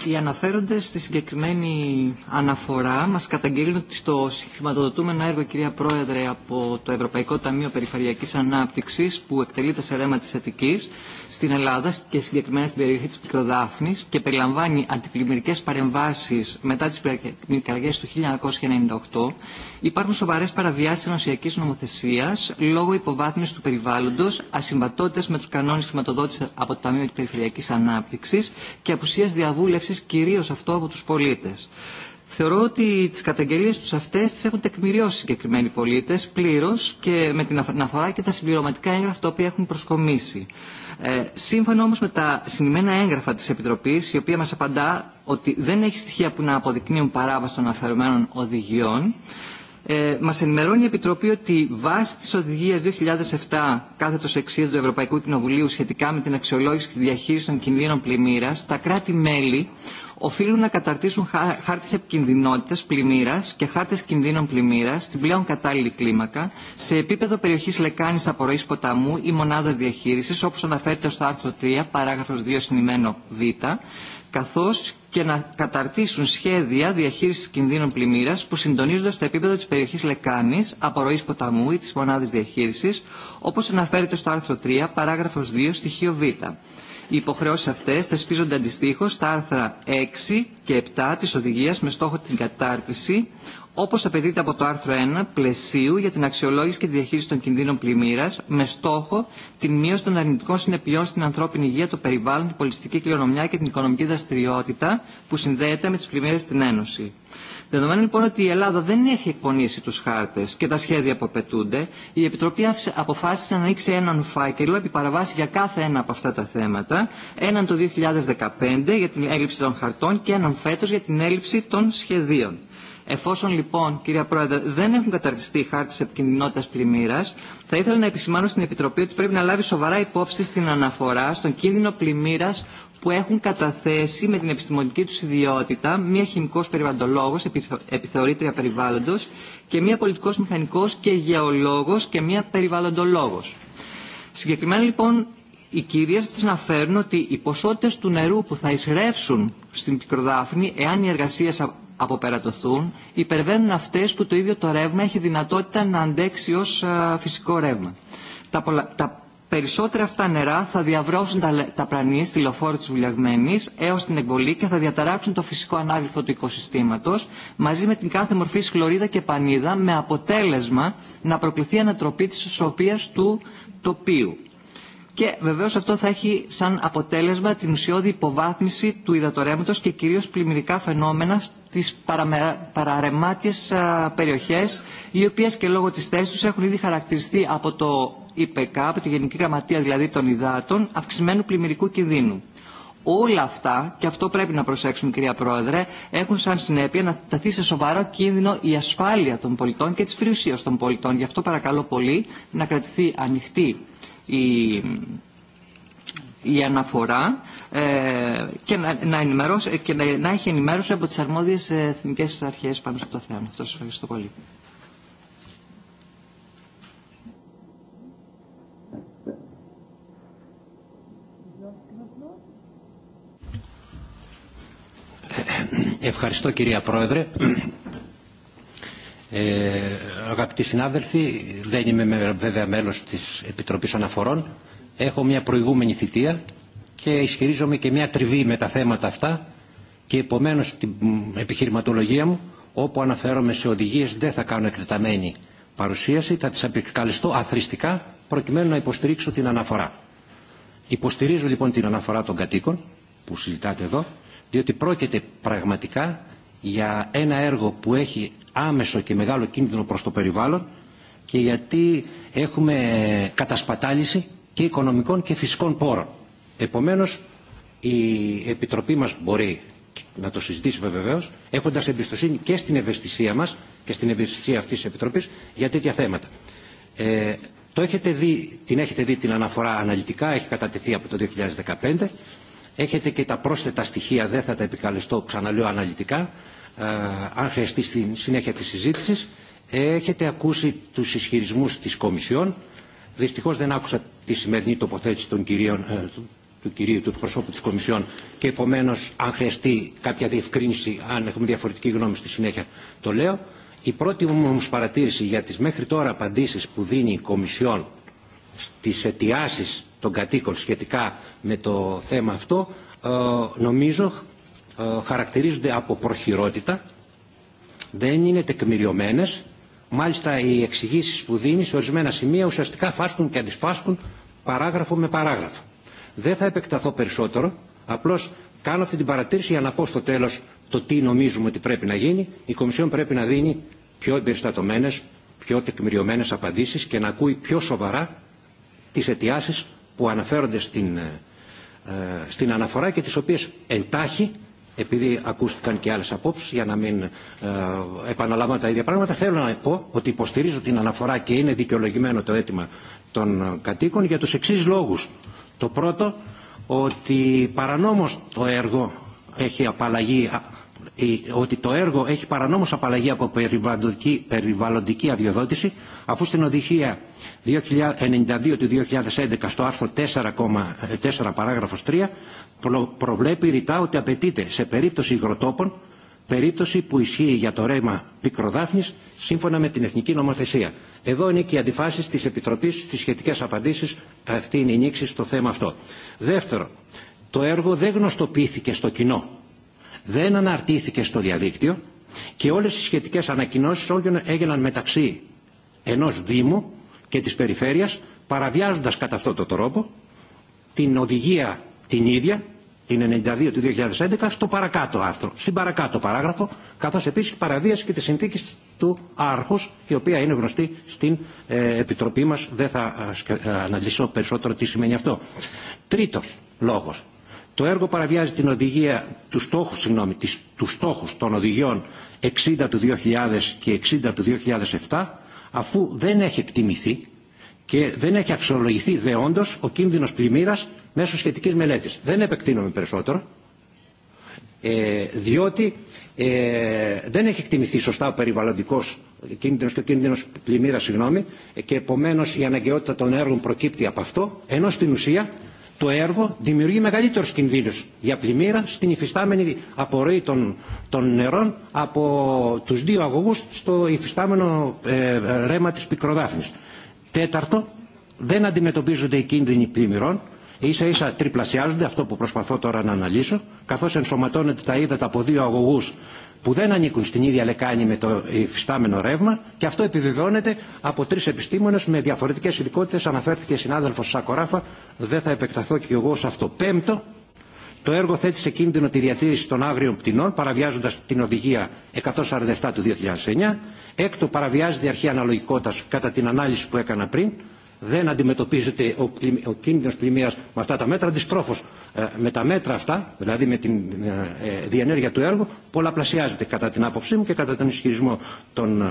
οι αναφέροντες στη συγκεκριμένη αναφορά μας καταγγέλνουν ότι στο συγχρηματοδοτούμενο έργο, κυρία Πρόεδρε, από το Ευρωπαϊκό Ταμείο Περιφερειακής Ανάπτυξης, που εκτελείται σε ρέμα της Αττικής, στην Ελλάδα και συγκεκριμένα στην περιοχή της Πικροδάφνης και περιλαμβάνει αντιπλημμυρικές παρεμβάσεις μετά τις πυρκαγιές του 1998, υπάρχουν σοβαρές παραβιάσεις ενωσιακής νομοθεσίας λόγω υποβάθμισης του περιβάλλοντος, ασυμβατότητες με τους κανόνες χρηματοδότηση από το Ταμείο Περιφερειακής Ανάπτυξης και απουσίας διαβούλευση Κυρίω κυρίως αυτό από τους πολίτες. Θεωρώ ότι τις καταγγελίε τους αυτές τι έχουν τεκμηριώσει συγκεκριμένοι πολίτες πλήρω και με την αφορά και τα συμπληρωματικά έγγραφα τα οποία έχουν προσκομίσει. Ε, σύμφωνα όμω με τα συνημμένα έγγραφα της Επιτροπής, η οποία μας απαντά ότι δεν έχει στοιχεία που να αποδεικνύουν παράβαση των αφαιρεμένων οδηγιών, ε, μας ενημερώνει η Επιτροπή ότι βάσει τη οδηγία 2007 κάθετο 60 του Ευρωπαϊκού Κοινοβουλίου σχετικά με την αξιολόγηση και τη διαχείριση των κινδύνων πλημμύρα, τα κράτη-μέλη οφείλουν να καταρτήσουν χάρτες επικίνδυνότητα πλημμύρα και χάρτες κινδύνων πλημμύρα, στην πλέον κατάλληλη κλίμακα σε επίπεδο περιοχή λεκάνης απορροής ποταμού ή μονάδας διαχείριση, όπω αναφέρεται στο άρθρο 3 παράγραφο 2 συνημένο β καθώ και να καταρτήσουν σχέδια διαχείριση κινδύνων πλημμύρα που συντονίζονται στο επίπεδο τη περιοχή Λεκάνη, απορροή ποταμού ή τη μονάδα διαχείριση, όπω αναφέρεται στο άρθρο 3, παράγραφο 2, στοιχείο Β. Οι υποχρεώσει αυτέ θεσπίζονται αντιστοίχω στα άρθρα 6 και 7 τη οδηγία με στόχο την κατάρτιση, όπω απαιτείται από το άρθρο 1 πλαισίου για την αξιολόγηση και τη διαχείριση των κινδύνων πλημμύρα, με στόχο την μείωση των αρνητικών συνεπειών στην ανθρώπινη υγεία, το περιβάλλον, την πολιτιστική κληρονομιά και την οικονομική δραστηριότητα που συνδέεται με τι πλημμύρε στην Ένωση. Δεδομένου λοιπόν ότι η Ελλάδα δεν έχει εκπονήσει του χάρτε και τα σχέδια που απαιτούνται, η Επιτροπή αποφάσισε να ανοίξει έναν φάκελο επί παραβάση για κάθε ένα από αυτά τα θέματα, έναν το 2015 για την έλλειψη των χαρτών και έναν φέτο για την έλλειψη των σχεδίων. Εφόσον λοιπόν, κυρία Πρόεδρε, δεν έχουν καταρτιστεί οι χάρτε επικινδυνότητα πλημμύρα, θα ήθελα να επισημάνω στην Επιτροπή ότι πρέπει να λάβει σοβαρά υπόψη στην αναφορά στον κίνδυνο πλημμύρα που έχουν καταθέσει με την επιστημονική του ιδιότητα μία χημικό περιβαλλοντολόγο, επιθεωρήτρια περιβάλλοντο και μία πολιτικό-Μηχανικό και γεωλόγος και μία περιβαλλοντολόγο. Συγκεκριμένα λοιπόν οι κυρίε αυτέ αναφέρουν ότι οι ποσότητε του νερού που θα εισρεύσουν στην πικροδάφνη εάν οι εργασίε αποπερατωθούν υπερβαίνουν αυτέ που το ίδιο το ρεύμα έχει δυνατότητα να αντέξει ω ε, φυσικό ρεύμα. Περισσότερα αυτά νερά θα διαβρώσουν τα, τα τη στη λοφόρη τη Βουλιαγμένη έως την εγκολή και θα διαταράξουν το φυσικό ανάγλυφο του οικοσυστήματος μαζί με την κάθε μορφή σχλωρίδα και πανίδα με αποτέλεσμα να προκληθεί ανατροπή τη ισορροπία του τοπίου. Και βεβαίω αυτό θα έχει σαν αποτέλεσμα την ουσιώδη υποβάθμιση του υδατορέμματο και κυρίω πλημμυρικά φαινόμενα στι παραρεμάτιες περιοχέ, οι οποίε και λόγω τη θέση του έχουν ήδη χαρακτηριστεί από το ΠΚΑ, από τη Γενική Γραμματεία δηλαδή των Ιδάτων, αυξημένου πλημμυρικού κινδύνου. Όλα αυτά, και αυτό πρέπει να προσέξουμε κυρία Πρόεδρε, έχουν σαν συνέπεια να ταθεί σε σοβαρό κίνδυνο η ασφάλεια των πολιτών και της περιουσίας των πολιτών. Γι' αυτό παρακαλώ πολύ να κρατηθεί ανοιχτή η, η αναφορά ε, και, να, να ε, και να, έχει ενημέρωση από τις αρμόδιες ε, εθνικές αρχές πάνω στο θέμα. Αυτό σας ευχαριστώ πολύ. Ευχαριστώ κυρία Πρόεδρε. Ε, αγαπητοί συνάδελφοι, δεν είμαι βέβαια μέλος της Επιτροπής Αναφορών. Έχω μια προηγούμενη θητεία και ισχυρίζομαι και μια τριβή με τα θέματα αυτά και επομένως την επιχειρηματολογία μου όπου αναφέρομαι σε οδηγίες δεν θα κάνω εκτεταμένη παρουσίαση, θα τις επικαλεστώ αθρηστικά προκειμένου να υποστηρίξω την αναφορά. Υποστηρίζω λοιπόν την αναφορά των κατοίκων που συζητάτε εδώ διότι πρόκειται πραγματικά για ένα έργο που έχει άμεσο και μεγάλο κίνδυνο προς το περιβάλλον και γιατί έχουμε κατασπατάληση και οικονομικών και φυσικών πόρων. Επομένως, η Επιτροπή μας μπορεί να το συζητήσει βεβαίως, έχοντας εμπιστοσύνη και στην ευαισθησία μας και στην ευαισθησία αυτής της Επιτροπής για τέτοια θέματα. Ε, το έχετε δει, την έχετε δει την αναφορά αναλυτικά, έχει κατατεθεί από το 2015. Έχετε και τα πρόσθετα στοιχεία, δεν θα τα επικαλεστώ, ξαναλέω αναλυτικά, ε, αν χρειαστεί στη συνέχεια της συζήτησης. Έχετε ακούσει τους ισχυρισμούς της Κομισιόν. Δυστυχώς δεν άκουσα τη σημερινή τοποθέτηση των κυρίων, ε, του, του κυρίου, του προσώπου της Κομισιόν και επομένως αν χρειαστεί κάποια διευκρίνηση, αν έχουμε διαφορετική γνώμη στη συνέχεια, το λέω. Η πρώτη μου όμως παρατήρηση για τις μέχρι τώρα απαντήσεις που δίνει η Κομισιόν στις αιτιάσεις των κατοίκων σχετικά με το θέμα αυτό ε, νομίζω ε, χαρακτηρίζονται από προχειρότητα, δεν είναι τεκμηριωμένες. Μάλιστα οι εξηγήσει που δίνει σε ορισμένα σημεία ουσιαστικά φάσκουν και αντισφάσκουν παράγραφο με παράγραφο. Δεν θα επεκταθώ περισσότερο, απλώς κάνω αυτή την παρατήρηση για να πω στο τέλος το τι νομίζουμε ότι πρέπει να γίνει. Η Κομισιόν πρέπει να δίνει πιο εμπεριστατωμένες, πιο τεκμηριωμένες απαντήσεις και να ακούει πιο σοβαρά τις αιτιάσεις που αναφέρονται στην, ε, στην αναφορά και τις οποίες εντάχει επειδή ακούστηκαν και άλλες απόψεις για να μην ε, τα ίδια πράγματα θέλω να πω ότι υποστηρίζω την αναφορά και είναι δικαιολογημένο το αίτημα των κατοίκων για τους εξής λόγους. Το πρώτο ότι παρανόμως το έργο έχει απαλλαγή ότι το έργο έχει παρανόμως απαλλαγή από περιβαλλοντική, περιβαλλοντική αδειοδότηση αφού στην οδηγία 2092 του 2011 στο άρθρο 4,4 ε, παράγραφος 3 προβλέπει ρητά ότι απαιτείται σε περίπτωση υγροτόπων περίπτωση που ισχύει για το ρέμα πικροδάφνης σύμφωνα με την εθνική νομοθεσία. Εδώ είναι και οι αντιφάσει τη Επιτροπή στι σχετικέ απαντήσει. Αυτή είναι η νήξη στο θέμα αυτό. Δεύτερο, το έργο δεν γνωστοποιήθηκε στο κοινό δεν αναρτήθηκε στο διαδίκτυο και όλες οι σχετικές ανακοινώσεις έγιναν μεταξύ ενός Δήμου και της Περιφέρειας παραβιάζοντας κατά αυτόν τον τρόπο την οδηγία την ίδια την 92 του 2011 στο παρακάτω άρθρο, στην παρακάτω παράγραφο, καθώς επίσης παραβίασε και τις συνθήκες του άρχους, η οποία είναι γνωστή στην ε, Επιτροπή μας. Δεν θα ε, ε, αναλύσω περισσότερο τι σημαίνει αυτό. Τρίτος λόγος το έργο παραβιάζει την οδηγία, του στόχου, συγγνώμη, τους στόχους των οδηγιών 60 του 2000 και 60 του 2007 αφού δεν έχει εκτιμηθεί και δεν έχει αξιολογηθεί δεόντως ο κίνδυνος πλημμύρας μέσω σχετικής μελέτης. Δεν επεκτείνομαι περισσότερο, ε, διότι ε, δεν έχει εκτιμηθεί σωστά ο περιβαλλοντικός κίνδυνος και ο κίνδυνος πλημμύρας, και επομένως η αναγκαιότητα των έργων προκύπτει από αυτό, ενώ στην ουσία το έργο δημιουργεί μεγαλύτερους κινδύνους για πλημμύρα στην υφιστάμενη απορροή των, νερών από τους δύο αγωγούς στο υφιστάμενο ε, ρέμα της πικροδάφνης. Τέταρτο, δεν αντιμετωπίζονται οι κίνδυνοι πλημμυρών, ίσα ίσα τριπλασιάζονται, αυτό που προσπαθώ τώρα να αναλύσω, καθώς ενσωματώνεται τα ύδατα από δύο αγωγούς που δεν ανήκουν στην ίδια λεκάνη με το υφιστάμενο ρεύμα και αυτό επιβεβαιώνεται από τρεις επιστήμονες με διαφορετικές ειδικότητες Αναφέρθηκε συνάδελφο Σακοράφα, δεν θα επεκταθώ και εγώ σε αυτό. Πέμπτο, το έργο θέτει σε κίνδυνο τη διατήρηση των άγριων πτηνών, παραβιάζοντας την οδηγία 147 του 2009. Έκτο, παραβιάζει την αρχή αναλογικότητα κατά την ανάλυση που έκανα πριν δεν αντιμετωπίζεται ο, κίνδυνος πλημμύρας με αυτά τα μέτρα, αντιστρόφως ε, με τα μέτρα αυτά, δηλαδή με τη ε, ε, διενέργεια του έργου, πολλαπλασιάζεται κατά την άποψή μου και κατά τον ισχυρισμό των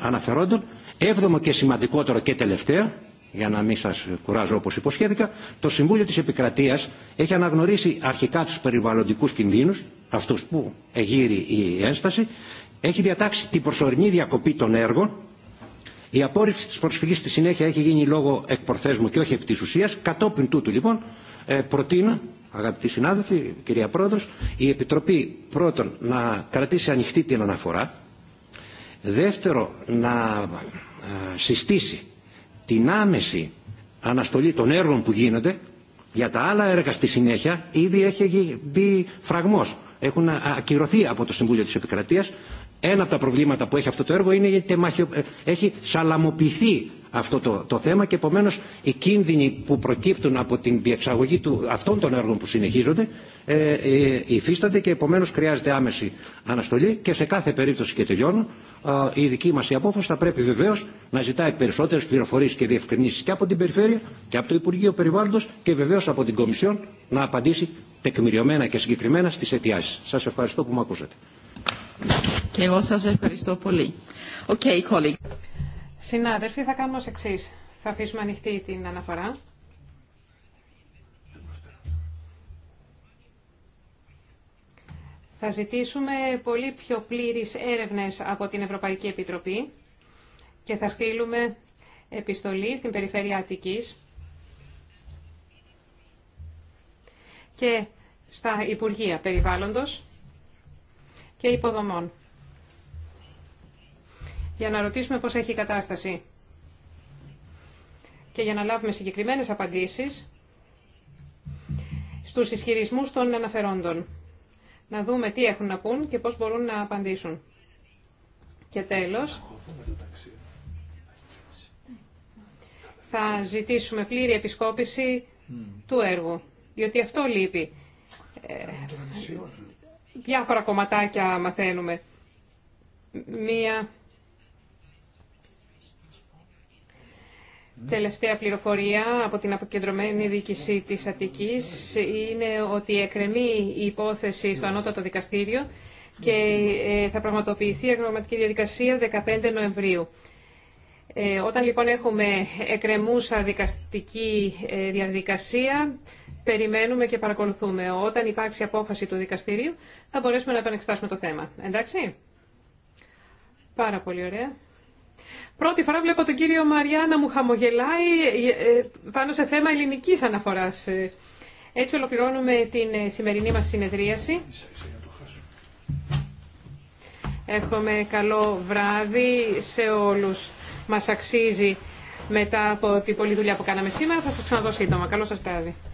αναφερόντων. Έβδομο και σημαντικότερο και τελευταίο, για να μην σας κουράζω όπως υποσχέθηκα, το Συμβούλιο της Επικρατείας έχει αναγνωρίσει αρχικά τους περιβαλλοντικούς κινδύνους, αυτούς που εγείρει η ένσταση, έχει διατάξει την προσωρινή διακοπή των έργων, η απόρριψη της προσφυγής στη συνέχεια έχει γίνει λόγω εκπορθέσμου και όχι επί της ουσίας. Κατόπιν τούτου λοιπόν ε, προτείνω αγαπητοί συνάδελφοι, κυρία Πρόεδρος, η Επιτροπή πρώτον να κρατήσει ανοιχτή την αναφορά, δεύτερο να ε, συστήσει την άμεση αναστολή των έργων που γίνονται, για τα άλλα έργα στη συνέχεια ήδη έχει μπει φραγμός. Έχουν ακυρωθεί από το Συμβούλιο της Επικρατείας ένα από τα προβλήματα που έχει αυτό το έργο είναι ότι ε, έχει σαλαμοποιηθεί αυτό το, το θέμα και επομένω οι κίνδυνοι που προκύπτουν από την διεξαγωγή του, αυτών των έργων που συνεχίζονται ε, ε, υφίστανται και επομένω χρειάζεται άμεση αναστολή και σε κάθε περίπτωση και τελειώνω η δική μα η απόφαση θα πρέπει βεβαίω να ζητάει περισσότερε πληροφορίε και διευκρινήσει και από την Περιφέρεια και από το Υπουργείο Περιβάλλοντο και βεβαίω από την Κομισιόν να απαντήσει τεκμηριωμένα και συγκεκριμένα στι αιτιάσει. Σα ευχαριστώ που με ακούσατε. Και εγώ σας ευχαριστώ πολύ. Okay, colleague. Συνάδελφοι, θα κάνουμε ω Θα αφήσουμε ανοιχτή την αναφορά. Θα ζητήσουμε πολύ πιο πλήρεις έρευνες από την Ευρωπαϊκή Επιτροπή και θα στείλουμε επιστολή στην Περιφέρεια Αττικής και στα Υπουργεία Περιβάλλοντος και υποδομών. Για να ρωτήσουμε πώς έχει η κατάσταση και για να λάβουμε συγκεκριμένες απαντήσεις στους ισχυρισμούς των αναφερόντων. Να δούμε τι έχουν να πούν και πώς μπορούν να απαντήσουν. Και τέλος, θα ζητήσουμε πλήρη επισκόπηση του έργου, διότι αυτό λείπει. Ε, διάφορα κομματάκια μαθαίνουμε. Μία τελευταία πληροφορία από την αποκεντρωμένη διοίκηση της Αττικής είναι ότι εκρεμεί η υπόθεση στο ανώτατο δικαστήριο και ε, θα πραγματοποιηθεί η διαδικασία 15 Νοεμβρίου. Ε, όταν λοιπόν έχουμε εκρεμούσα δικαστική ε, διαδικασία, περιμένουμε και παρακολουθούμε. Όταν υπάρξει απόφαση του δικαστηρίου θα μπορέσουμε να επανεξετάσουμε το θέμα. Εντάξει. Πάρα πολύ ωραία. Πρώτη φορά βλέπω τον κύριο Μαριά να μου χαμογελάει ε, ε, πάνω σε θέμα ελληνικής αναφοράς. Ε, έτσι ολοκληρώνουμε την σημερινή μας συνεδρίαση. Εύχομαι καλό βράδυ σε όλους. Μας αξίζει μετά από την πολλή δουλειά που κάναμε σήμερα. Θα σας ξαναδώ σύντομα. Καλό σας βράδυ.